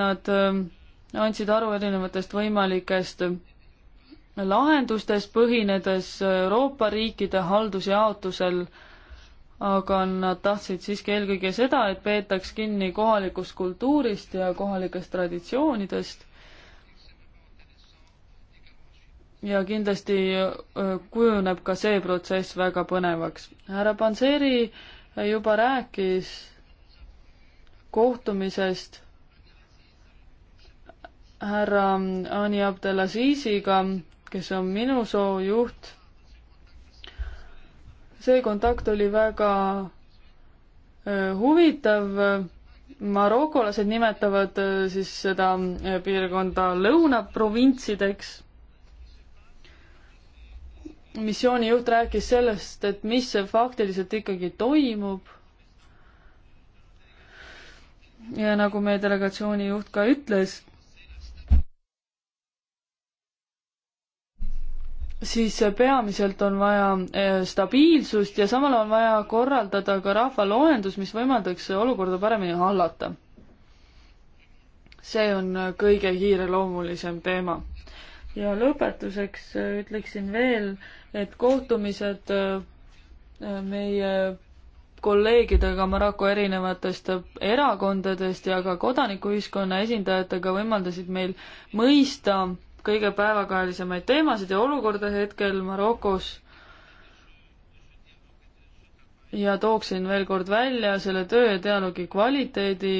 Nad ähm, andsid aru erinevatest võimalikest lahendustest, põhinedes Euroopa riikide haldusjaotusel, aga nad tahtsid siiski eelkõige seda, et peetaks kinni kohalikust kultuurist ja kohalikest traditsioonidest ja kindlasti kujuneb ka see protsess väga põnevaks. härra Panseri juba rääkis kohtumisest härra Ani Abdelaziziga, kes on minu soo juht. see kontakt oli väga huvitav marokolased nimetavad siis seda piirkonda lõunaprovintsideks missioonijuht rääkis sellest, et mis faktiliselt ikkagi toimub. ja nagu meie delegatsiooni juht ka ütles, siis peamiselt on vaja eh, stabiilsust ja samal on vaja korraldada ka rahvaloendus, mis võimaldaks olukorda paremini hallata. see on kõige kiireloomulisem teema ja lõpetuseks eh, ütleksin veel, et kohtumised äh, meie kolleegidega Maroko erinevatest erakondadest ja ka kodanikuühiskonna esindajatega võimaldasid meil mõista kõige päevakajalisemaid teemasid ja olukorda hetkel Marokos. ja tooksin veel kord välja selle töö ja dialoogi kvaliteedi,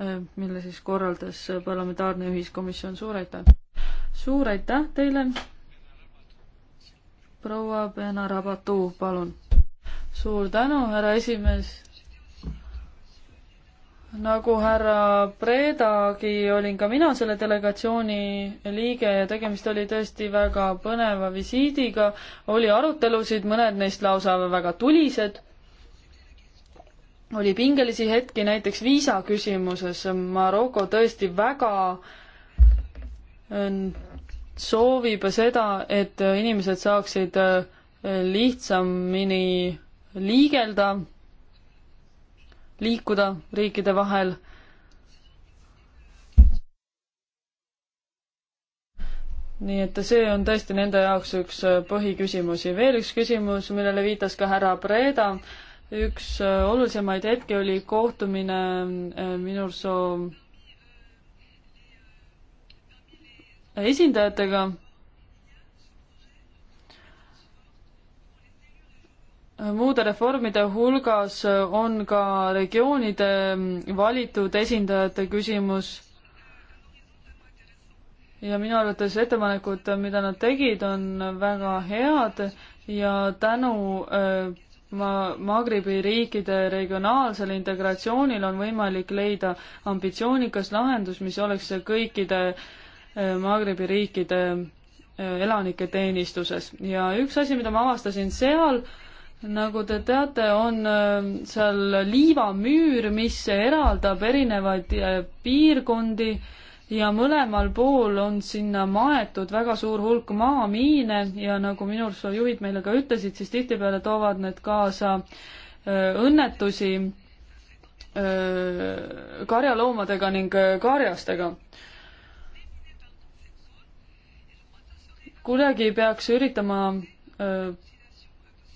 äh, mille siis korraldas parlamentaarne ühiskomisjon, suur aitäh! suur aitäh teile! proua Benarabatu, palun. suur tänu, härra esimees. nagu härra Predagi olin ka mina selle delegatsiooni liige ja tegemist oli tõesti väga põneva visiidiga. oli arutelusid, mõned neist lausa väga tulised. oli pingelisi hetki näiteks viisa küsimuses. Maroko tõesti väga soovib seda, et inimesed saaksid äh, lihtsamini liigelda, liikuda riikide vahel. nii et see on tõesti nende jaoks üks äh, põhiküsimusi. veel üks küsimus, millele viitas ka härra Breda. üks äh, olulisemaid hetki oli kohtumine Minurso esindajatega. muude reformide hulgas on ka regioonide valitud esindajate küsimus. ja minu arvates ettepanekud, mida nad tegid, on väga head ja tänu äh, ma-, Magribi riikide regionaalsele integratsioonile on võimalik leida ambitsioonikas lahendus, mis oleks kõikide äh, Maagrebi riikide äh, elanike teenistuses ja üks asi, mida ma avastasin seal, nagu te teate, on äh, seal liivamüür, mis eraldab erinevaid äh, piirkondi ja mõlemal pool on sinna maetud väga suur hulk maamiine ja nagu minu arust juhid meile ka ütlesid, siis tihtipeale toovad need kaasa õnnetusi karjaloomadega ning karjastega. kuidagi peaks üritama öö,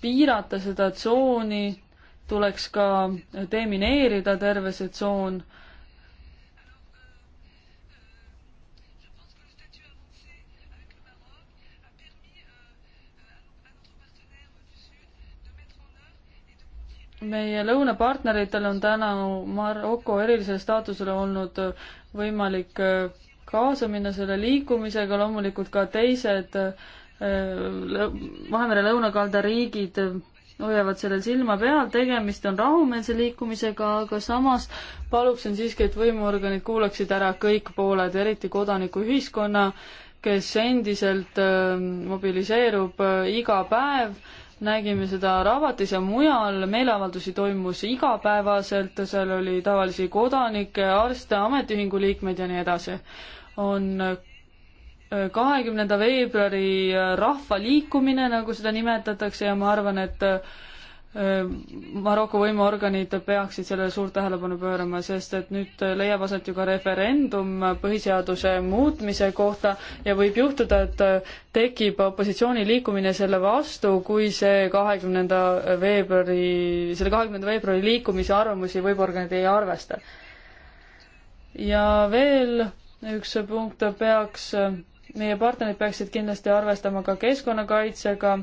piirata seda tsooni, tuleks ka demineerida terve see tsoon. meie lõunapartneritel on täna Maroko erilisele staatusele olnud võimalik öö, kaasa minna selle liikumisega, loomulikult ka teised äh, Vahemere lõunakalda riigid hoiavad sellel silma peal, tegemist on rahumeelse liikumisega, aga samas paluksin siiski, et võimuorganid kuulaksid ära kõik pooled, eriti kodanikuühiskonna, kes endiselt äh, mobiliseerub äh, iga päev. nägime seda Ravatis ja mujal, meeleavaldusi toimus igapäevaselt, seal oli tavalisi kodanikke, arste, ametiühingu liikmeid ja nii edasi on kahekümnenda veebruari rahvaliikumine, nagu seda nimetatakse ja ma arvan, et äh, Maroko võimuorganid peaksid sellele suurt tähelepanu pöörama, sest et nüüd leiab aset ju ka referendum põhiseaduse muutmise kohta ja võib juhtuda, et äh, tekib opositsiooni liikumine selle vastu, kui see kahekümnenda veebruari, selle kahekümnenda veebruari liikumise arvamusi võimuorganid ei arvesta. ja veel üks punkt peaks, meie partnerid peaksid kindlasti arvestama ka keskkonnakaitsega,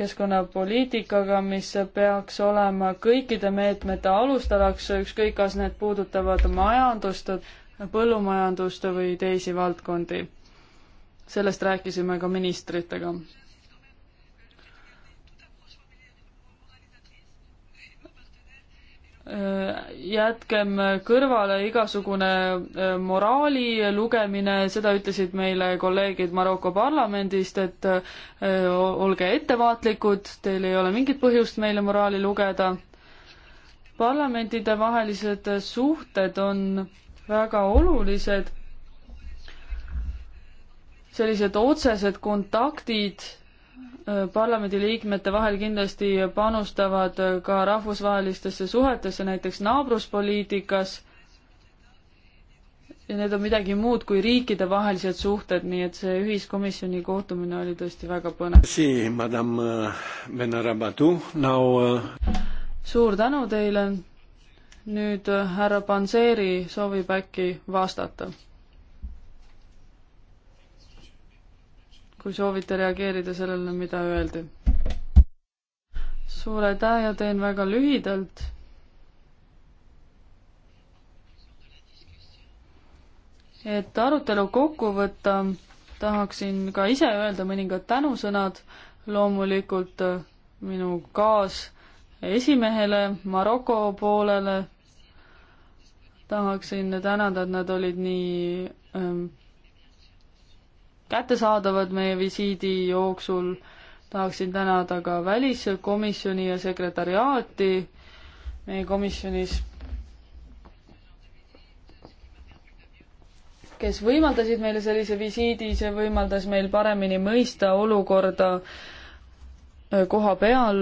keskkonnapoliitikaga, mis peaks olema kõikide meetmete alustalaks, ükskõik, kas need puudutavad majandust, põllumajandust või teisi valdkondi. sellest rääkisime ka ministritega jätkem kõrvale igasugune e, moraali lugemine, seda ütlesid meile kolleegid Maroko parlamendist, et e, olge ettevaatlikud, teil ei ole mingit põhjust meile moraali lugeda. parlamentidevahelised suhted on väga olulised, sellised otsesed kontaktid parlamendiliikmete vahel kindlasti panustavad ka rahvusvahelistesse suhetesse, näiteks naabruspoliitikas. ja need on midagi muud kui riikidevahelised suhted, nii et see ühiskomisjoni kohtumine oli tõesti väga põnev. Eh, eh, suur tänu teile. nüüd eh, härra Panseri soovib äkki vastata kui soovite reageerida sellele, mida öeldi. suur aitäh ja teen väga lühidalt. et arutelu kokku võtta, tahaksin ka ise öelda mõningad tänusõnad loomulikult äh, minu kaas esimehele Maroko poolele. tahaksin tänada, et nad olid nii ähm, kättesaadavad meie visiidi jooksul. tahaksin tänada ka väliskomisjoni ja sekretariaati meie komisjonis, kes võimaldasid meile sellise visiidi, see võimaldas meil paremini mõista olukorda koha peal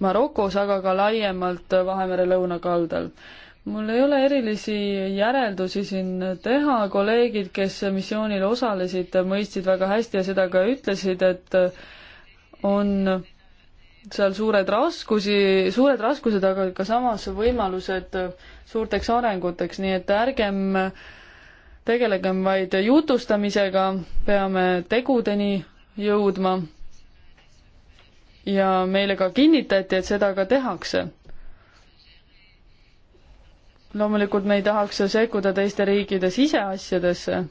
Marokos, aga ka laiemalt Vahemere lõunakaldal mul ei ole erilisi järeldusi siin teha, kolleegid, kes missioonil osalesid, mõistsid väga hästi ja seda ka ütlesid, et on seal suured raskusi, suured raskused, aga ka samas võimalused suurteks arenguteks, nii et ärgem tegelegem vaid jutustamisega, peame tegudeni jõudma. ja meile ka kinnitati, et seda ka tehakse loomulikult me ei tahaks sekkuda teiste riikide siseasjadesse.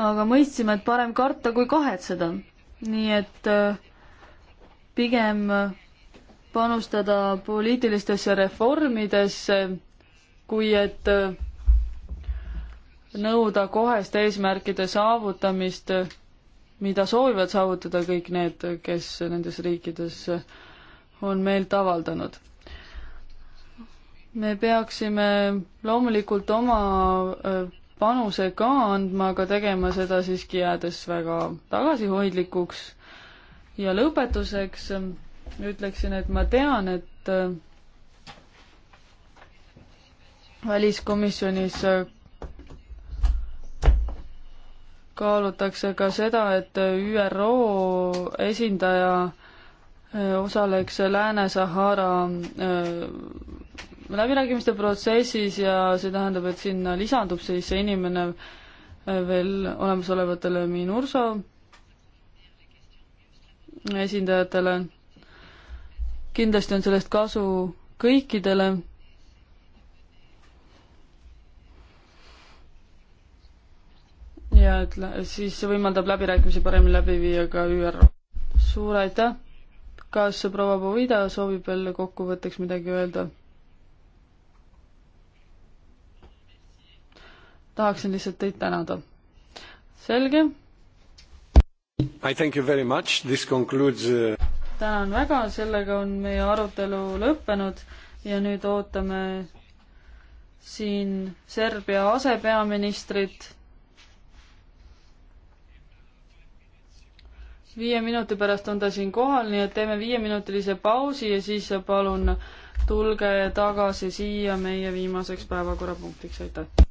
aga mõistsime, et parem karta kui kahetseda. nii et äh, pigem äh, panustada poliitilistesse reformidesse, kui et äh, nõuda koheste eesmärkide saavutamist mida soovivad saavutada kõik need, kes nendes riikides on meelt avaldanud. me peaksime loomulikult oma panuse ka andma, aga tegema seda siiski jäädes väga tagasihoidlikuks. ja lõpetuseks ütleksin, et ma tean, et väliskomisjonis kaalutakse ka seda, et ÜRO esindaja äh, osaleks Lääne-Sahara äh, läbirääkimiste protsessis ja see tähendab, et sinna lisandub siis see inimene äh, veel olemasolevatele Minurso esindajatele. kindlasti on sellest kasu kõikidele ja et siis see võimaldab läbirääkimisi paremini läbi viia ka ÜRO. suur aitäh! kas proua Povida soovib veel kokkuvõtteks midagi öelda? tahaksin lihtsalt teid tänada. selge. I thank you very much, this concludes uh, tänan väga, sellega on meie arutelu lõppenud ja nüüd ootame siin Serbia asepeaministrit viie minuti pärast on ta siin kohal, nii et teeme viieminutilise pausi ja siis palun tulge tagasi siia meie viimaseks päevakorrapunktiks, aitäh!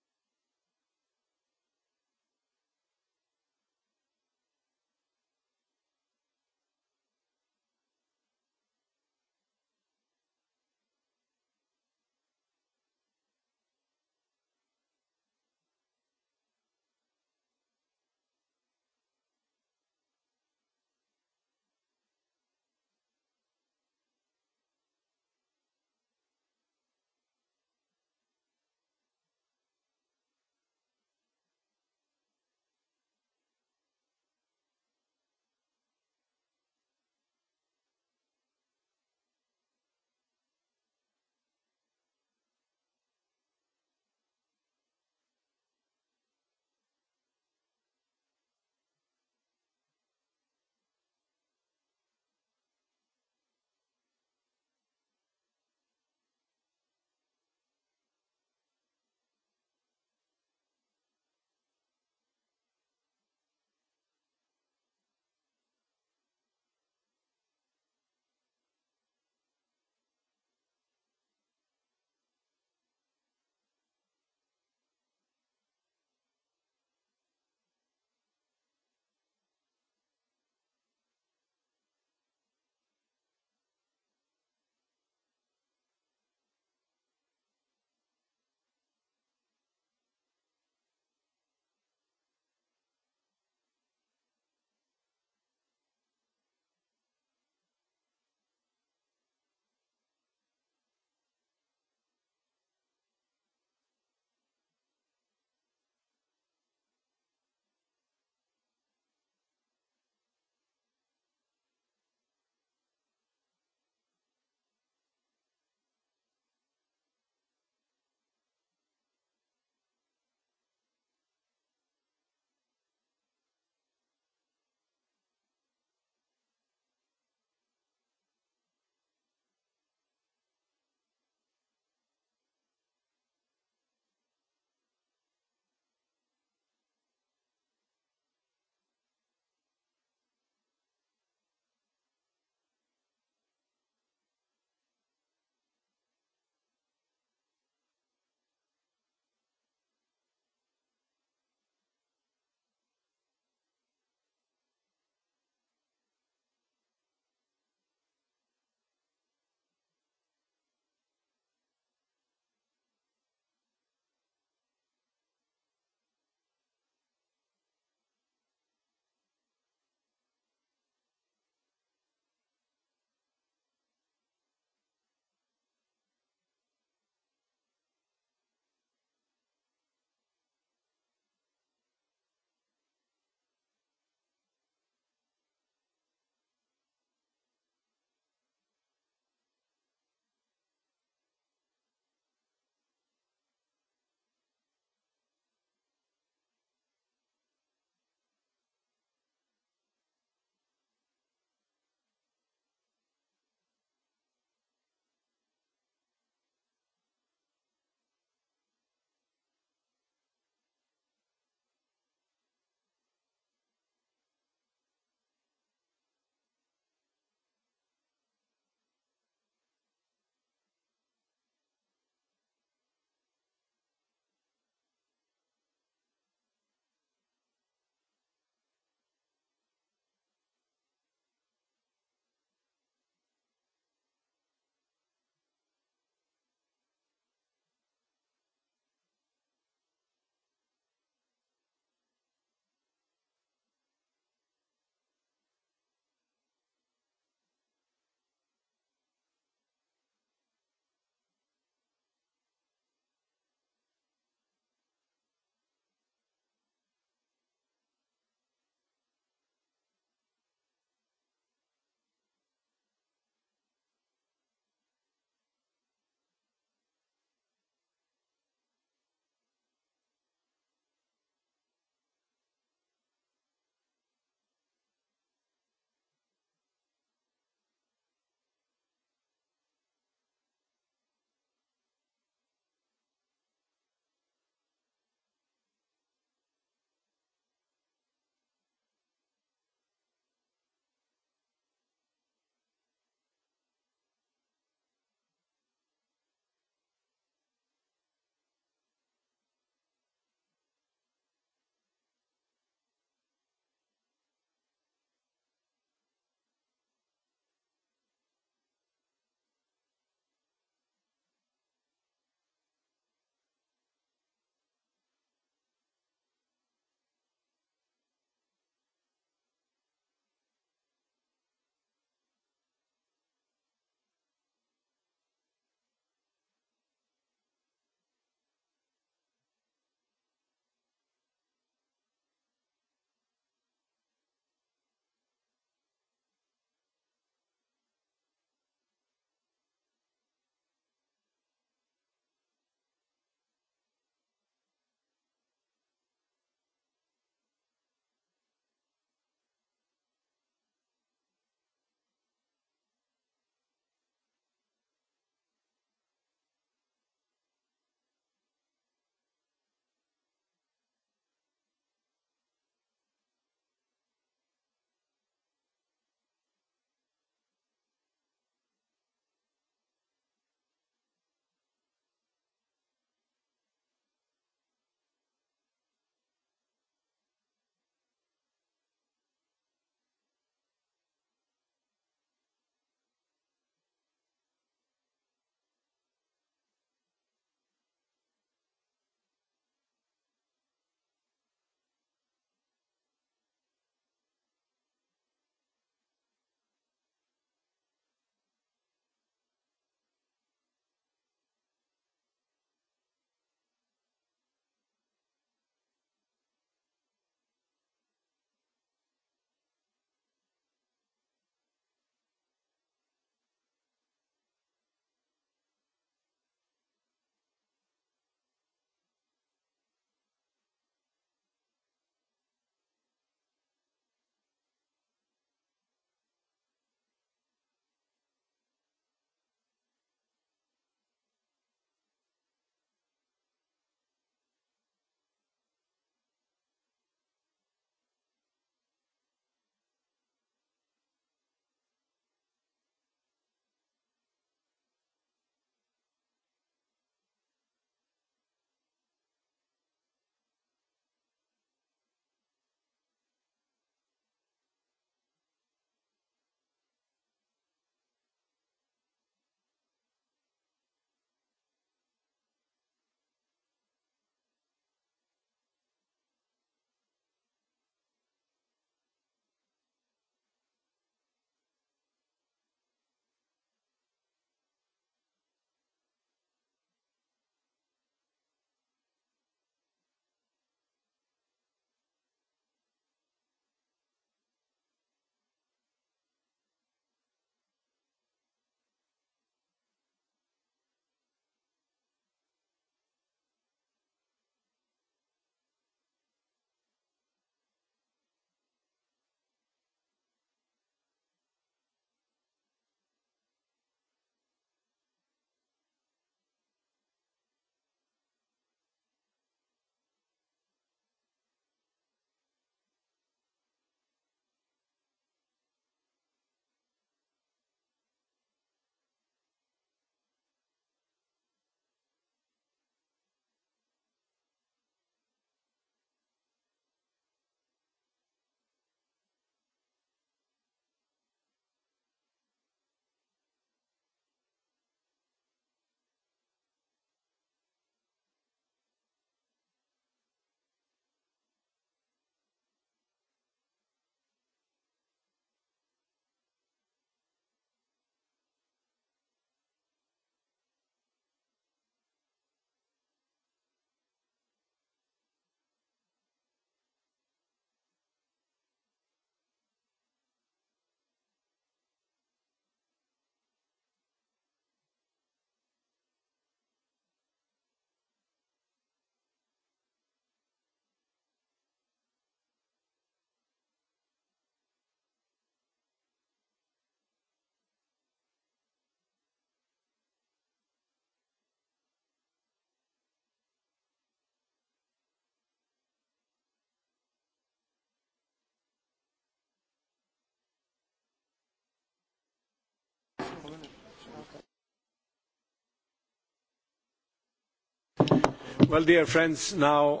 Well, dear friends, now...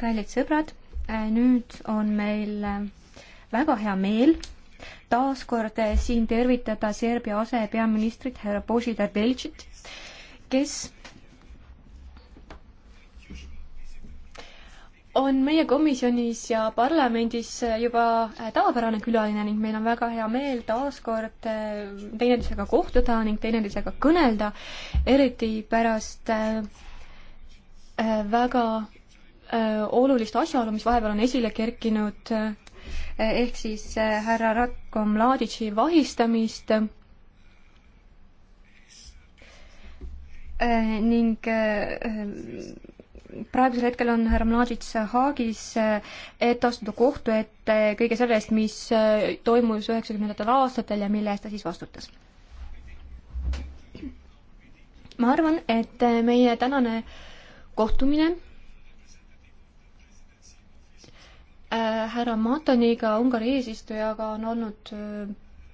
kallid sõbrad, äh, nüüd on meil äh, väga hea meel taas kord äh, siin tervitada Serbia asepeaministrit härra Božidar Belčit, kes on meie komisjonis ja parlamendis juba tavapärane külaline ning meil on väga hea meel taas kord teineteisega kohtuda ning teineteisega kõnelda, eriti pärast Äh, väga äh, olulist asjaolu, mis vahepeal on esile kerkinud, äh, ehk siis härra Ratko Mladici vahistamist ning praegusel hetkel on härra Mladic Haagis, et astuda kohtu ette kõige selle eest, mis toimus üheksakümnendatel aastatel ja mille eest ta siis vastutas. ma arvan, et meie tänane äh, kohtumine äh, härra Mataniga, Ungari eesistujaga on olnud äh,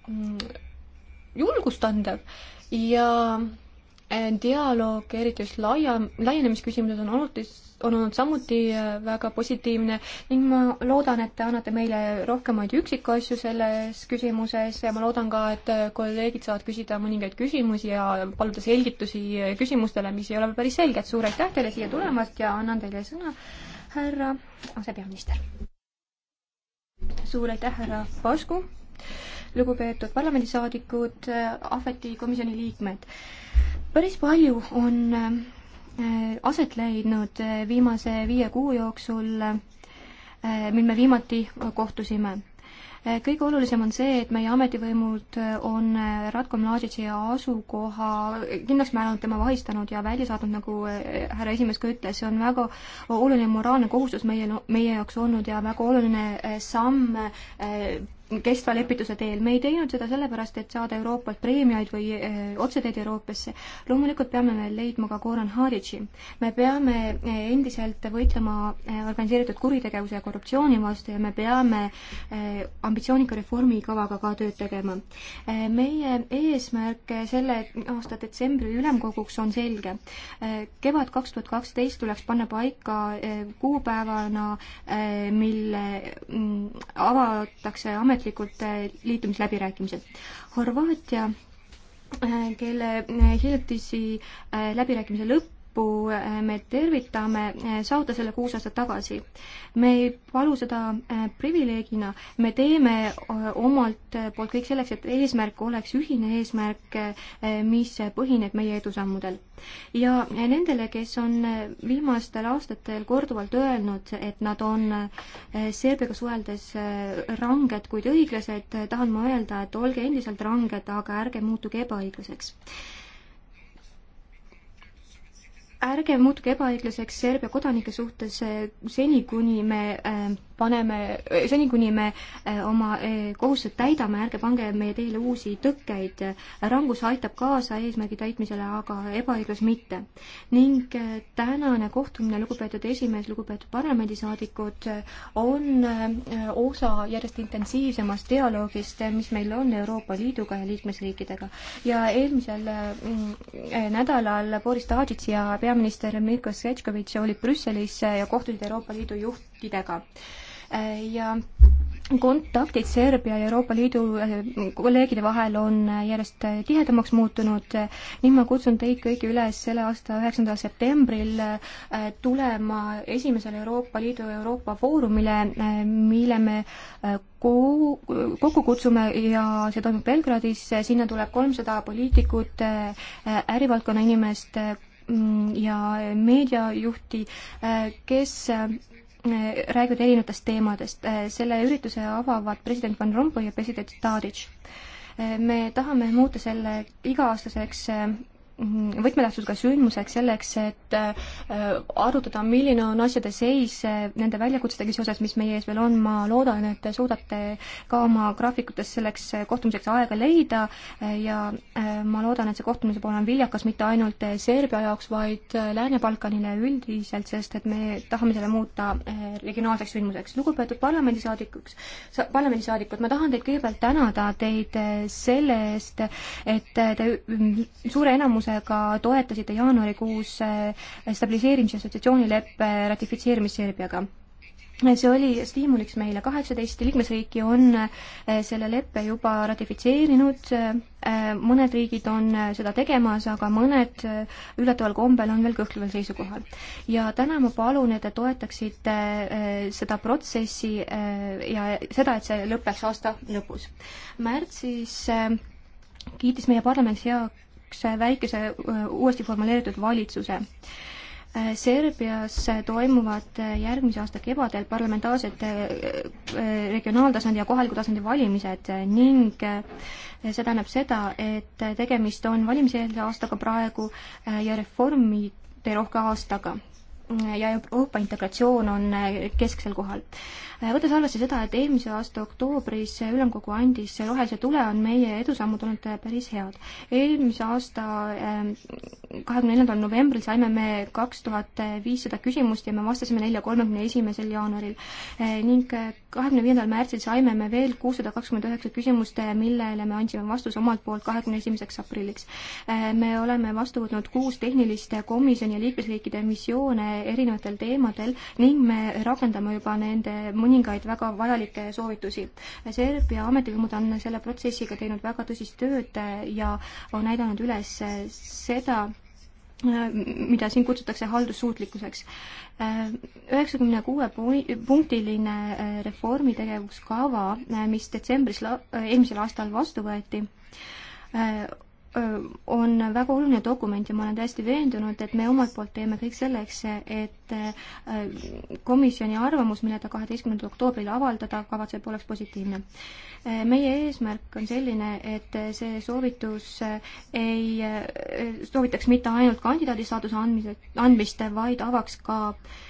mm, julgustandev ja dialoog, eriti just laia, laienemisküsimused on olnud, on olnud samuti äh, väga positiivne ning ma loodan, et te annate meile rohkemaid üksikasju selles küsimuses ja ma loodan ka, et äh, kolleegid saavad küsida mõningaid küsimusi ja paluda selgitusi äh, küsimustele, mis ei ole päris selged. suur aitäh teile siia tulemast ja annan teile sõna, härra asepeaminister. suur aitäh, härra Pasku, lugupeetud parlamendisaadikud, ahvetikomisjoni liikmed päris palju on äh, aset leidnud äh, viimase viie kuu jooksul, äh, mil me viimati kohtusime. kõige olulisem on see, et meie ametivõimud on Ratko Mladici asukoha kindlaks määranud, tema vahistanud ja välja saatnud, nagu härra esimees ka ütles, see on väga oluline moraalne kohustus meie, meie jaoks olnud ja väga oluline samm kestva lepituse teel, me ei teinud seda sellepärast, et saada Euroopalt preemiaid või öö, eh, otseteid Euroopasse. loomulikult peame me leidma ka Goran Hadži. me peame eh, endiselt võitlema eh, organiseeritud kuritegevuse ja korruptsiooni vastu ja me peame öö, ambitsioonika reformikavaga ka tööd tegema. meie eesmärk selle aasta detsembri ülemkoguks on selge. kevad kaks tuhat kaksteist tuleks panna paika öö, kuupäevana, mille mm, avatakse amet ametlikult äh, liitumisläbirääkimised. Horvaatia, äh, kelle äh, hiljutisi läbirääkimise lõpp lõppu äh, me tervitame, äh, saada selle kuus aastat tagasi. me ei palu seda äh, privileegina, me teeme omalt poolt kõik selleks, et eesmärk oleks ühine eesmärk, mis põhineb meie edusammudel. ja nendele, kes on viimastel aastatel korduvalt öelnud, et nad on Serbiaga suheldes ranged, kuid õiglased, tahan ma öelda, et olge endiselt ranged, aga ärge muutuge ebaõiglaseks ärge muutuge ebaõiglaseks Serbia kodanike suhtes seni, kuni me ähm, paneme, seni kuni me eh, oma eh, kohustused täidame, ärge pange meie teele uusi tõkkeid. rangus aitab kaasa eesmärgi täitmisele, aga ebaõiglus mitte. ning eh, tänane kohtumine, lugupeetud esimees, lugupeetud parlamendisaadikud, on osa järjest intensiivsemast dialoogist, mis meil on Euroopa Liiduga ja liikmesriikidega. ja eelmisel mm, nädalal Boris Tadžits ja peaminister Mirko Svetškovitš olid Brüsselis ja kohtusid Euroopa Liidu juhtidega ja kontaktid Serbia ja Euroopa Liidu eh, kolleegide vahel on järjest tihedamaks muutunud ning ma kutsun teid kõiki üles selle aasta üheksandal septembril eh, tulema esimesele Euroopa Liidu Euroopa Foorumile, eh, mille me kokku kutsume ja see toimub Belgradis, sinna tuleb kolmsada poliitikut, ärivaldkonna inimest mm, ja meediajuhti, kes räägivad erinevatest teemadest. Äh, selle ürituse avavad president Van Rompuy ja president Tadic. Äh, me tahame muuta selle iga-aastaseks äh, Mm, võtmetähtsusega sündmuseks selleks, et äh, arutada, milline on asjade seis äh, nende väljakutsetega seoses, mis meie ees veel on. ma loodan, et te suudate ka oma graafikutes selleks äh, kohtumiseks aega leida ja ma loodan, et see kohtumise pool on viljakas mitte ainult Serbia jaoks, vaid Lääne-Balkanile üldiselt, sest et me tahame selle muuta regionaalseks sündmuseks. lugupeetud parlamendisaadikuks, parlamendisaadikud, ma tahan teid kõigepealt tänada teid selle eest, et te mm, suure enamuse toetusega toetasite jaanuarikuus eh, stabiliseerimise assotsiatsioonileppe ratifitseerimist Serbiaga see oli stiimuliks meile, kaheksateist liikmesriiki on eh, selle leppe juba ratifitseerinud, eh, mõned riigid on seda tegemas, aga mõned üllataval kombel on veel kõhkleval seisukohal. ja täna ma palun, et te toetaksite seda protsessi ja seda, et see lõpeks aasta lõpus. märtsis kiitis meie parlament heaks kaks väikese äh, uuesti formuleeritud valitsuse. Äh, Serbias toimuvad järgmise aasta kevadel parlamentaarsed äh, regionaaltasandi ja kohaliku tasandi valimised ning see tähendab seda, et tegemist on valimiseelse aastaga praegu ja reformide rohke aastaga ja Euroopa integratsioon on äh, kesksel kohal. Äh, võttes arvesse seda, et eelmise aasta oktoobris ülemkogu andis rohelise tule, on meie edusammud olnud äh, päris head. eelmise aasta kahekümne neljandal novembril saime me kaks tuhat viissada küsimust ja me vastasime neile kolmekümne esimesel jaanuaril ning kahekümne viiendal märtsil saime me veel kuussada kakskümmend üheksa küsimust, millele me andsime vastuse omalt poolt kahekümne esimeseks aprilliks. Äh, me oleme vastu võtnud kuus tehnilist komisjoni ja liikmesriikide missioone erinevatel teemadel ning me rakendame juba nende mõningaid väga vajalikke soovitusi. Serbia ametivõimud on selle protsessiga teinud väga tõsist tööd ja on näidanud üles seda, mida siin kutsutakse haldussuutlikkuseks. üheksakümne kuue punktiline äh, reformitegevuskava, äh, mis detsembris la-, äh, eelmisel aastal vastu võeti, on väga oluline dokument ja ma olen täiesti veendunud, et me omalt poolt teeme kõik selleks, et komisjoni arvamus, mille ta kaheteistkümnendal oktoobril avaldada kavatseb, oleks positiivne. meie eesmärk on selline, et see soovitus ei soovitaks mitte ainult kandidaadi staatuse andmise, andmist, vaid avaks ka äh,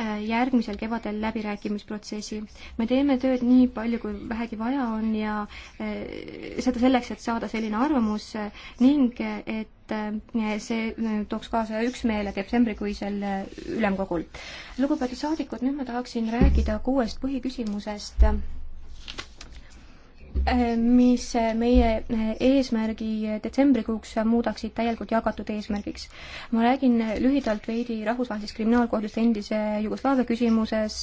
Äh, järgmisel kevadel läbirääkimisprotsessi. me teeme tööd nii palju, kui vähegi vaja on ja äh, seda selleks, et saada selline arvamus äh, ning et see tooks kaasa üksmeele detsembrikuisel ülemkogul. lugupeetud saadikud, nüüd ma tahaksin rääkida kuuest põhiküsimusest mis meie eesmärgi detsembrikuuks muudaksid täielikult jagatud eesmärgiks. ma räägin lühidalt veidi Rahvusvahelisest Kriminaalkohtust endise Jugoslaavia küsimuses,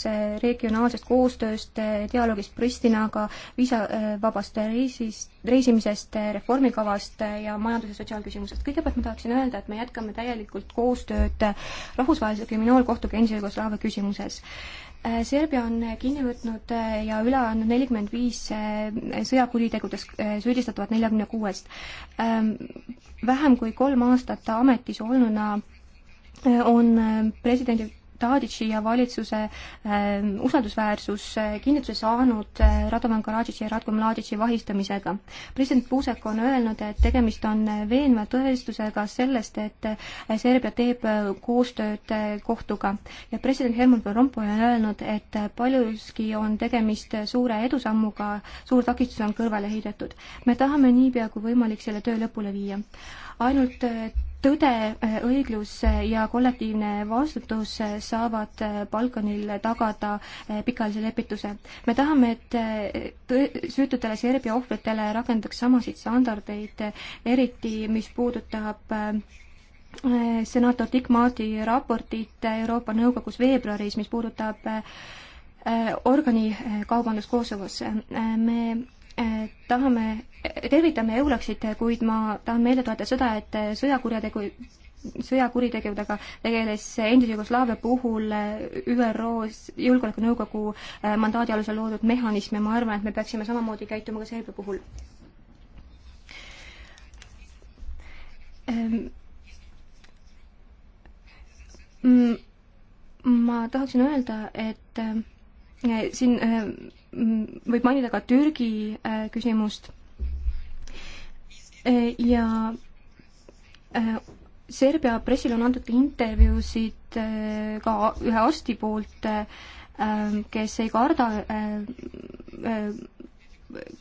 regionaalsest koostööst, dialoogist Pristinaga, viisavabast reisist, reisimisest, reformikavast ja majandus- ja sotsiaalküsimusest. kõigepealt ma tahaksin öelda, et me jätkame täielikult koostööd Rahvusvahelise Kriminaalkohtuga endise Jugoslaavia küsimuses Äh, Serbia on kinni võtnud äh, ja üle andnud nelikümmend viis äh, sõjakuritegudes süüdistatavat neljakümne kuuest. Ähm, vähem kui kolm aastat ametis olnuna on presidendi Tadici ja valitsuse äh, usaldusväärsus äh, kinnituse saanud äh, Radovan Karadžiči ja Ratko Mladici vahistamisega. president Puusek on öelnud, et tegemist on äh, veenva tõestusega sellest, et äh, Serbia teeb äh, koostööd äh, kohtuga ja president Helmut Van Rompuy on öelnud, et äh, paljuski on tegemist äh, suure edusammuga, suur takistus on kõrvale heidetud. me tahame niipea kui võimalik selle töö lõpule viia. ainult äh, tõde, õiglus ja kollektiivne vastutus saavad äh, Balkanil tagada äh, pikaajalise lepituse. me tahame, et äh, süütutele Serbia ohvritele rakendaks samasid standardeid, eriti mis puudutab senaator Dick Marti raportit Euroopa Nõukogus veebruaris, mis puudutab organikaubandust Kosovos. me Eh, tahame, eh, tervitame EULAX-it, kuid ma tahan meelde tuletada seda, et eh, sõjakurjategu, sõjakuritegudega tegeles endise Jugoslaavia puhul ÜRO-s Julgeolekunõukogu mandaadi alusel loodud mehhanism ja ma arvan, et me peaksime samamoodi käituma ka Serbia puhul. Ehm, mm, ma tahaksin öelda, et siin äh, võib mainida ka Türgi äh, küsimust. Äh, ja Serbia pressile on antud intervjuusid ka ühe arsti poolt, kes ei karda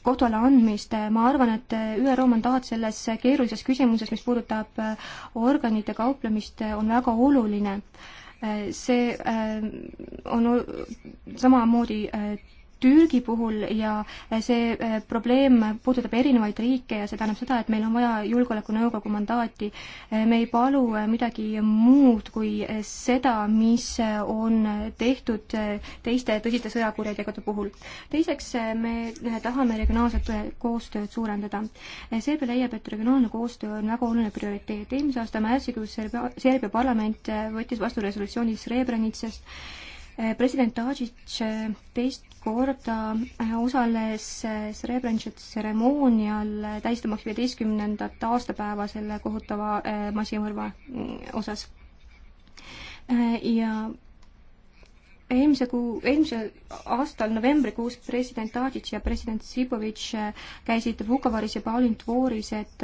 kohtu alla andmist, ma arvan, et ÜRO mandaat selles keerulises küsimuses, mis puudutab organite kauplemist, on väga oluline see äh, on samamoodi äh, Türgi puhul ja eh, see eh, probleem puudutab erinevaid riike ja see tähendab seda, et meil on vaja Julgeolekunõukogu mandaati. Eh, me ei palu midagi muud kui seda, mis on tehtud teiste tõsiste sõjakurjategude puhul. teiseks, me tahame regionaalset koostööd suurendada. Serbia leiab, et regionaalne koostöö on väga oluline prioriteet. eelmise aasta märtsikuus Serbia, Serbia parlament võttis vastu resolutsiooni Srebrenitsast president Tadžič teist korda äh, osales äh, Srebrenica tseremoonial äh, tähistamaks viieteistkümnendat aastapäeva selle kohutava massimõrva mm, osas. ja eelmise kuu, eelmisel aastal novembrikuus president Tadic ja president Sibovitš käisid Vukovaris ja Balintvoris, et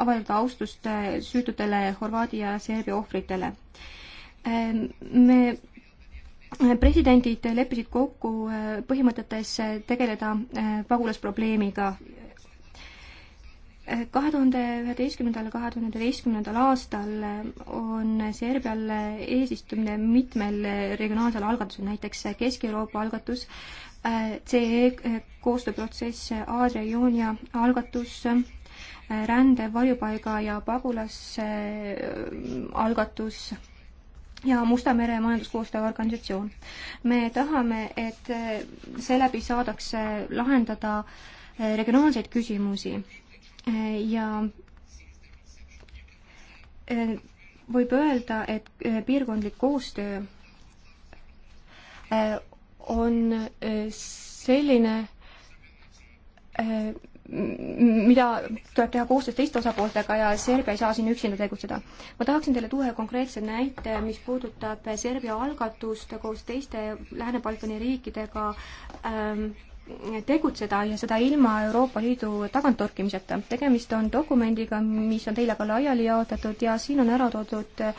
avaldada austust süütutele Horvaadia ja Serbia ohvritele. me presidendid leppisid kokku äh, põhimõtetes äh, tegeleda äh, pagulasprobleemiga. kahe tuhande üheteistkümnendal, kahe tuhande üheteistkümnendal aastal on Serbial eesistumine mitmel regionaalsel algatusel, näiteks Kesk-Euroopa algatus, CE koostööprotsess, Aasia-Ioonia algatus, rände, varjupaiga ja pagulasalgatus äh, ja Musta mere majanduskoostöö organisatsioon. me tahame, et seeläbi saadakse lahendada eh, regionaalseid küsimusi eh, ja eh, võib öelda, et piirkondlik koostöö on selline, mida tuleb teha koostöös teiste osapooltega ja Serbia ei saa siin üksinda tegutseda. ma tahaksin teile tuua konkreetse näite, mis puudutab Serbia algatust koos teiste Lääne-Balkani riikidega ähm, tegutseda ja seda ilma Euroopa Liidu taganttorkimiseta. tegemist on dokumendiga, mis on teile ka laiali jaotatud ja siin on ära toodud äh,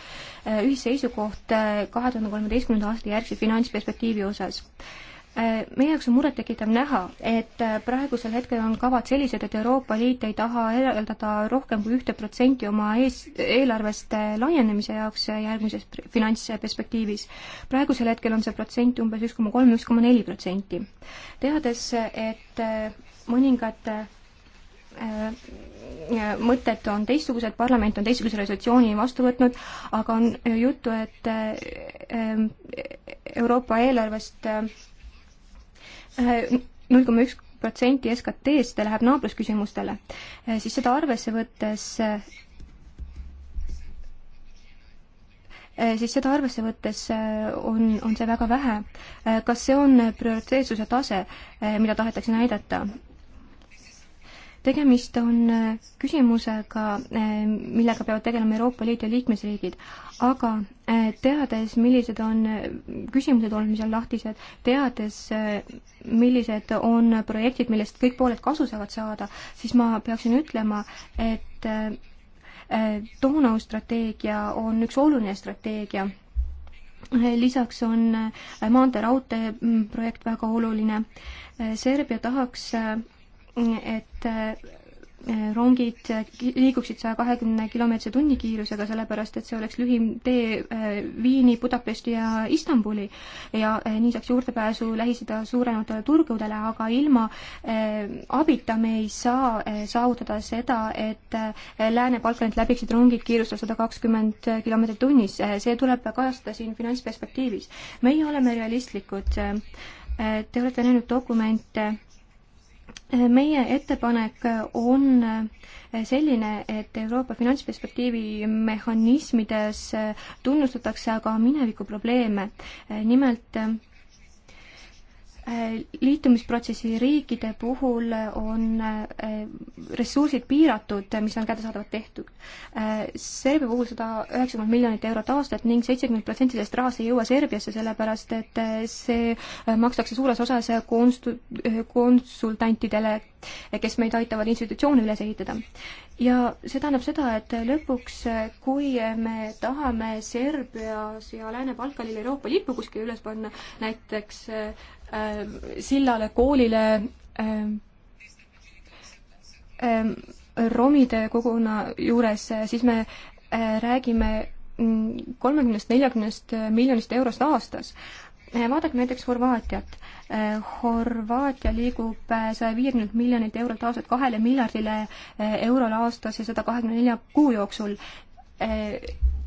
ühisseisukoht äh, kahe tuhande kolmeteistkümnenda aasta järgse finantsperspektiivi osas äh, Äh, meie jaoks on murettekitav näha, et äh, praegusel hetkel on kavad sellised, et Euroopa Liit ei taha eraldada rohkem kui ühte protsenti oma ees, eelarvest äh, laienemise jaoks järgmises finantsperspektiivis. praegusel hetkel on see protsent umbes üks koma kolm, üks koma neli protsenti. teades, et mõningad mõtted on teistsugused, parlament on teistsuguse resolutsiooni vastu võtnud, aga on juttu, et Euroopa eelarvest null koma üks protsenti SKT-st läheb naabrusküsimustele, eh, siis seda arvesse võttes eh, siis seda arvesse võttes eh, on, on see väga vähe. kas see on prioriteetsuse tase, mida tahetakse näidata? tegemist on äh, küsimusega, äh, millega peavad tegelema Euroopa Liidu liikmesriigid, aga äh, teades, millised on küsimused olnud, mis on lahtised, teades, millised on projektid, millest kõik pooled kasu saavad saada, siis ma peaksin ütlema, et Donau strateegia on üks oluline strateegia. lisaks on maantee-raudtee mm, projekt väga oluline. Serbia tahaks et äh, rongid liiguksid saja kahekümne kilomeetrise tunnikiirusega, sellepärast et see oleks lühim tee äh, Viini, Budapesti ja Istanbuli ja äh, nii saaks juurdepääsu Lähis-Ida suurenevatele turgudele, aga ilma abita me ei saa saavutada seda, et Lääne-Balkanit läbiksid rongid kiirusel sada kakskümmend kilomeetrit tunnis. see tuleb kajastada siin finantsperspektiivis. meie oleme realistlikud. Te olete näinud dokumente meie ettepanek on selline, et Euroopa finantsperspektiivi mehhanismides tunnustatakse aga mineviku probleeme. nimelt Äh, liitumisprotsessi riikide puhul on äh, ressursid piiratud, mis on kättesaadavad tehtud. Äh, Serbia puhul sada üheksakümmend miljonit eurot aastat ning seitsekümmend protsenti sellest rahast ei jõua Serbiasse, sellepärast et see makstakse suures osas konst-, konsultantidele, kes meid aitavad institutsioone üles ehitada. ja see tähendab seda, et lõpuks, kui me tahame Serbias ja Lääne-Balkanil Euroopa lippu kuskile üles panna, näiteks Äh, sillale, koolile, äh, äh, romide koguna juures, siis me räägime mm, kolmekümnest, neljakümnest miljonist eurost aastas. vaadake näiteks Horvaatiat. Horvaatia liigub saja viiekümnelt miljonilt eurolt aastat kahele miljardile eurole aastas ja seda kahekümne nelja kuu jooksul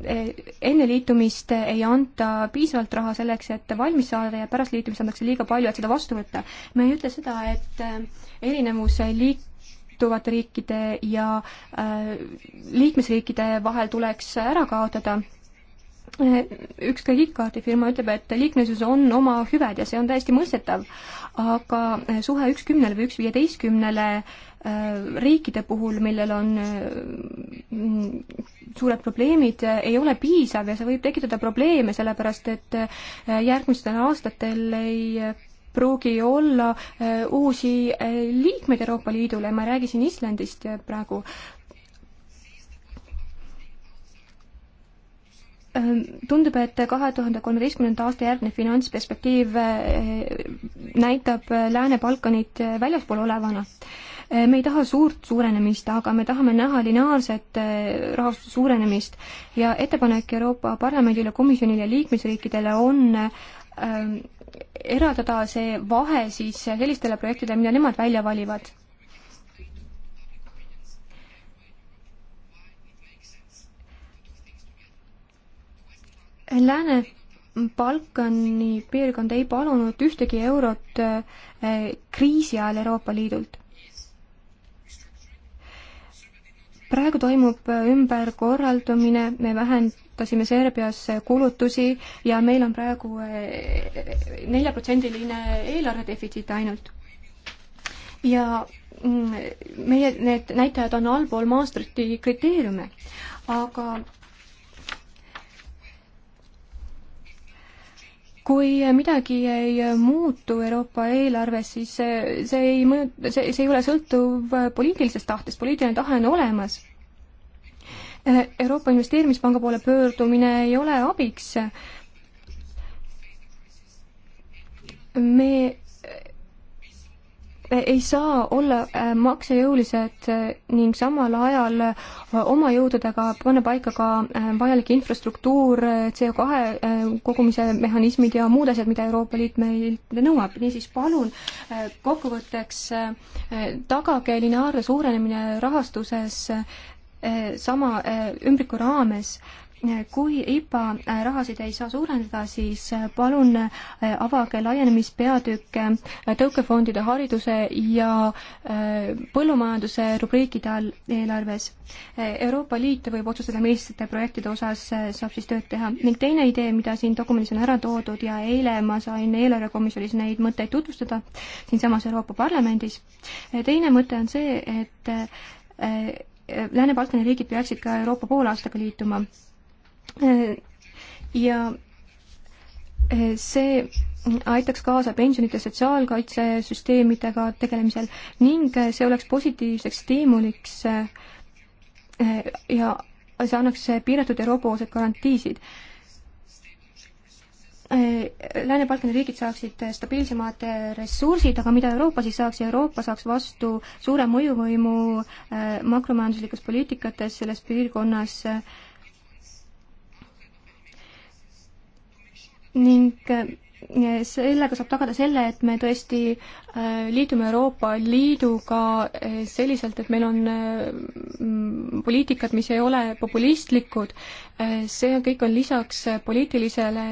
enne liitumist ei anta piisavalt raha selleks, et valmis saada ja pärast liitumist antakse liiga palju, et seda vastu võtta. me ei ütle seda, et äh, erinevus liituvate riikide ja äh, liikmesriikide vahel tuleks ära kaotada ükskõik ID-kaardifirma ütleb, et liikmesus on oma hüved ja see on täiesti mõistetav, aga äh, suhe üks kümnele või üks viieteistkümnele äh, riikide puhul, millel on äh, suured probleemid, ei ole piisav ja see võib tekitada probleeme, sellepärast et järgmistel aastatel ei pruugi olla uusi liikmeid Euroopa Liidule, ma räägisin Islandist praegu, Ehm, tundub, et kahe tuhande kolmeteistkümnenda aasta järgne finantsperspektiiv eh, näitab eh, Lääne-Balkanit eh, väljaspool olevana. me ei taha suurt suurenemist, aga me tahame näha lineaarset rahastuse suurenemist ja ettepanek Euroopa Parlamendile, komisjonile ja liikmesriikidele on eraldada see vahe siis sellistele projektidele, mida nemad välja valivad Lääne-Balkani piirkond ei palunud ühtegi eurot eh, kriisi ajal Euroopa Liidult. praegu toimub eh, ümberkorraldumine, me vähendasime Serbias eh, kulutusi ja meil on praegu neljaprotsendiline eelarvedefitsiit ainult. ja mm, meie need näitajad on allpool Maastrichti kriteeriume, aga kui midagi ei muutu Euroopa eelarves, siis see, see ei mõju, see, see ei ole sõltuv poliitilisest tahtest, poliitiline tahe on olemas. Euroopa Investeerimispanga poole pöördumine ei ole abiks. me Äh, ei saa olla äh, maksejõulised äh, ning samal ajal oma jõududega panna paika ka vajalik infrastruktuur, CO2 kogumise mehhanismid ja muud asjad, mida Euroopa Liit meilt nõuab. niisiis palun kokkuvõtteks tagage lineaarne suurenemine rahastuses sama ümbriku raames kui IPA rahasid ei saa suurendada, siis palun äh, avage laienemispeatükk äh, tõukefondide hariduse ja äh, põllumajanduse rubriikide all eelarves. Euroopa Liit võib otsustada, milliste projektide osas saab siis tööd teha. ning teine idee, mida siin dokumendis on ära toodud ja eile ma sain eelarvekomisjonis neid mõtteid tutvustada siinsamas Euroopa Parlamendis. teine mõte on see, et Lääne-Balkani riigid peaksid ka Euroopa poolaastaga liituma ja eh, see aitaks kaasa pensionite sotsiaalkaitsesüsteemidega tegelemisel ning eh, see oleks positiivseks stiimuliks eh, ja see annaks piiratud Euroopa osad garantiisid. Lääne-Balkani riigid saaksid stabiilsemad ressursid, aga mida Euroopa siis saaks, Euroopa saaks vastu suure mõjuvõimu makromajanduslikus poliitikates selles piirkonnas äh, ning äh, sellega saab tagada selle, et me tõesti äh, liitume Euroopa Liiduga äh, selliselt, et meil on poliitikad, mis ei ole populistlikud, see kõik on lisaks poliitilisele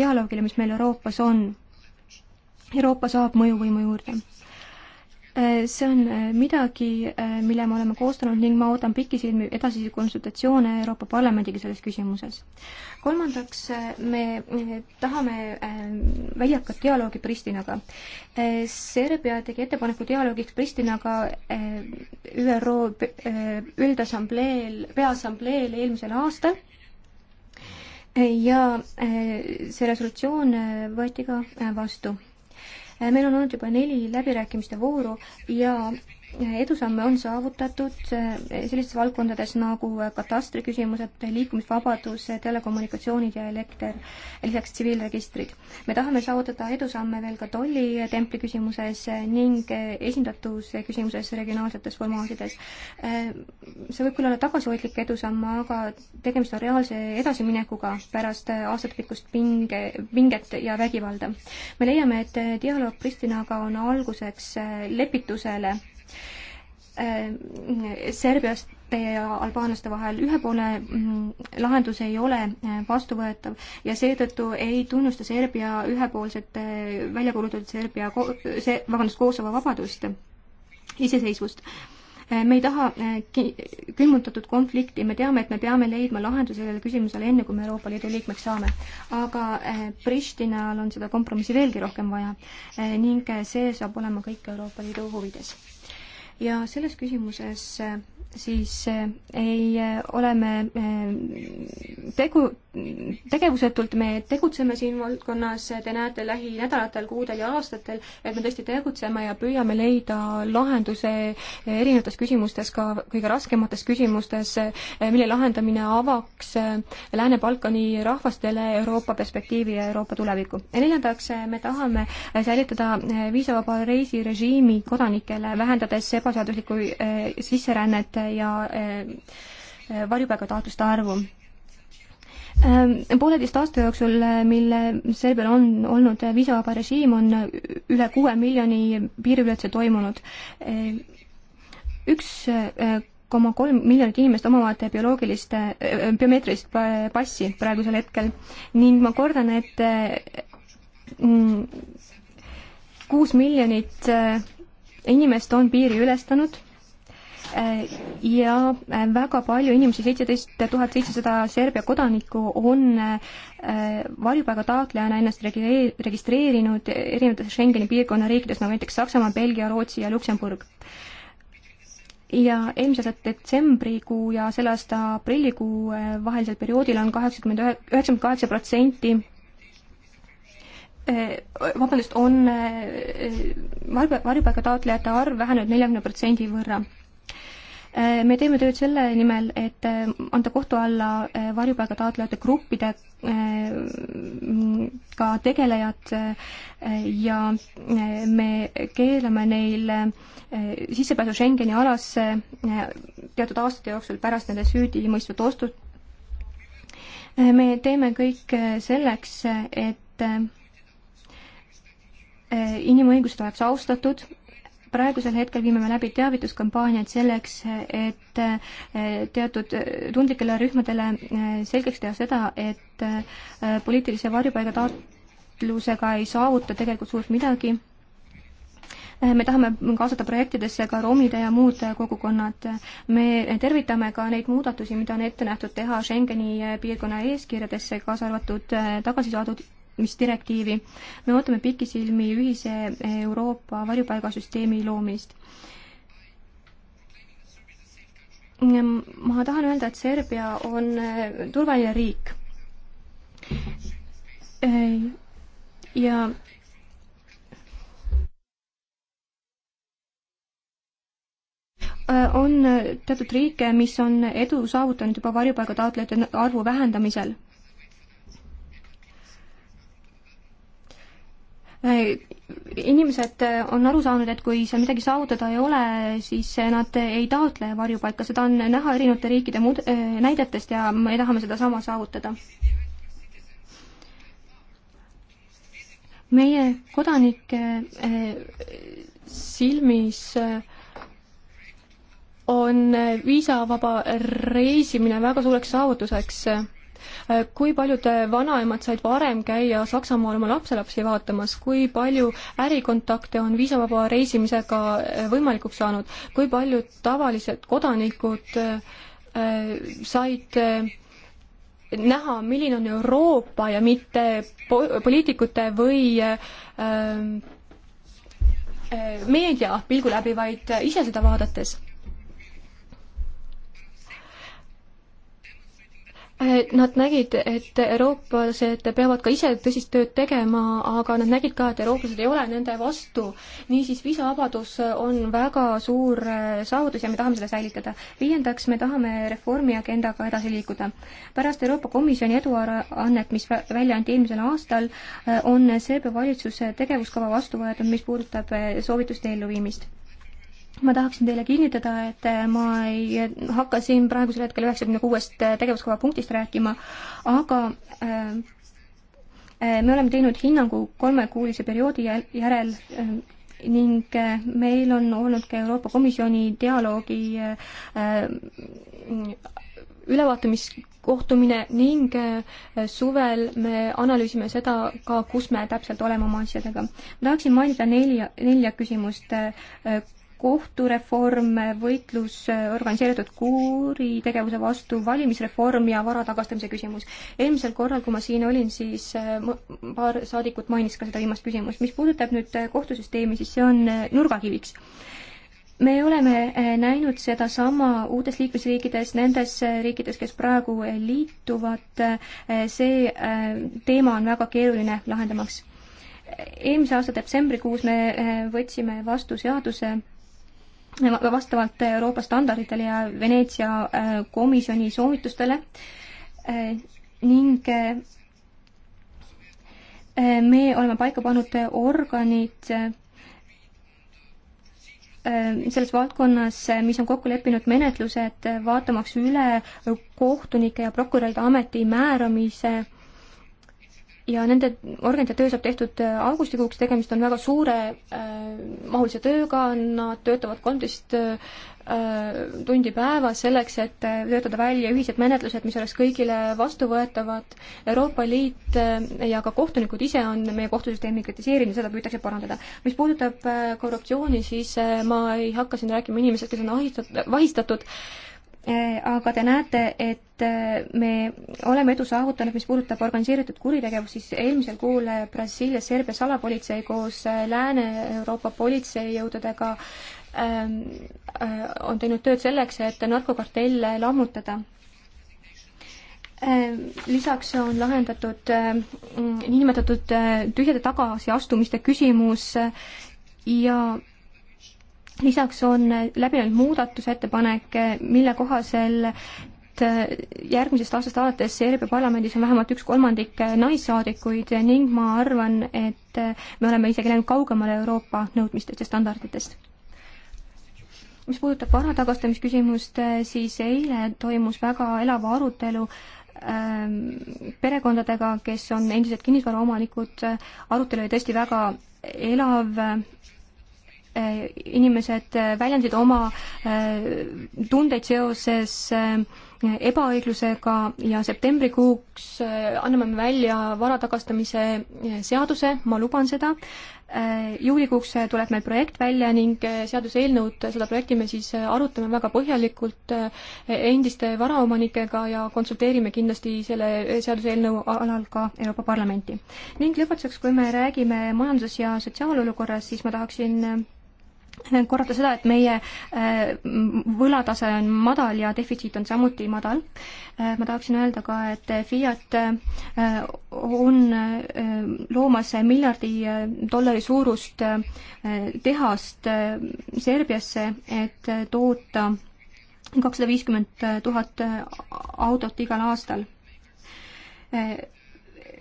dialoogile, mis meil Euroopas on. Euroopa saab mõjuvõimu juurde Äh, see on äh, midagi, äh, mille me oleme koostanud ning ma ootan pikisilmi edasisi konsultatsioone Euroopa Parlamendiga selles küsimuses. kolmandaks, me tahame väljakat dialoogi Pristinaga. Serbia tegi ettepaneku dialoogiks Pristinaga ÜRO üldassambleel, peaassambleel eelmisel aastal ja see resolutsioon võeti ka vastu meil on olnud juba neli läbirääkimiste vooru ja edusamme on saavutatud eh, sellistes valdkondades nagu eh, katastriküsimused, liikumisvabadus, eh, telekommunikatsioonid ja elekter, lisaks tsiviilregistrid. me tahame saavutada edusamme veel ka tollitempli küsimuses ning esindatuse küsimuses regionaalsetes formaatides. see võib küll olla tagasihoidlik edusamm, aga tegemist on reaalse edasiminekuga pärast aastatepikkust pinge, pinget ja vägivalda. me leiame, et dialoog Pristinaga on alguseks lepitusele Äh, Serbiast ja albaanlaste vahel ühepoolne mm, lahendus ei ole äh, vastuvõetav ja seetõttu ei tunnusta Serbia ühepoolset äh, välja kuulutatud Serbia, see, vabandust, Kosovo vabadust, iseseisvust me ei taha külmutatud konflikti, me teame, et me peame leidma lahenduse sellele küsimusele enne, kui me Euroopa Liidu liikmeks saame. aga Pristinal on seda kompromissi veelgi rohkem vaja ning see saab olema kõik Euroopa Liidu huvides ja selles küsimuses siis eh, ei eh, ole me eh, tegu, tegevusetult, me tegutseme siin valdkonnas, te näete lähinädalatel, kuudel ja aastatel, et me tõesti tegutseme ja püüame leida lahenduse erinevates küsimustes, ka kõige raskemates küsimustes, mille lahendamine avaks Lääne-Balkani rahvastele Euroopa perspektiivi ja Euroopa tulevikku. ja neljandaks, me tahame säilitada viisavaba reisirežiimi kodanikele, vähendades ebaseaduslikku sisserännet ja eh, varjupaigataotluste arvu ehm, Pooleteist aasta jooksul, mil Serbial on olnud viisavaba režiim, on üle kuue miljoni piiriületuse toimunud. Ehm, üks eh, koma kolm miljonit inimest omavad bioloogilist, eh, biomeetrilist passi praegusel hetkel ning ma kordan, et mm, kuus miljonit inimest on piiri ülestanud Äh, ja äh, väga palju inimesi, seitseteist tuhat seitsesada Serbia kodanikku on äh, varjupaiga taotlejana ennast registreerinud erinevates Schengeni piirkonna riikides, nagu näiteks Saksamaa, Belgia, Rootsi ja Luksemburg ja eelmise aasta detsembrikuu ja selle aasta aprillikuu vahelisel perioodil on kaheksakümmend ühe, üheksakümmend kaheksa protsenti vabandust, on varjupaiga taotlejate arv vähenenud neljakümne protsendi võrra Eh, me teeme tööd selle nimel, et eh, anda kohtu alla eh, varjupaiga taotlejate gruppide ka tegelejad ja me keelame neil sissepääsu Schengeni alasse teatud aastate jooksul pärast nende süüdimõistvat ostut. me teeme kõik selleks, et inimõigused oleks austatud praegusel hetkel viime me läbi teavituskampaaniaid selleks, et eh, teatud tundlikele rühmadele eh, selgeks teha seda, et eh, poliitilise varjupaiga taotlusega ei saavuta tegelikult suurt midagi. me tahame kaasata projektidesse ka romide ja muud kogukonnad. me tervitame ka neid muudatusi, mida on ette nähtud teha Schengeni piirkonna eeskirjadesse, kaasa arvatud tagasi saadud direktiivi. me ootame pikisilmi ühise Euroopa varjupaigasüsteemi loomist. ma tahan öelda, et Serbia on äh, turvaline riik. Äh, ja äh, on teatud riike, mis on edu saavutanud juba varjupaiga taotlejate arvu vähendamisel Äh, inimesed äh, on aru saanud, et kui seal midagi saavutada ei ole, siis äh, nad ei taotle varjupaika, seda on näha erinevate riikide mud-, näidetest ja me tahame sedasama saavutada. meie kodanike silmis on viisavaba reisimine väga suureks saavutuseks Äh, kui paljud äh, vanaemad said varem käia Saksamaal oma lapselapsi vaatamas, kui palju ärikontakte on viisavaba reisimisega äh, võimalikuks saanud, kui paljud tavalised kodanikud said näha, milline on Euroopa ja mitte poliitikute või meedia pilgu läbi, vaid ise seda vaadates Eh, nad nägid, et eurooplased peavad ka ise tõsist tööd tegema, aga nad nägid ka, et eurooplased ei ole nende vastu. niisiis, viisavabadus on väga suur eh, saavutus ja me tahame seda säilitada. viiendaks, me tahame reformi agendaga edasi liikuda. pärast Euroopa Komisjoni eduannet, mis välja anti eelmisel aastal, eh, on CB valitsuse tegevuskava vastu võetud, mis puudutab soovituste elluviimist ma tahaksin teile kinnitada, et ma ei hakka siin praegusel hetkel üheksakümne kuuest tegevuskava punktist rääkima, aga äh, me oleme teinud hinnangu kolmekuulise perioodi järel äh, ning äh, meil on olnud ka Euroopa Komisjoni dialoogi ülevaatamiskohtumine ning suvel me analüüsime seda ka, kus me täpselt oleme oma asjadega. ma tahaksin mainida nelja, nelja küsimust kohtureform, võitlus äh, organiseeritud kuritegevuse vastu, valimisreform ja vara tagastamise küsimus. eelmisel korral, kui ma siin olin, siis äh, paar saadikut mainis ka seda viimast küsimust. mis puudutab nüüd äh, kohtusüsteemi, siis see on nurgakiviks me oleme näinud sedasama uutes liikmesriikides, nendes riikides, kes praegu liituvad, see teema on väga keeruline lahendamaks. eelmise aasta detsembrikuus me võtsime vastu seaduse, vastavalt Euroopa standarditele ja Veneetsia äh, komisjoni soovitustele äh, ning äh, me oleme paika pannud organid selles valdkonnas, mis on kokku leppinud menetlused, vaatamaks üle kohtunike ja prokuröride ameti määramise ja nende organite töö saab tehtud äh, augustikuuks, tegemist on väga suure äh, mahulise tööga, nad töötavad kolmteist äh, äh tundi päevas selleks, et äh, töötada välja ühised menetlused, mis oleks kõigile vastuvõetavad. Euroopa Liit ja ka kohtunikud ise on meie kohtusüsteemi kritiseerinud, seda püütakse parandada. mis puudutab korruptsiooni, siis ma ei hakka siin rääkima inimesed, kes on ahistatud, vahistatud Eh, aga te näete, et eh, me oleme edu saavutanud, mis puudutab organiseeritud kuritegevust, siis eelmisel kuul eh, Brasiilias Serbia salapolitsei koos Lääne-Euroopa politseijõududega ehm, on teinud tööd selleks, et narkokartelle lammutada. Ehm, lisaks on lahendatud niinimetatud tühjade tagasiastumiste küsimus ja lisaks on läbi olnud muudatusettepanek, mille kohaselt järgmisest aastast alates Serbia parlamendis on vähemalt üks kolmandik naissaadikuid ning ma arvan, et me oleme isegi läinud kaugemale Euroopa nõudmistest ja standarditest. mis puudutab vara tagastamisküsimust, siis eile toimus väga elav arutelu ähm, perekondadega, kes on endised kinnisvaraomanikud, arutelu oli tõesti väga elav Äh, inimesed äh, väljendasid oma äh, tundeid seoses ebaõiglusega ja septembrikuuks anname me välja vara tagastamise seaduse, ma luban seda. juulikuuks tuleb meil projekt välja ning seaduseelnõud, seda projekti me siis arutame väga põhjalikult endiste varaomanikega ja konsulteerime kindlasti selle seaduseelnõu alal ka Euroopa Parlamenti. ning lõpetuseks, kui me räägime majandus- ja sotsiaalolukorrast, siis ma tahaksin korrata seda, et meie äh, võlatase on madal ja defitsiit on samuti madal. Äh, ma tahaksin öelda ka, et Fiat äh, on loomas miljardi dollari suurust tehast Serbiasse, et toota kakssada viiskümmend tuhat autot igal aastal,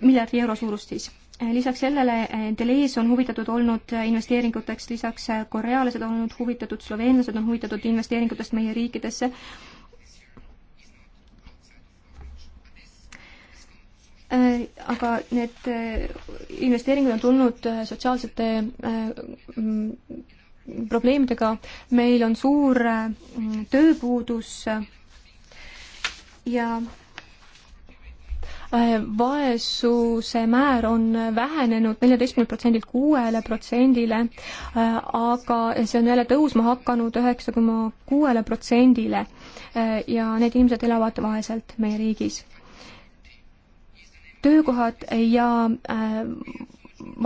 miljardi euro suurust siis Eh, lisaks sellele, eh, Delees on huvitatud olnud eh, investeeringuteks, lisaks korealased on olnud huvitatud, sloveenlased on huvitatud investeeringutest meie riikidesse. aga need investeeringud on tulnud sotsiaalsete probleemidega, meil on suur tööpuudus ja Äh, vaesuse määr on vähenenud neljateistkümnelt protsendilt kuuele protsendile, äh, aga see on jälle tõusma hakanud üheksa koma kuuele protsendile äh, ja need inimesed elavad vaeselt meie riigis. töökohad ja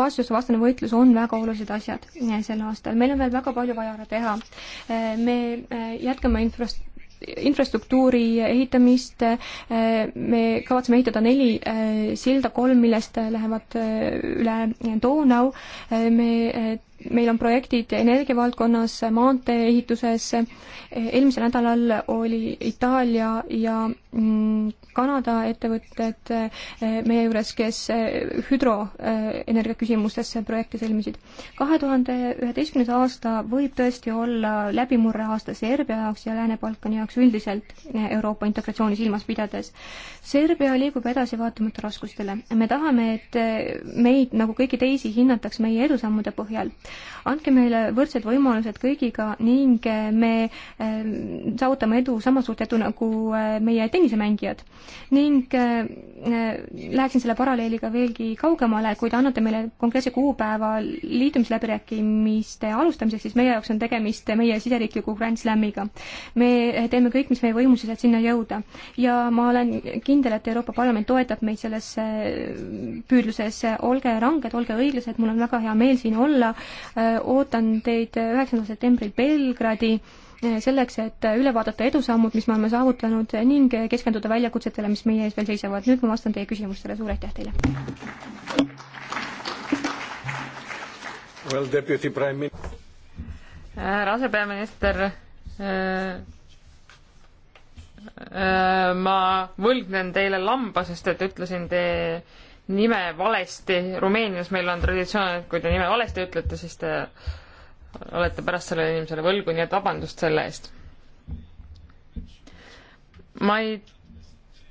vastusevastane võitlus on väga olulised asjad sel aastal. meil on veel väga palju vaja ära teha. me jätkame infrast-, infrastruktuuri ehitamist. me kavatseme ehitada neli eh, silda, kolm millest lähevad eh, üle Donau. Eh, me, meil on projektid energiavaldkonnas, maantee ehituses. eelmisel nädalal oli Itaalia ja Mm, Kanada ettevõtted eh, meie juures, kes eh, hüdroenergia eh, küsimustes projekte sõlmisid. kahe tuhande üheteistkümnes aasta võib tõesti olla läbimurre aasta Serbia jaoks ja Lääne-Balkani jaoks üldiselt Euroopa integratsiooni silmas pidades. Serbia liigub edasi vaatamata raskustele. me tahame, et meid nagu kõiki teisi hinnataks meie edusammude põhjal. andke meile võrdsed võimalused kõigiga ning me saavutame edu, sama suurt edu nagu meie teine tennisemängijad. ning äh, äh, läheksin selle paralleeliga veelgi kaugemale, kui te annate meile konkreetse kuupäeva liitumisläbirääkimiste alustamiseks, siis meie jaoks on tegemist meie siseriikliku Grand Slamiga. me teeme kõik, mis meie võimuses, et sinna jõuda. ja ma olen kindel, et Euroopa Parlament toetab meid selles äh, püüdluses, olge ranged, olge õiglased, mul on väga hea meel siin olla, äh, ootan teid üheksandal septembril Belgradi selleks, et üle vaadata edusammud, mis me oleme saavutanud ning keskenduda väljakutsetele, mis meie ees veel seisavad. nüüd ma vastan teie küsimustele, suur aitäh teile! Well, deputy prime minister. härra asepeaminister äh,, äh, ma võlgnen teile lamba, sest et ütlesin teie nime valesti. Rumeenias meil on traditsioon, et kui te nime valesti ütlete, siis te äh, olete pärast sellele inimesele võlgu, nii et vabandust selle eest. ma ei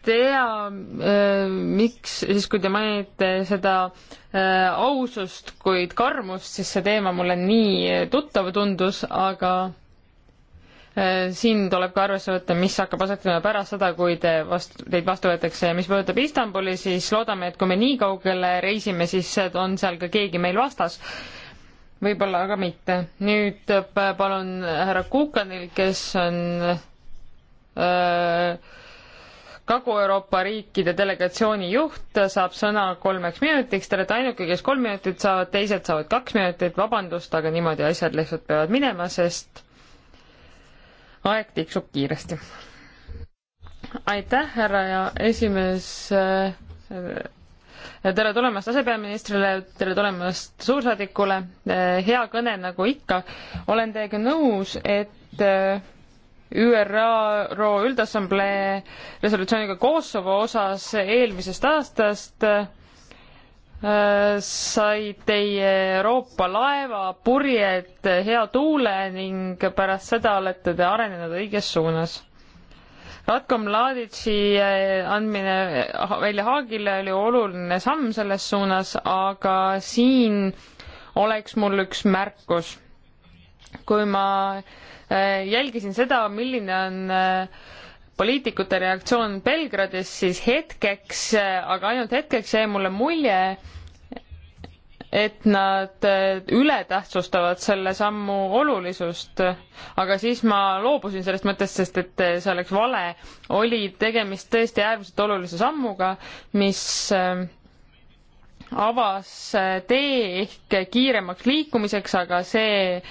tea, äh, miks siis, kui te mainite seda äh, ausust, kuid karmust, siis see teema mulle nii tuttav tundus, aga äh, siin tuleb ka arvesse võtta, mis hakkab aset leidma pärast seda, kui te vastu, teid vastu võetakse ja mis puudutab Istanbuli, siis loodame, et kui me nii kaugele reisime, siis on seal ka keegi meil vastas võib-olla ka mitte. nüüd äh, palun härra Kukanil, kes on äh, Kagu-Euroopa riikide delegatsiooni juht saab sõna kolmeks minutiks, te olete ainuke, kes kolm minutit saavad, teised saavad kaks minutit, vabandust, aga niimoodi asjad lihtsalt peavad minema, sest aeg tiksub kiiresti. aitäh, härra ja esimees äh,, tere tulemast asepeaministrile, tere tulemast suursaadikule, eh, hea kõne nagu ikka. olen teiega nõus, et eh, ÜRO Üldassamblee resolutsiooniga Kosovo osas eelmisest aastast eh, said teie Euroopa laeva purjed hea tuule ning pärast seda olete te arenenud õiges suunas Ratko Mladici äh, andmine välja Haagile oli oluline samm selles suunas, aga siin oleks mul üks märkus. kui ma äh, jälgisin seda, milline on äh, poliitikute reaktsioon Belgradis, siis hetkeks, aga ainult hetkeks jäi mulle mulje, et nad äh, ületähtsustavad selle sammu olulisust, aga siis ma loobusin sellest mõttest, sest et äh, see oleks vale. oli tegemist tõesti äärmiselt olulise sammuga, mis äh, avas tee ehk kiiremaks liikumiseks, aga see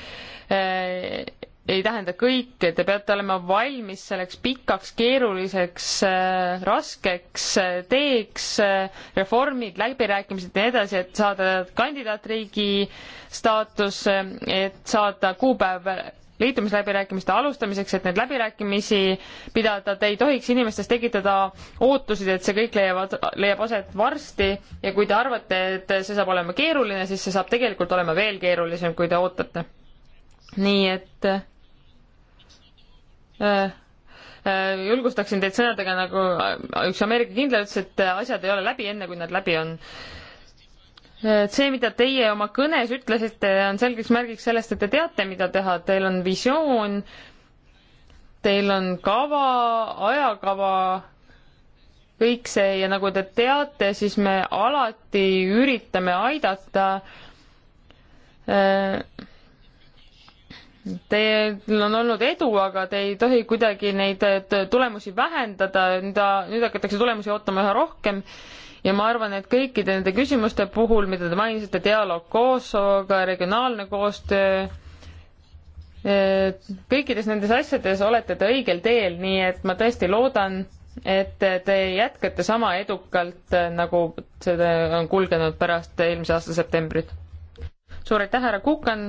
ei tähenda kõike, te peate olema valmis selleks pikaks, keeruliseks äh,, raskeks äh, teeks äh,, reformid, läbirääkimised ja nii edasi, et saada kandidaatriigi staatus, äh, et saada kuupäev liitumisläbirääkimiste alustamiseks, et neid läbirääkimisi pidada, te ei tohiks inimestes tekitada ootusi, et see kõik leiavad, leiab aset varsti ja kui te arvate, et see saab olema keeruline, siis see saab tegelikult olema veel keerulisem, kui te ootate nii et äh, Äh, äh, julgustaksin teid sõnadega, nagu äh, üks Ameerika kindla ütles, et asjad ei ole läbi enne, kui nad läbi on. see, mida teie oma kõnes ütlesite, on selgeks märgiks sellest, et te teate, mida teha, teil on visioon, teil on kava, ajakava, kõik see ja nagu te teate, siis me alati üritame aidata äh, Teil on olnud edu, aga te ei tohi kuidagi neid tulemusi vähendada, nüüd, nüüd hakatakse tulemusi ootama üha rohkem ja ma arvan, et kõikide nende küsimuste puhul, mida te mainisite, dialoog Kosovoga, regionaalne koostöö, kõikides nendes asjades olete te õigel teel, nii et ma tõesti loodan, et te jätkate sama edukalt, nagu see on kulgenud pärast eelmise aasta septembrit. suur aitäh, härra Kukan!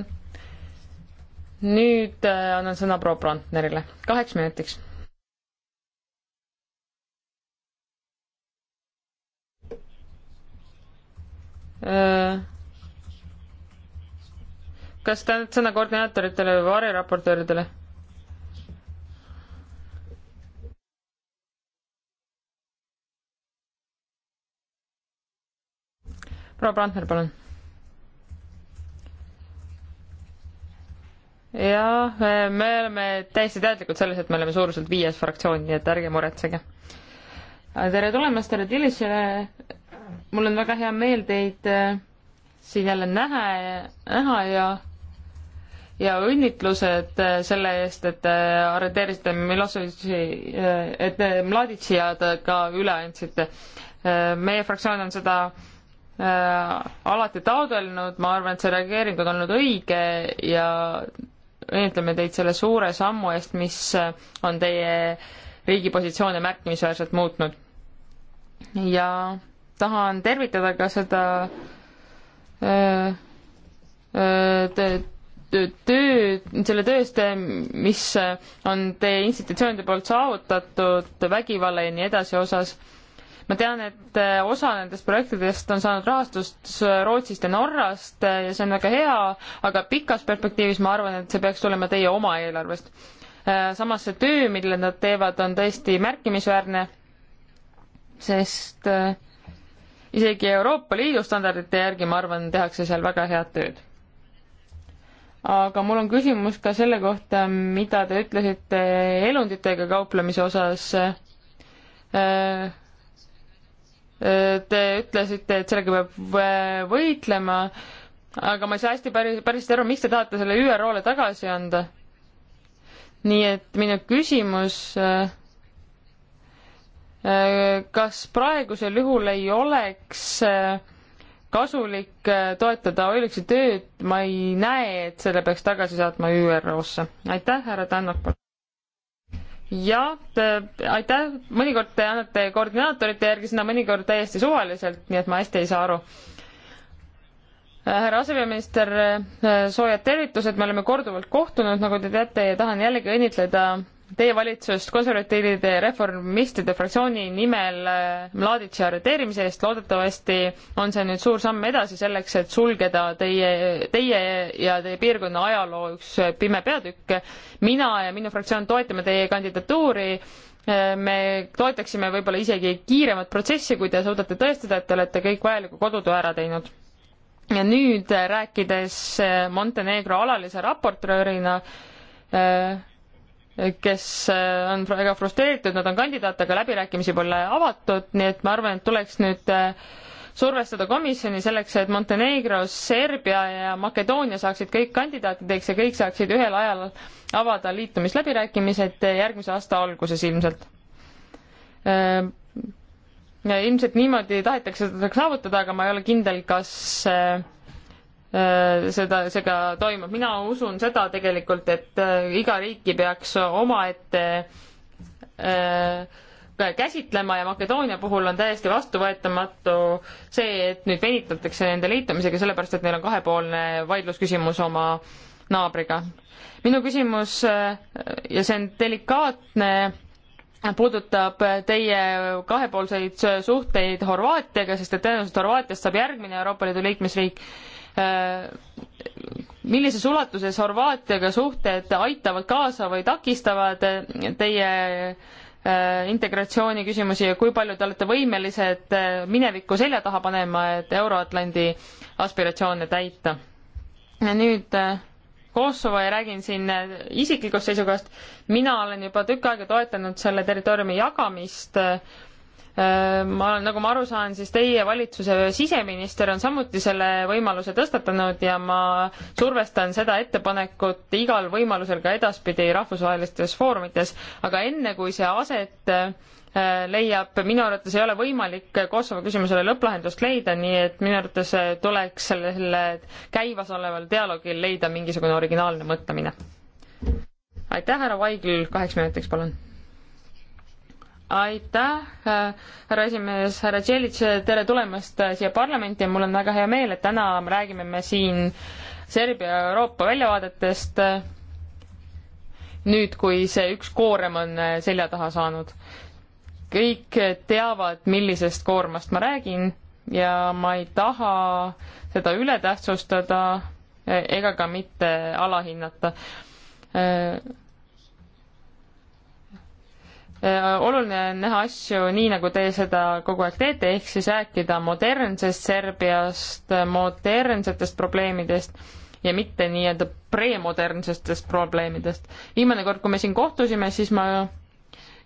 nüüd äh, annan sõna proua Brandnerile kaheks minutiks. Äh, kas te annate sõna koordinaatoritele või variraportööridele? proua Brandner, palun jah, me oleme täiesti teadlikud selles, et me oleme suuruselt viies fraktsioon, nii et ärge muretsege. tere tulemast, härra Tillisele. mul on väga hea meel teid äh, siin jälle näha, näha ja ja õnnitlused äh, selle eest, et te äh, arreteerisite Miloševiči, et te Mladici ja ta ka üle andsite. meie fraktsioon on seda alati taotlenud, ma arvan, et see reageering on olnud õige ja õnnitleme teid selle suure sammu eest, mis äh, on teie riigi positsioone märkimisväärselt muutnud. ja tahan tervitada ka seda öö, äh, äh, öö, töö, selle töö eest, mis on teie institutsioonide poolt saavutatud vägivalla ja nii edasi osas ma tean, et äh, osa nendest projektidest on saanud rahastust Rootsist ja Norrast äh, ja see on väga hea, aga pikas perspektiivis ma arvan, et see peaks tulema teie oma eelarvest. Äh, samas see töö, mille nad teevad, on tõesti märkimisväärne, sest isegi Euroopa Liidu standardite järgi, ma arvan, tehakse seal väga head tööd aga mul on küsimus ka selle kohta, mida te ütlesite elunditega kauplemise osas. Te ütlesite, et sellega peab võitlema, aga ma ei saa hästi päris, päris aru, miks te tahate selle ÜRO-le tagasi anda. nii et minu küsimus, äh, kas praegusel juhul ei oleks äh, kasulik äh, toetada Oileksi tööd, ma ei näe, et selle peaks tagasi saatma ÜRO-sse. aitäh, härra Tannok jah, aitäh, mõnikord te annate koordinaatorite järgi sõna, mõnikord täiesti suvaliselt, nii et ma hästi ei saa aru. härra asepeaminister, soojad tervitused, me oleme korduvalt kohtunud, nagu te teate, ja tahan jällegi õnnitleda teie valitsust konservatiivide reformistide fraktsiooni nimel äh, Mladici arreteerimise eest. loodetavasti on see nüüd suur samm edasi selleks, et sulgeda teie, teie ja teie piirkonna ajaloo üks äh, pime peatükk. mina ja minu fraktsioon toetame teie kandidatuuri. Äh, me toetaksime võib-olla isegi kiiremat protsessi, kui te suudate tõestada, et te olete kõik vajaliku kodutöö ära teinud ja nüüd rääkides Montenegro alalise raportöörina äh, kes eh, on väga frustreeritud, nad on kandidaat, aga läbirääkimisi pole avatud, nii et ma arvan, et tuleks nüüd eh, survestada komisjoni selleks, et Montenegro, Serbia ja Makedoonia saaksid kõik kandidaatideks ja kõik saaksid ühel ajal avada liitumisläbirääkimised järgmise aasta alguses ilmselt. Eh, ilmselt niimoodi tahetakse seda saavutada, aga ma ei ole kindel, kas Äh, seda, seega toimub. mina usun seda tegelikult, et äh, iga riiki peaks omaette äh, käsitlema ja Makedoonia puhul on täiesti vastuvõetamatu see, et nüüd venitatakse nende liitumisega, sellepärast et neil on kahepoolne vaidlusküsimus oma naabriga. minu küsimus ja see on delikaatne puudutab teie kahepoolseid suhteid Horvaatiaga, sest et tõenäoliselt Horvaatiast saab järgmine Euroopa Liidu liikmesriik Äh, millises ulatuses Horvaatiaga suhted aitavad kaasa või takistavad teie äh, integratsiooni küsimusi ja kui palju te olete võimelised äh, minevikku selja taha panema, et Euro-Atlandi aspiratsioone täita? ja nüüd Kosovo ja räägin siin isiklikust seisukohast, mina olen juba tükk aega toetanud selle territooriumi jagamist äh, Äh, ma olen, nagu ma aru saan, siis teie valitsuse siseminister on samuti selle võimaluse tõstatanud ja ma survestan seda ettepanekut igal võimalusel ka edaspidi rahvusvahelistes foorumites, aga enne kui see aset äh, leiab, minu arvates ei ole võimalik Kosovo küsimusele lõpplahendust leida, nii et minu arvates äh, tuleks sellele käivasoleval dialoogil leida mingisugune originaalne mõtlemine. aitäh, härra Vaigel, kaheks minutiks, palun aitäh, härra esimees, härra Tšelits, tere tulemast siia parlamenti ja mul on väga hea meel, et täna räägime me siin Serbia Euroopa väljavaadetest. nüüd, kui see üks koorem on selja taha saanud. kõik teavad, millisest koormast ma räägin ja ma ei taha seda ületähtsustada ega ka mitte alahinnata Äh, oluline on näha asju nii, nagu teie seda kogu aeg teete, ehk siis rääkida modernsest Serbiast, modernsetest probleemidest ja mitte nii-öelda premodernsestest probleemidest. viimane kord, kui me siin kohtusime, siis ma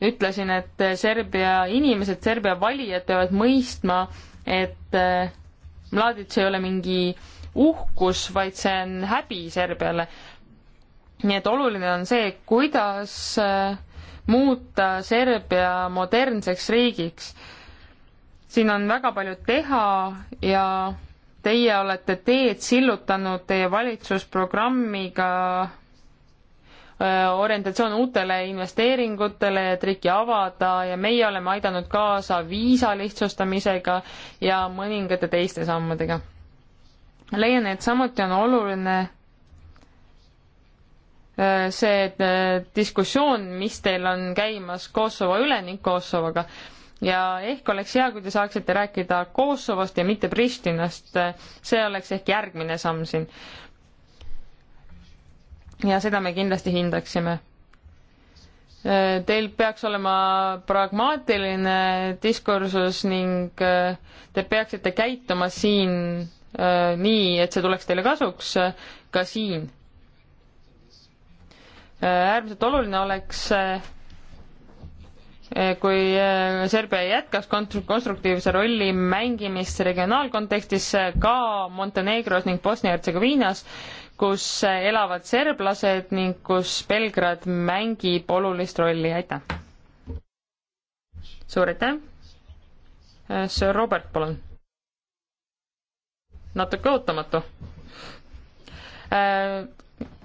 ütlesin, et Serbia inimesed, Serbia valijad peavad mõistma, et äh, Mladic ei ole mingi uhkus, vaid see on häbi Serbiale. nii et oluline on see, kuidas äh, muuta Serbia modernseks riigiks. siin on väga palju teha ja teie olete teed sillutanud teie valitsusprogrammiga orientatsioon uutele investeeringutele, et riiki avada ja meie oleme aidanud kaasa viisa lihtsustamisega ja mõningate teiste sammudega. leian, et samuti on oluline Äh, see äh, diskussioon, mis teil on käimas Kosovo üle ning Kosovoga ja ehk oleks hea, kui te saaksite rääkida Kosovost ja mitte Pristinast. Äh, see oleks ehk järgmine samm siin. ja seda me kindlasti hindaksime. Teil peaks olema pragmaatiline diskursus ning te peaksite käituma siin nii, et see tuleks teile kasuks ka siin äärmiselt oluline oleks eh, eh, kui eh, Serbia jätkaks konstruktiivse rolli mängimist regionaalkontekstis ka Montenegros ning Bosnia-Hertsegoviinas, kus elavad serblased ning kus Belgrad mängib olulist rolli, aitäh! suur aitäh! Sir Robert, palun! natuke ootamatu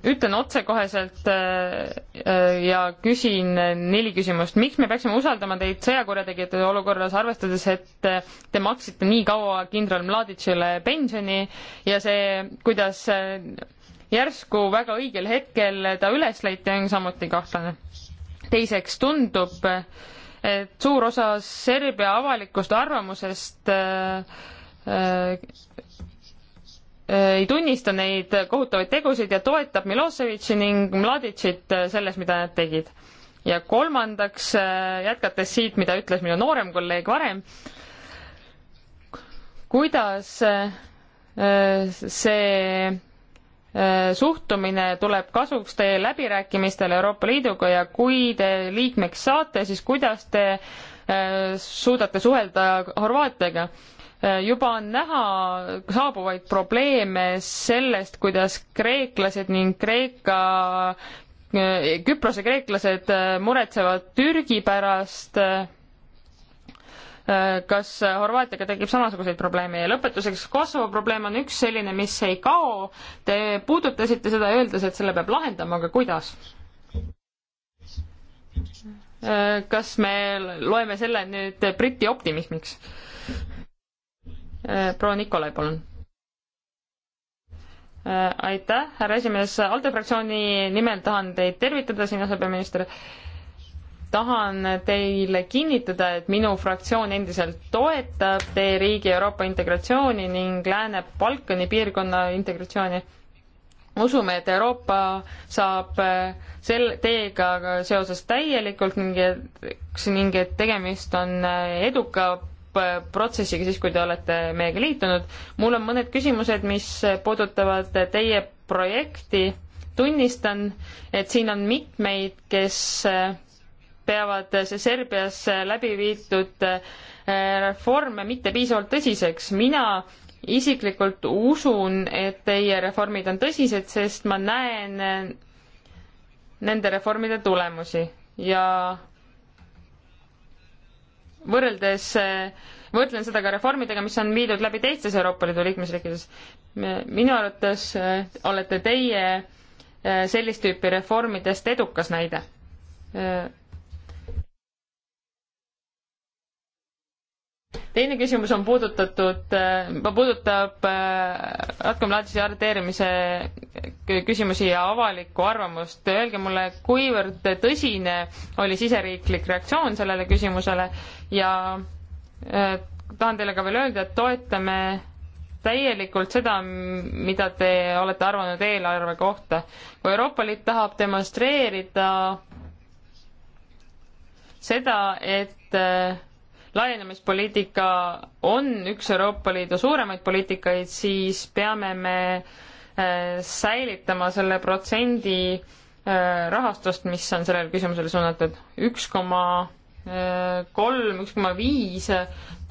ütlen otsekoheselt äh, äh, ja küsin neli küsimust. miks me peaksime usaldama teid sõjakurjategijate olukorras, arvestades, et äh, te maksite nii kaua kindral Mladitšile pensioni ja see, kuidas järsku väga õigel hetkel ta üles leiti, on samuti kahtlane. teiseks tundub, et suur osa Serbia avalikust arvamusest ei tunnista neid kohutavaid tegusid ja toetab Miloševitši ning Mladitšit selles, mida nad tegid. ja kolmandaks, äh, jätkates siit, mida ütles minu noorem kolleeg varem, kuidas äh, see äh, suhtumine tuleb kasuks teie läbirääkimistel Euroopa Liiduga ja kui te liikmeks saate, siis kuidas te suudate suhelda Horvaatiaga Äh, juba on näha saabuvaid probleeme sellest, kuidas kreeklased ning Kreeka, äh, Küprose kreeklased äh, muretsevad Türgi pärast. kas Horvaatiaga tekib samasuguseid probleeme ja lõpetuseks Kosovo probleem on üks selline, mis ei kao. Te puudutasite seda, öeldes, et selle peab lahendama, aga kuidas? kas me loeme selle nüüd Briti optimismiks? Eh, proua Nikolai, palun. Eh, aitäh, härra esimees, ALDE fraktsiooni nimel tahan teid tervitada siin, asepeaminister. tahan teile kinnitada, et minu fraktsioon endiselt toetab teie riigi Euroopa integratsiooni ning Lääne-Balkani piirkonna integratsiooni usume, et Euroopa saab eh, sel-, teiega seoses täielikult ning et, ning et tegemist on eduka Äh, protsessiga siis, kui te olete meiega liitunud. mul on mõned küsimused, mis puudutavad teie projekti. tunnistan, et siin on mitmeid, kes äh, peavad Serbias äh, läbi viidud reforme mitte piisavalt tõsiseks. mina isiklikult usun, et teie reformid on tõsised, sest ma näen nende reformide tulemusi ja võrreldes, võrdlen seda ka reformidega, mis on viidud läbi teistes Euroopa Liidu liikmesriikides. minu arvates eh, olete teie eh, sellist tüüpi reformidest edukas näide. Eh, teine küsimus on puudutatud, äh, puudutab äh, Atkom Laadise arreteerimise äh, küsimusi ja avalikku arvamust. Öelge mulle, kuivõrd tõsine oli siseriiklik reaktsioon sellele küsimusele ja tahan teile ka veel öelda, et toetame täielikult seda, mida te olete arvanud eelarve kohta. kui Euroopa Liit tahab demonstreerida seda, et laienemispoliitika on üks Euroopa Liidu suuremaid poliitikaid, siis peame me äh, säilitama selle protsendi äh, rahastust, mis on sellele küsimusele suunatud. üks koma äh, kolm, üks koma viis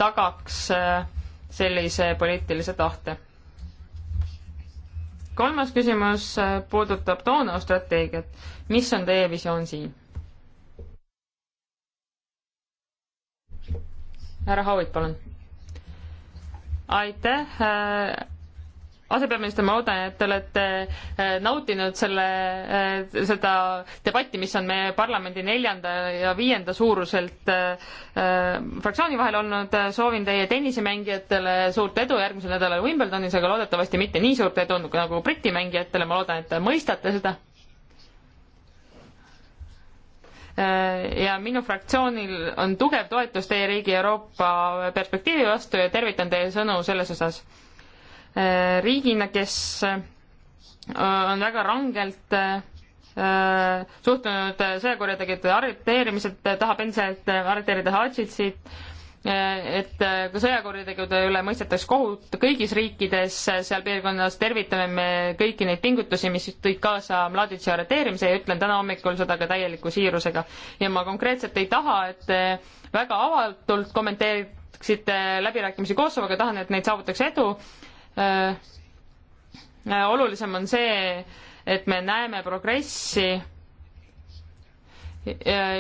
tagaks sellise poliitilise tahte. kolmas küsimus puudutab toonav strateegiat. mis on teie visioon siin? härra Howitt, palun. aitäh äh, asepeaminister, ma loodan, et te olete äh, nautinud selle, äh, seda debatti, mis on meie parlamendi neljanda ja viienda suuruselt äh, fraktsiooni vahel olnud. soovin teie tennisemängijatele suurt edu järgmisel nädalal Wimbledonis, aga loodetavasti mitte nii suurt edu nagu Briti mängijatele. ma loodan, et te mõistate seda Äh, ja minu fraktsioonil on tugev toetus teie riigi Euroopa perspektiivi vastu ja tervitan teie sõnu selles osas. Äh, riigina, kes äh, on väga rangelt suhtunud sõjakurjategijate arreteerimised, tahab endiselt arreteerida Hadžitsit et äh, kui sõjakuritegude üle mõistetakse kohut kõigis riikides seal piirkonnas, tervitame me kõiki neid pingutusi, mis tõid kaasa Mladici arreteerimise ja ütlen täna hommikul seda ka täieliku siirusega. ja ma konkreetselt ei taha, et te väga avatult kommenteeriksite läbirääkimisi Kosovoga, tahan, et neid saavutaks edu. Äh, äh, olulisem on see, et me näeme progressi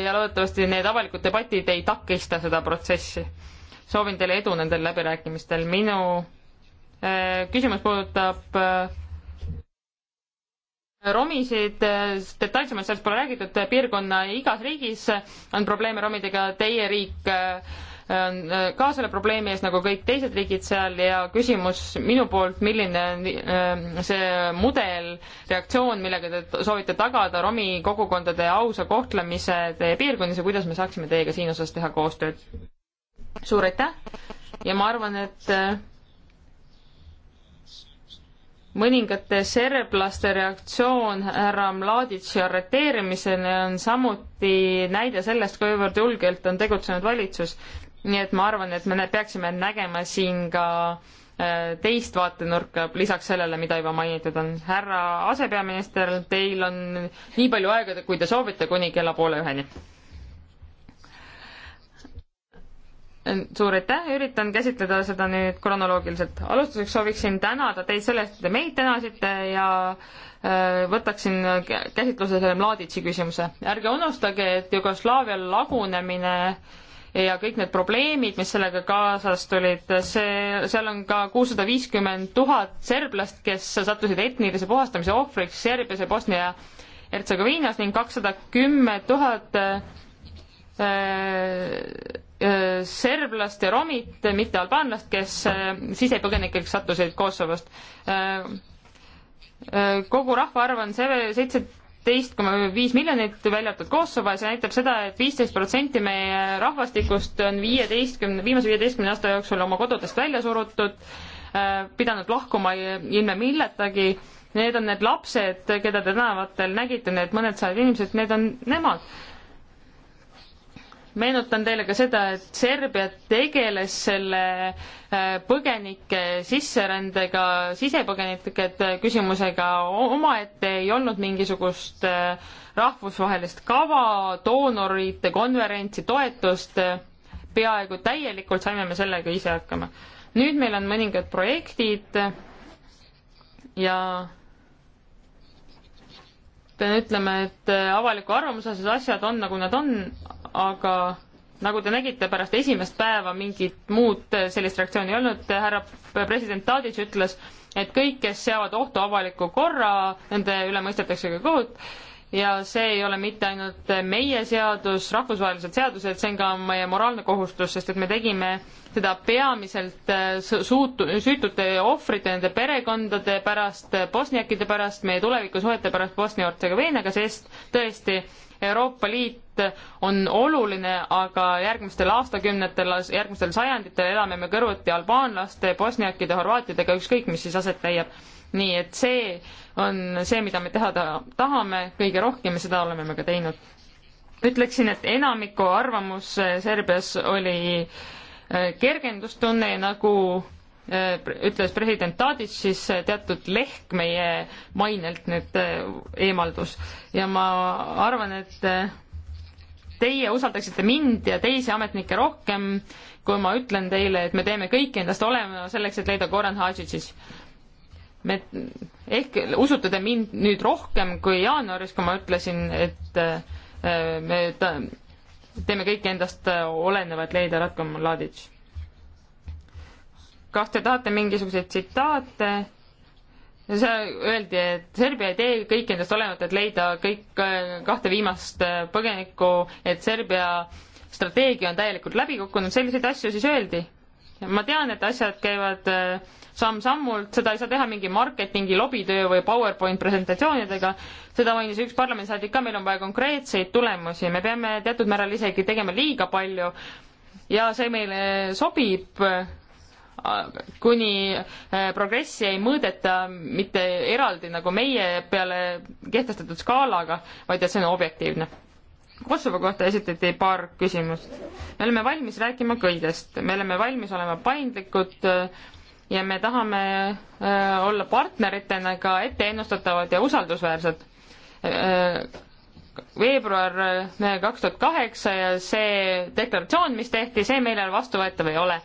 ja loodetavasti need avalikud debatid ei takista seda protsessi. soovin teile edu nendel läbirääkimistel. minu äh, küsimus puudutab äh, romisid, detailsemalt sellest pole räägitud, piirkonna igas riigis on probleeme romidega, teie riik äh, on äh, ka selle probleemi ees nagu kõik teised riigid seal ja küsimus minu poolt, milline on äh, see mudel, reaktsioon, millega te soovite tagada romi kogukondade ausa kohtlemise teie piirkonnas ja kuidas me saaksime teiega siin osas teha koostööd? suur aitäh ja ma arvan, et äh, mõningate serblaste reaktsioon härra Mladici arreteerimisele on samuti näide sellest, kuivõrd julgelt on tegutsenud valitsus nii et ma arvan, et me peaksime nägema siin ka äh, teist vaatenurka lisaks sellele, mida juba mainitud on. härra asepeaminister, teil on nii palju aega, kui te soovite, kuni kella poole üheni. suur aitäh, üritan käsitleda seda nüüd kronoloogiliselt. alustuseks sooviksin tänada teid selle eest, et te meid tänasite ja äh, võtaksin käsitlusele Mladitsi küsimuse. ärge unustage, et Jugoslaavia lagunemine äh, ja kõik need probleemid, mis sellega kaasas tulid, see, seal on ka kuussada viiskümmend tuhat serblast, kes sattusid etnilise puhastamise ohvriks Serbias ja Bosnia-Hertsegoviinas ning kakssada kümme tuhat äh, äh, serblast ja romit, mitte albaanlast, kes äh, sisepõgenikeks sattusid Kosovost kogu rahvaarv on seitse viisteist koma viis miljonit välja arvatud Kosovo ja see näitab seda et, et viisteist protsenti meie rahvastikust on viieteistkümne, viimase viieteistkümne aasta jooksul oma kodudest välja surutud, äh, pidanud lahkuma ilma milletagi. Need on need lapsed, keda te tänavatel nägite, need mõned sajad inimesed, need on nemad meenutan teile ka seda, et Serbia tegeles selle äh, põgenike sisserändega, sisepõgenike äh, küsimusega omaette, ei olnud mingisugust äh, rahvusvahelist kava, doonoriite, konverentsi, toetust, peaaegu täielikult saime me sellega ise hakkama. nüüd meil on mõningad projektid ja pean ütlema, et avaliku arvamuse osas asjad on, nagu nad on, aga nagu te nägite, pärast esimest päeva mingit muud äh, sellist reaktsiooni ei olnud, härra president Tadic ütles, et kõik, kes seavad ohtu avaliku korra, nende üle mõistetakse ka kohut ja see ei ole mitte ainult meie seadus, rahvusvahelised seadused, see on ka meie moraalne kohustus, sest et me tegime seda peamiselt äh, suutu, süütute ohvrite, nende perekondade pärast, äh, bosniakide pärast, meie tulevikusuhete pärast Bosnia-Hertsegoviinaga, sest tõesti, Euroopa Liit on oluline, aga järgmistel aastakümnetel, järgmistel sajanditel elame me kõrvuti albaanlaste, bosniakide, horvaatidega, ükskõik mis siis aset leiab. nii et see on see, mida me teha tahame kõige rohkem ja seda oleme me ka teinud. ütleksin, et enamiku arvamus Serbias oli äh, kergendustunne nagu ütles president Tadic, siis teatud lehk meie mainelt nüüd äh, eemaldus ja ma arvan, et äh, teie usaldaksite mind ja teisi ametnikke rohkem, kui ma ütlen teile, et me teeme kõik endast olema selleks, et leida Goran Hadžitšis. me, ehk usute te mind nüüd rohkem kui jaanuaris, kui ma ütlesin, et äh, me ta, teeme kõik endast oleneva, et leida Ratko Mladic kas te tahate mingisuguseid tsitaate? see öeldi, et Serbia ei tee kõik endast olevat, et leida kõik äh, kahte viimast äh, põgenikku, et Serbia strateegia on täielikult läbi kukkunud, selliseid asju siis öeldi. ma tean, et asjad käivad äh, samm-sammult, seda ei saa teha mingi marketingi, lobitöö või PowerPoint presentatsioonidega, seda mainis üks parlamendisaadik ka, meil on vaja konkreetseid tulemusi, me peame teatud määral isegi tegema liiga palju ja see meile sobib kuni äh, progressi ei mõõdeta mitte eraldi nagu meie peale kehtestatud skaalaga, vaid et see on objektiivne. Kosovo kohta esitati paar küsimust. me oleme valmis rääkima kõigest, me oleme valmis olema paindlikud äh, ja me tahame äh, olla partneritena ka etteennustatavad ja usaldusväärsed veebruar kaks tuhat kaheksa ja see deklaratsioon, mis tehti, see meile vastuvõetav ei ole.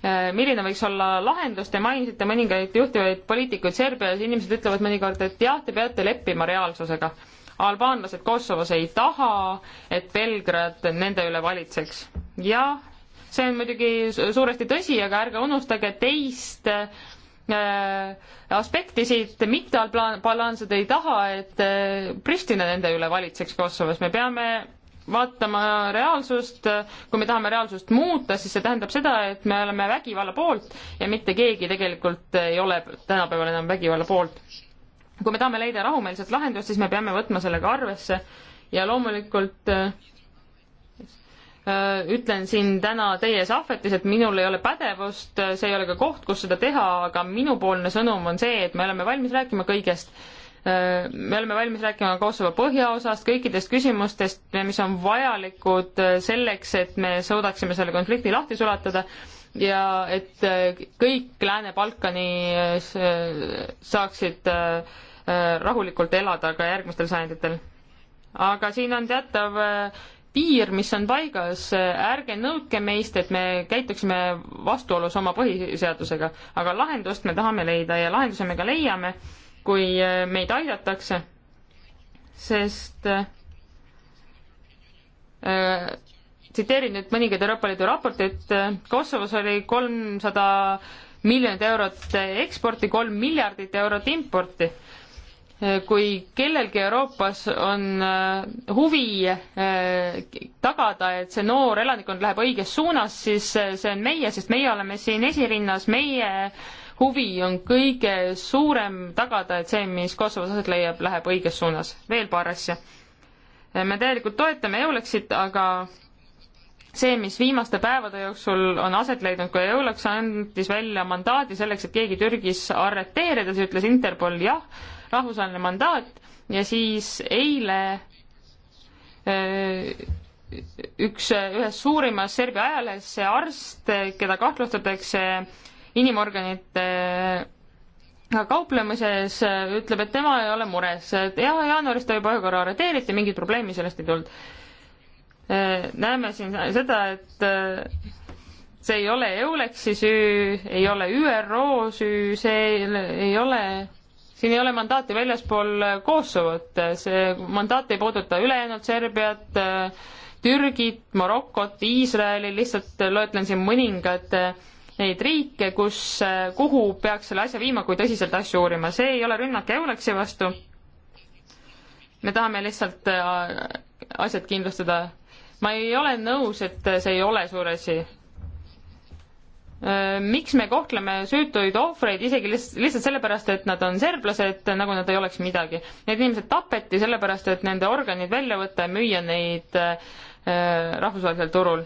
Äh, milline võiks olla lahendus, te mainisite mõningaid juhtivaid poliitikuid Serbias, inimesed ütlevad mõnikord, et jah, te peate leppima reaalsusega. albaanlased Kosovos ei taha, et Belgrad nende üle valitseks. jah, see on muidugi suuresti tõsi, aga ärge unustage teist äh, aspekti siit, mitte albaanlased ei taha, et äh, Pristina nende üle valitseks Kosovos, me peame vaatama reaalsust, kui me tahame reaalsust muuta, siis see tähendab seda, et me oleme vägivalla poolt ja mitte keegi tegelikult ei ole tänapäeval enam vägivalla poolt. kui me tahame leida rahumeelset lahendust, siis me peame võtma selle ka arvesse ja loomulikult äh, ütlen siin täna teie ees ahvetis, et minul ei ole pädevust, see ei ole ka koht, kus seda teha, aga minupoolne sõnum on see, et me oleme valmis rääkima kõigest Äh, me oleme valmis rääkima Kosovo põhjaosast, kõikidest küsimustest, mis on vajalikud äh, selleks, et me suudaksime selle konflikti lahti sulatada ja et äh, kõik Lääne-Balkani saaksid rahulikult elada ka järgmistel sajanditel. aga siin on teatav piir, mis on paigas, ärge nõudke meist, et me käituksime vastuolus oma põhiseadusega, aga lahendust me tahame leida ja lahenduse me ka leiame kui eh, meid aidatakse, sest eh, tsiteerin nüüd mõningaid Euroopa Liidu raporteid, eh, Kosovos oli kolmsada miljonit eurot eksporti, kolm miljardit eurot importi. kui kellelgi Euroopas on huvi tagada, et see noor elanikkond läheb õiges suunas, siis see on meie, sest meie oleme siin esirinnas, meie huvi on kõige suurem tagada, et see, mis Kosovos aset leiab, läheb õiges suunas. veel paar asja. me täielikult toetame EULEX-it, aga see, mis viimaste päevade jooksul on aset leidnud, kui EULEX andis välja mandaadi selleks, et keegi Türgis arreteerida, siis ütles Interpol jah, rahvusvaheline mandaat ja siis eile äh, üks, ühes suurimas Serbia ajalehes see arst, keda kahtlustatakse inimorganite ka äh, kauplemises äh, ütleb, et tema ei ole mures, et jah, jaanuaris ta juba ühe korra arreteeriti, mingit probleemi sellest ei tulnud. Äh, näeme siin seda, et see ei ole Eulexi süü, ei ole ÜRO süü, see ei ole, siin ei ole mandaati väljaspool Kosovot, see mandaat ei puuduta ülejäänud Serbiat, Türgit, Marokot, Iisraeli, lihtsalt loetlen siin mõningad äh, neid riike, kus äh, kuhu peaks selle asja viima, kui tõsiselt asju uurima. see ei ole rünnak Euleksi vastu. me tahame lihtsalt äh, asjad kindlustada. ma ei ole nõus, et see ei ole suur asi. Äh, miks me kohtleme süütuid ohvreid isegi lihtsalt sellepärast, et nad on serblased, nagu nad ei oleks midagi. Need inimesed tapeti sellepärast, et nende organid välja võtta ja müüa neid rahvusvahelisel turul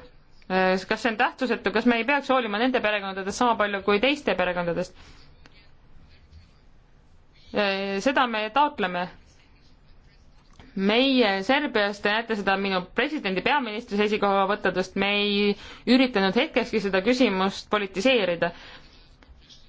Äh, kas see on tähtsusetu, kas me ei peaks hoolima nende perekondadest sama palju kui teiste perekondadest? Äh, seda me taotleme. meie Serbias, te näete seda minu presidendi peaministri seisukoha võttadest, me ei üritanud hetkekski seda küsimust politiseerida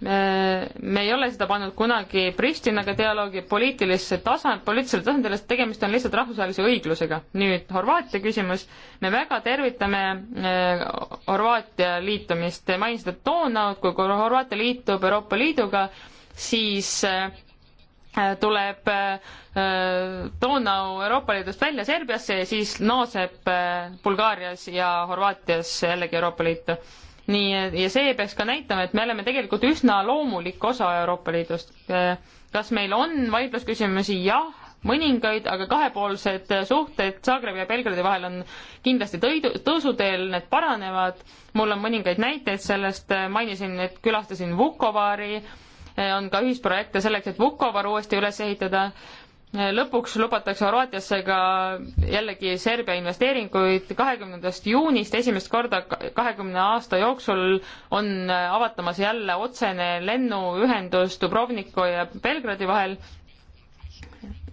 me ei ole seda pannud kunagi Pristinaga dialoogi poliitilisse tasand, poliitilisele tasandile, sest tegemist on lihtsalt rahvusvahelise õiglusega. nüüd Horvaatia küsimus, me väga tervitame eh, Horvaatia liitumist, te mainisite Donaut, kui Horvaatia liitub Euroopa Liiduga, siis eh, eh, tuleb Donau Euroopa Liidust välja Serbiasse ja siis naaseb Bulgaarias ja Horvaatias jällegi Euroopa Liitu nii, ja see peaks ka näitama, et me oleme tegelikult üsna loomulik osa Euroopa Liidust. kas meil on vaidlusküsimusi? jah, mõningaid, aga kahepoolsed suhted Zagrebi ja Belgradi vahel on kindlasti tõidu, tõusuteel, need paranevad. mul on mõningaid näiteid sellest, mainisin, et külastasin Vukovari, on ka ühisprojekte selleks, et Vukovar uuesti üles ehitada lõpuks lubatakse Horvaatiasse ka jällegi Serbia investeeringuid. kahekümnendast juunist esimest korda kahekümne aasta jooksul on avatamas jälle otsene lennuühendus Dubrovniku ja Belgradi vahel.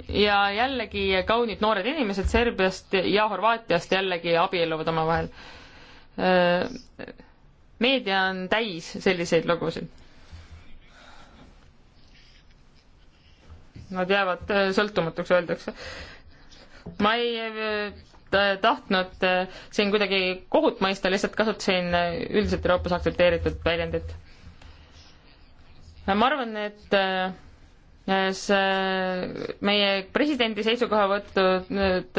ja jällegi kaunid noored inimesed Serbiast ja Horvaatiast jällegi abielluvad omavahel. meedia on täis selliseid lugusid nad jäävad äh, sõltumatuks, öeldakse. ma ei äh, tahtnud äh, siin kuidagi kohut mõista, lihtsalt kasutasin üldiselt Euroopas aktsepteeritud väljendit. ma arvan, et see meie presidendi seisukoha võtnud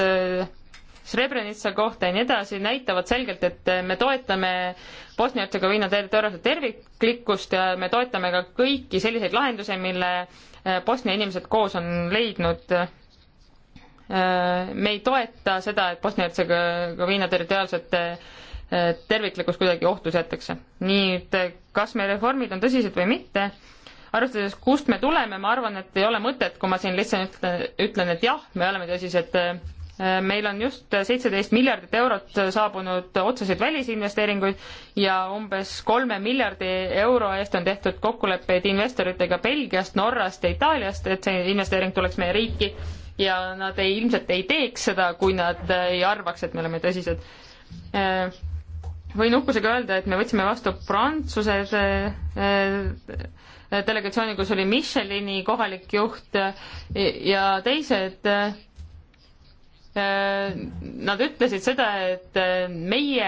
Srebrenica kohta ja nii edasi näitavad selgelt, et me toetame Bosnia-Hertsegoviina territoriaalset terviklikkust ja me toetame ka kõiki selliseid lahendusi, mille Äh, Bosnia inimesed koos on leidnud. Äh, me ei toeta seda, et Bosnia-Hertsegoviina territoriaalset äh, terviklikkus kuidagi ohtu seatakse. nii et kas meie reformid on tõsised või mitte, arvestades, kust me tuleme, ma arvan, et ei ole mõtet, kui ma siin lihtsalt ütlen, et jah, me oleme tõsised Äh, meil on just seitseteist miljardit eurot saabunud otseseid välisinvesteeringuid ja umbes kolme miljardi euro eest on tehtud kokkuleppeid investoritega Belgiast, Norrast ja Itaaliast, et see investeering tuleks meie riiki ja nad ei, ilmselt ei teeks seda, kui nad ei arvaks, et me oleme tõsised. Äh, võin uhkusega öelda, et me võtsime vastu Prantsuse äh, delegatsiooni, kus oli Michelini kohalik juht ja teised Äh, nad ütlesid seda, et äh, meie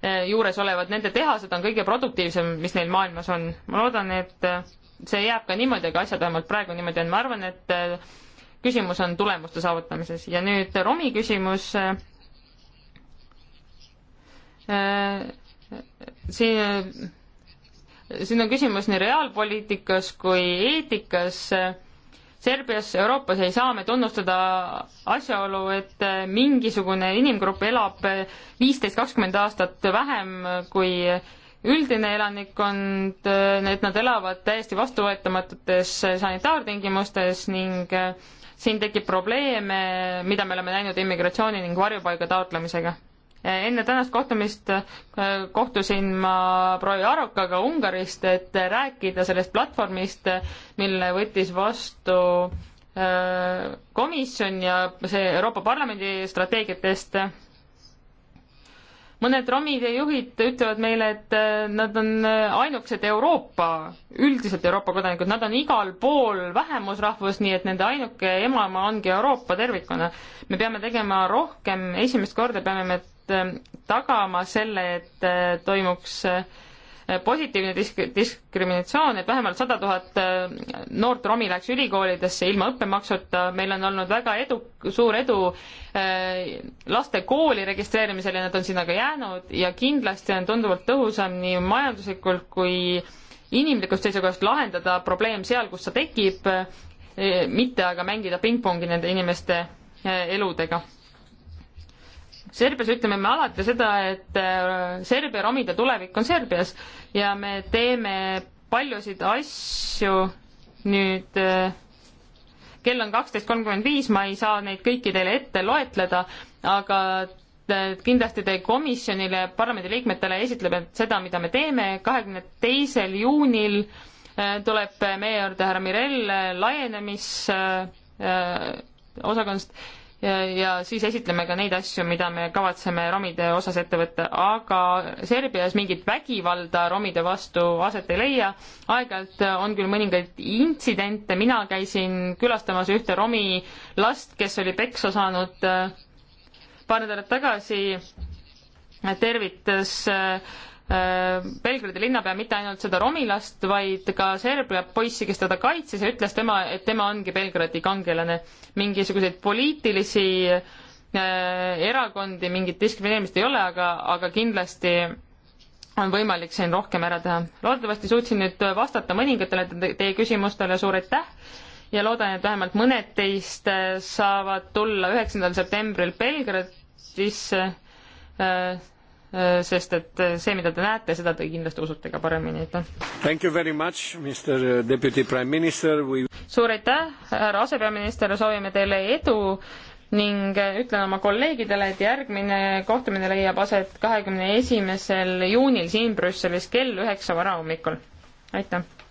äh, juures olevad nende tehased on kõige produktiivsem, mis neil maailmas on. ma loodan, et see jääb ka niimoodi, aga asjad vähemalt praegu niimoodi on. ma arvan, et küsimus on tulemuste saavutamises ja nüüd Romi küsimus. siin, siin on küsimus nii reaalpoliitikas kui eetikas Serbias, Euroopas ei saa me tunnustada asjaolu, et äh, mingisugune inimgrupp elab äh, viisteist, kakskümmend aastat vähem kui üldine elanikkond, äh, et nad elavad täiesti vastuvõetamatutes sanitaartingimustes ning siin tekib probleeme, mida me oleme näinud immigratsiooni ning varjupaiga taotlemisega enne tänast kohtumist äh, kohtusin ma proua Jarokaga Ungarist, et rääkida sellest platvormist, mille võttis vastu äh, komisjon ja see Euroopa Parlamendi strateegiatest. mõned romide juhid ütlevad meile, et äh, nad on ainukesed Euroopa, üldiselt Euroopa kodanikud, nad on igal pool vähemusrahvus, nii et nende ainuke emamaa ongi Euroopa tervikuna. me peame tegema rohkem, esimest korda peame me poolt eh, tagama selle, et eh, toimuks eh, positiivne disk-, diskriminatsioon, et vähemalt sada tuhat noort romi läheks ülikoolidesse ilma õppemaksuta, meil on olnud väga edu, suur edu laste kooli registreerimisel ja nad on sinna ka jäänud ja kindlasti on tunduvalt tõhusam nii majanduslikult kui inimlikust seisukohast lahendada probleem seal, kus see tekib, mitte aga mängida pingpongi nende inimeste eludega Serbias ütleme me alati seda, et äh, Serbia romide tulevik on Serbias ja me teeme paljusid asju nüüd äh, kell on kaksteist kolmkümmend viis, ma ei saa neid kõiki teile ette loetleda, aga äh, kindlasti teie komisjonile, parlamendiliikmetele esitleb seda, mida me teeme, kahekümne teisel juunil tuleb meie juurde härra Mirel laienemis osakonnast ja, ja siis esitleme ka neid asju, mida me kavatseme romide osas ette võtta, aga Serbias mingit vägivalda romide vastu aset ei leia. aeg-ajalt on küll mõningaid intsidente, mina käisin külastamas ühte romi last, kes oli peksa saanud äh, paar nädalat tagasi, tervitas äh, Äh, Belgradi linnapea mitte ainult seda romilast, vaid ka Serbia poissi, kes teda kaitses ja ütles tema, et tema ongi Belgradi kangelane. mingisuguseid poliitilisi äh, erakondi, mingit diskrimineerimist ei ole, aga, aga kindlasti on võimalik siin rohkem ära teha. loodetavasti suutsin nüüd vastata mõningatele teie küsimustele, suur aitäh! ja loodan, et vähemalt mõned teist äh, saavad tulla üheksandal septembril Belgradisse äh, sest et see, mida te näete, seda te kindlasti usute ka paremini, aitäh. Thank you very much, Mr uh, Deputy Prime Minister We.... suur aitäh, härra asepeaminister, soovime teile edu ning äh, ütlen oma kolleegidele, et järgmine kohtumine leiab aset kahekümne esimesel juunil siin Brüsselis kell üheksa varahommikul. aitäh!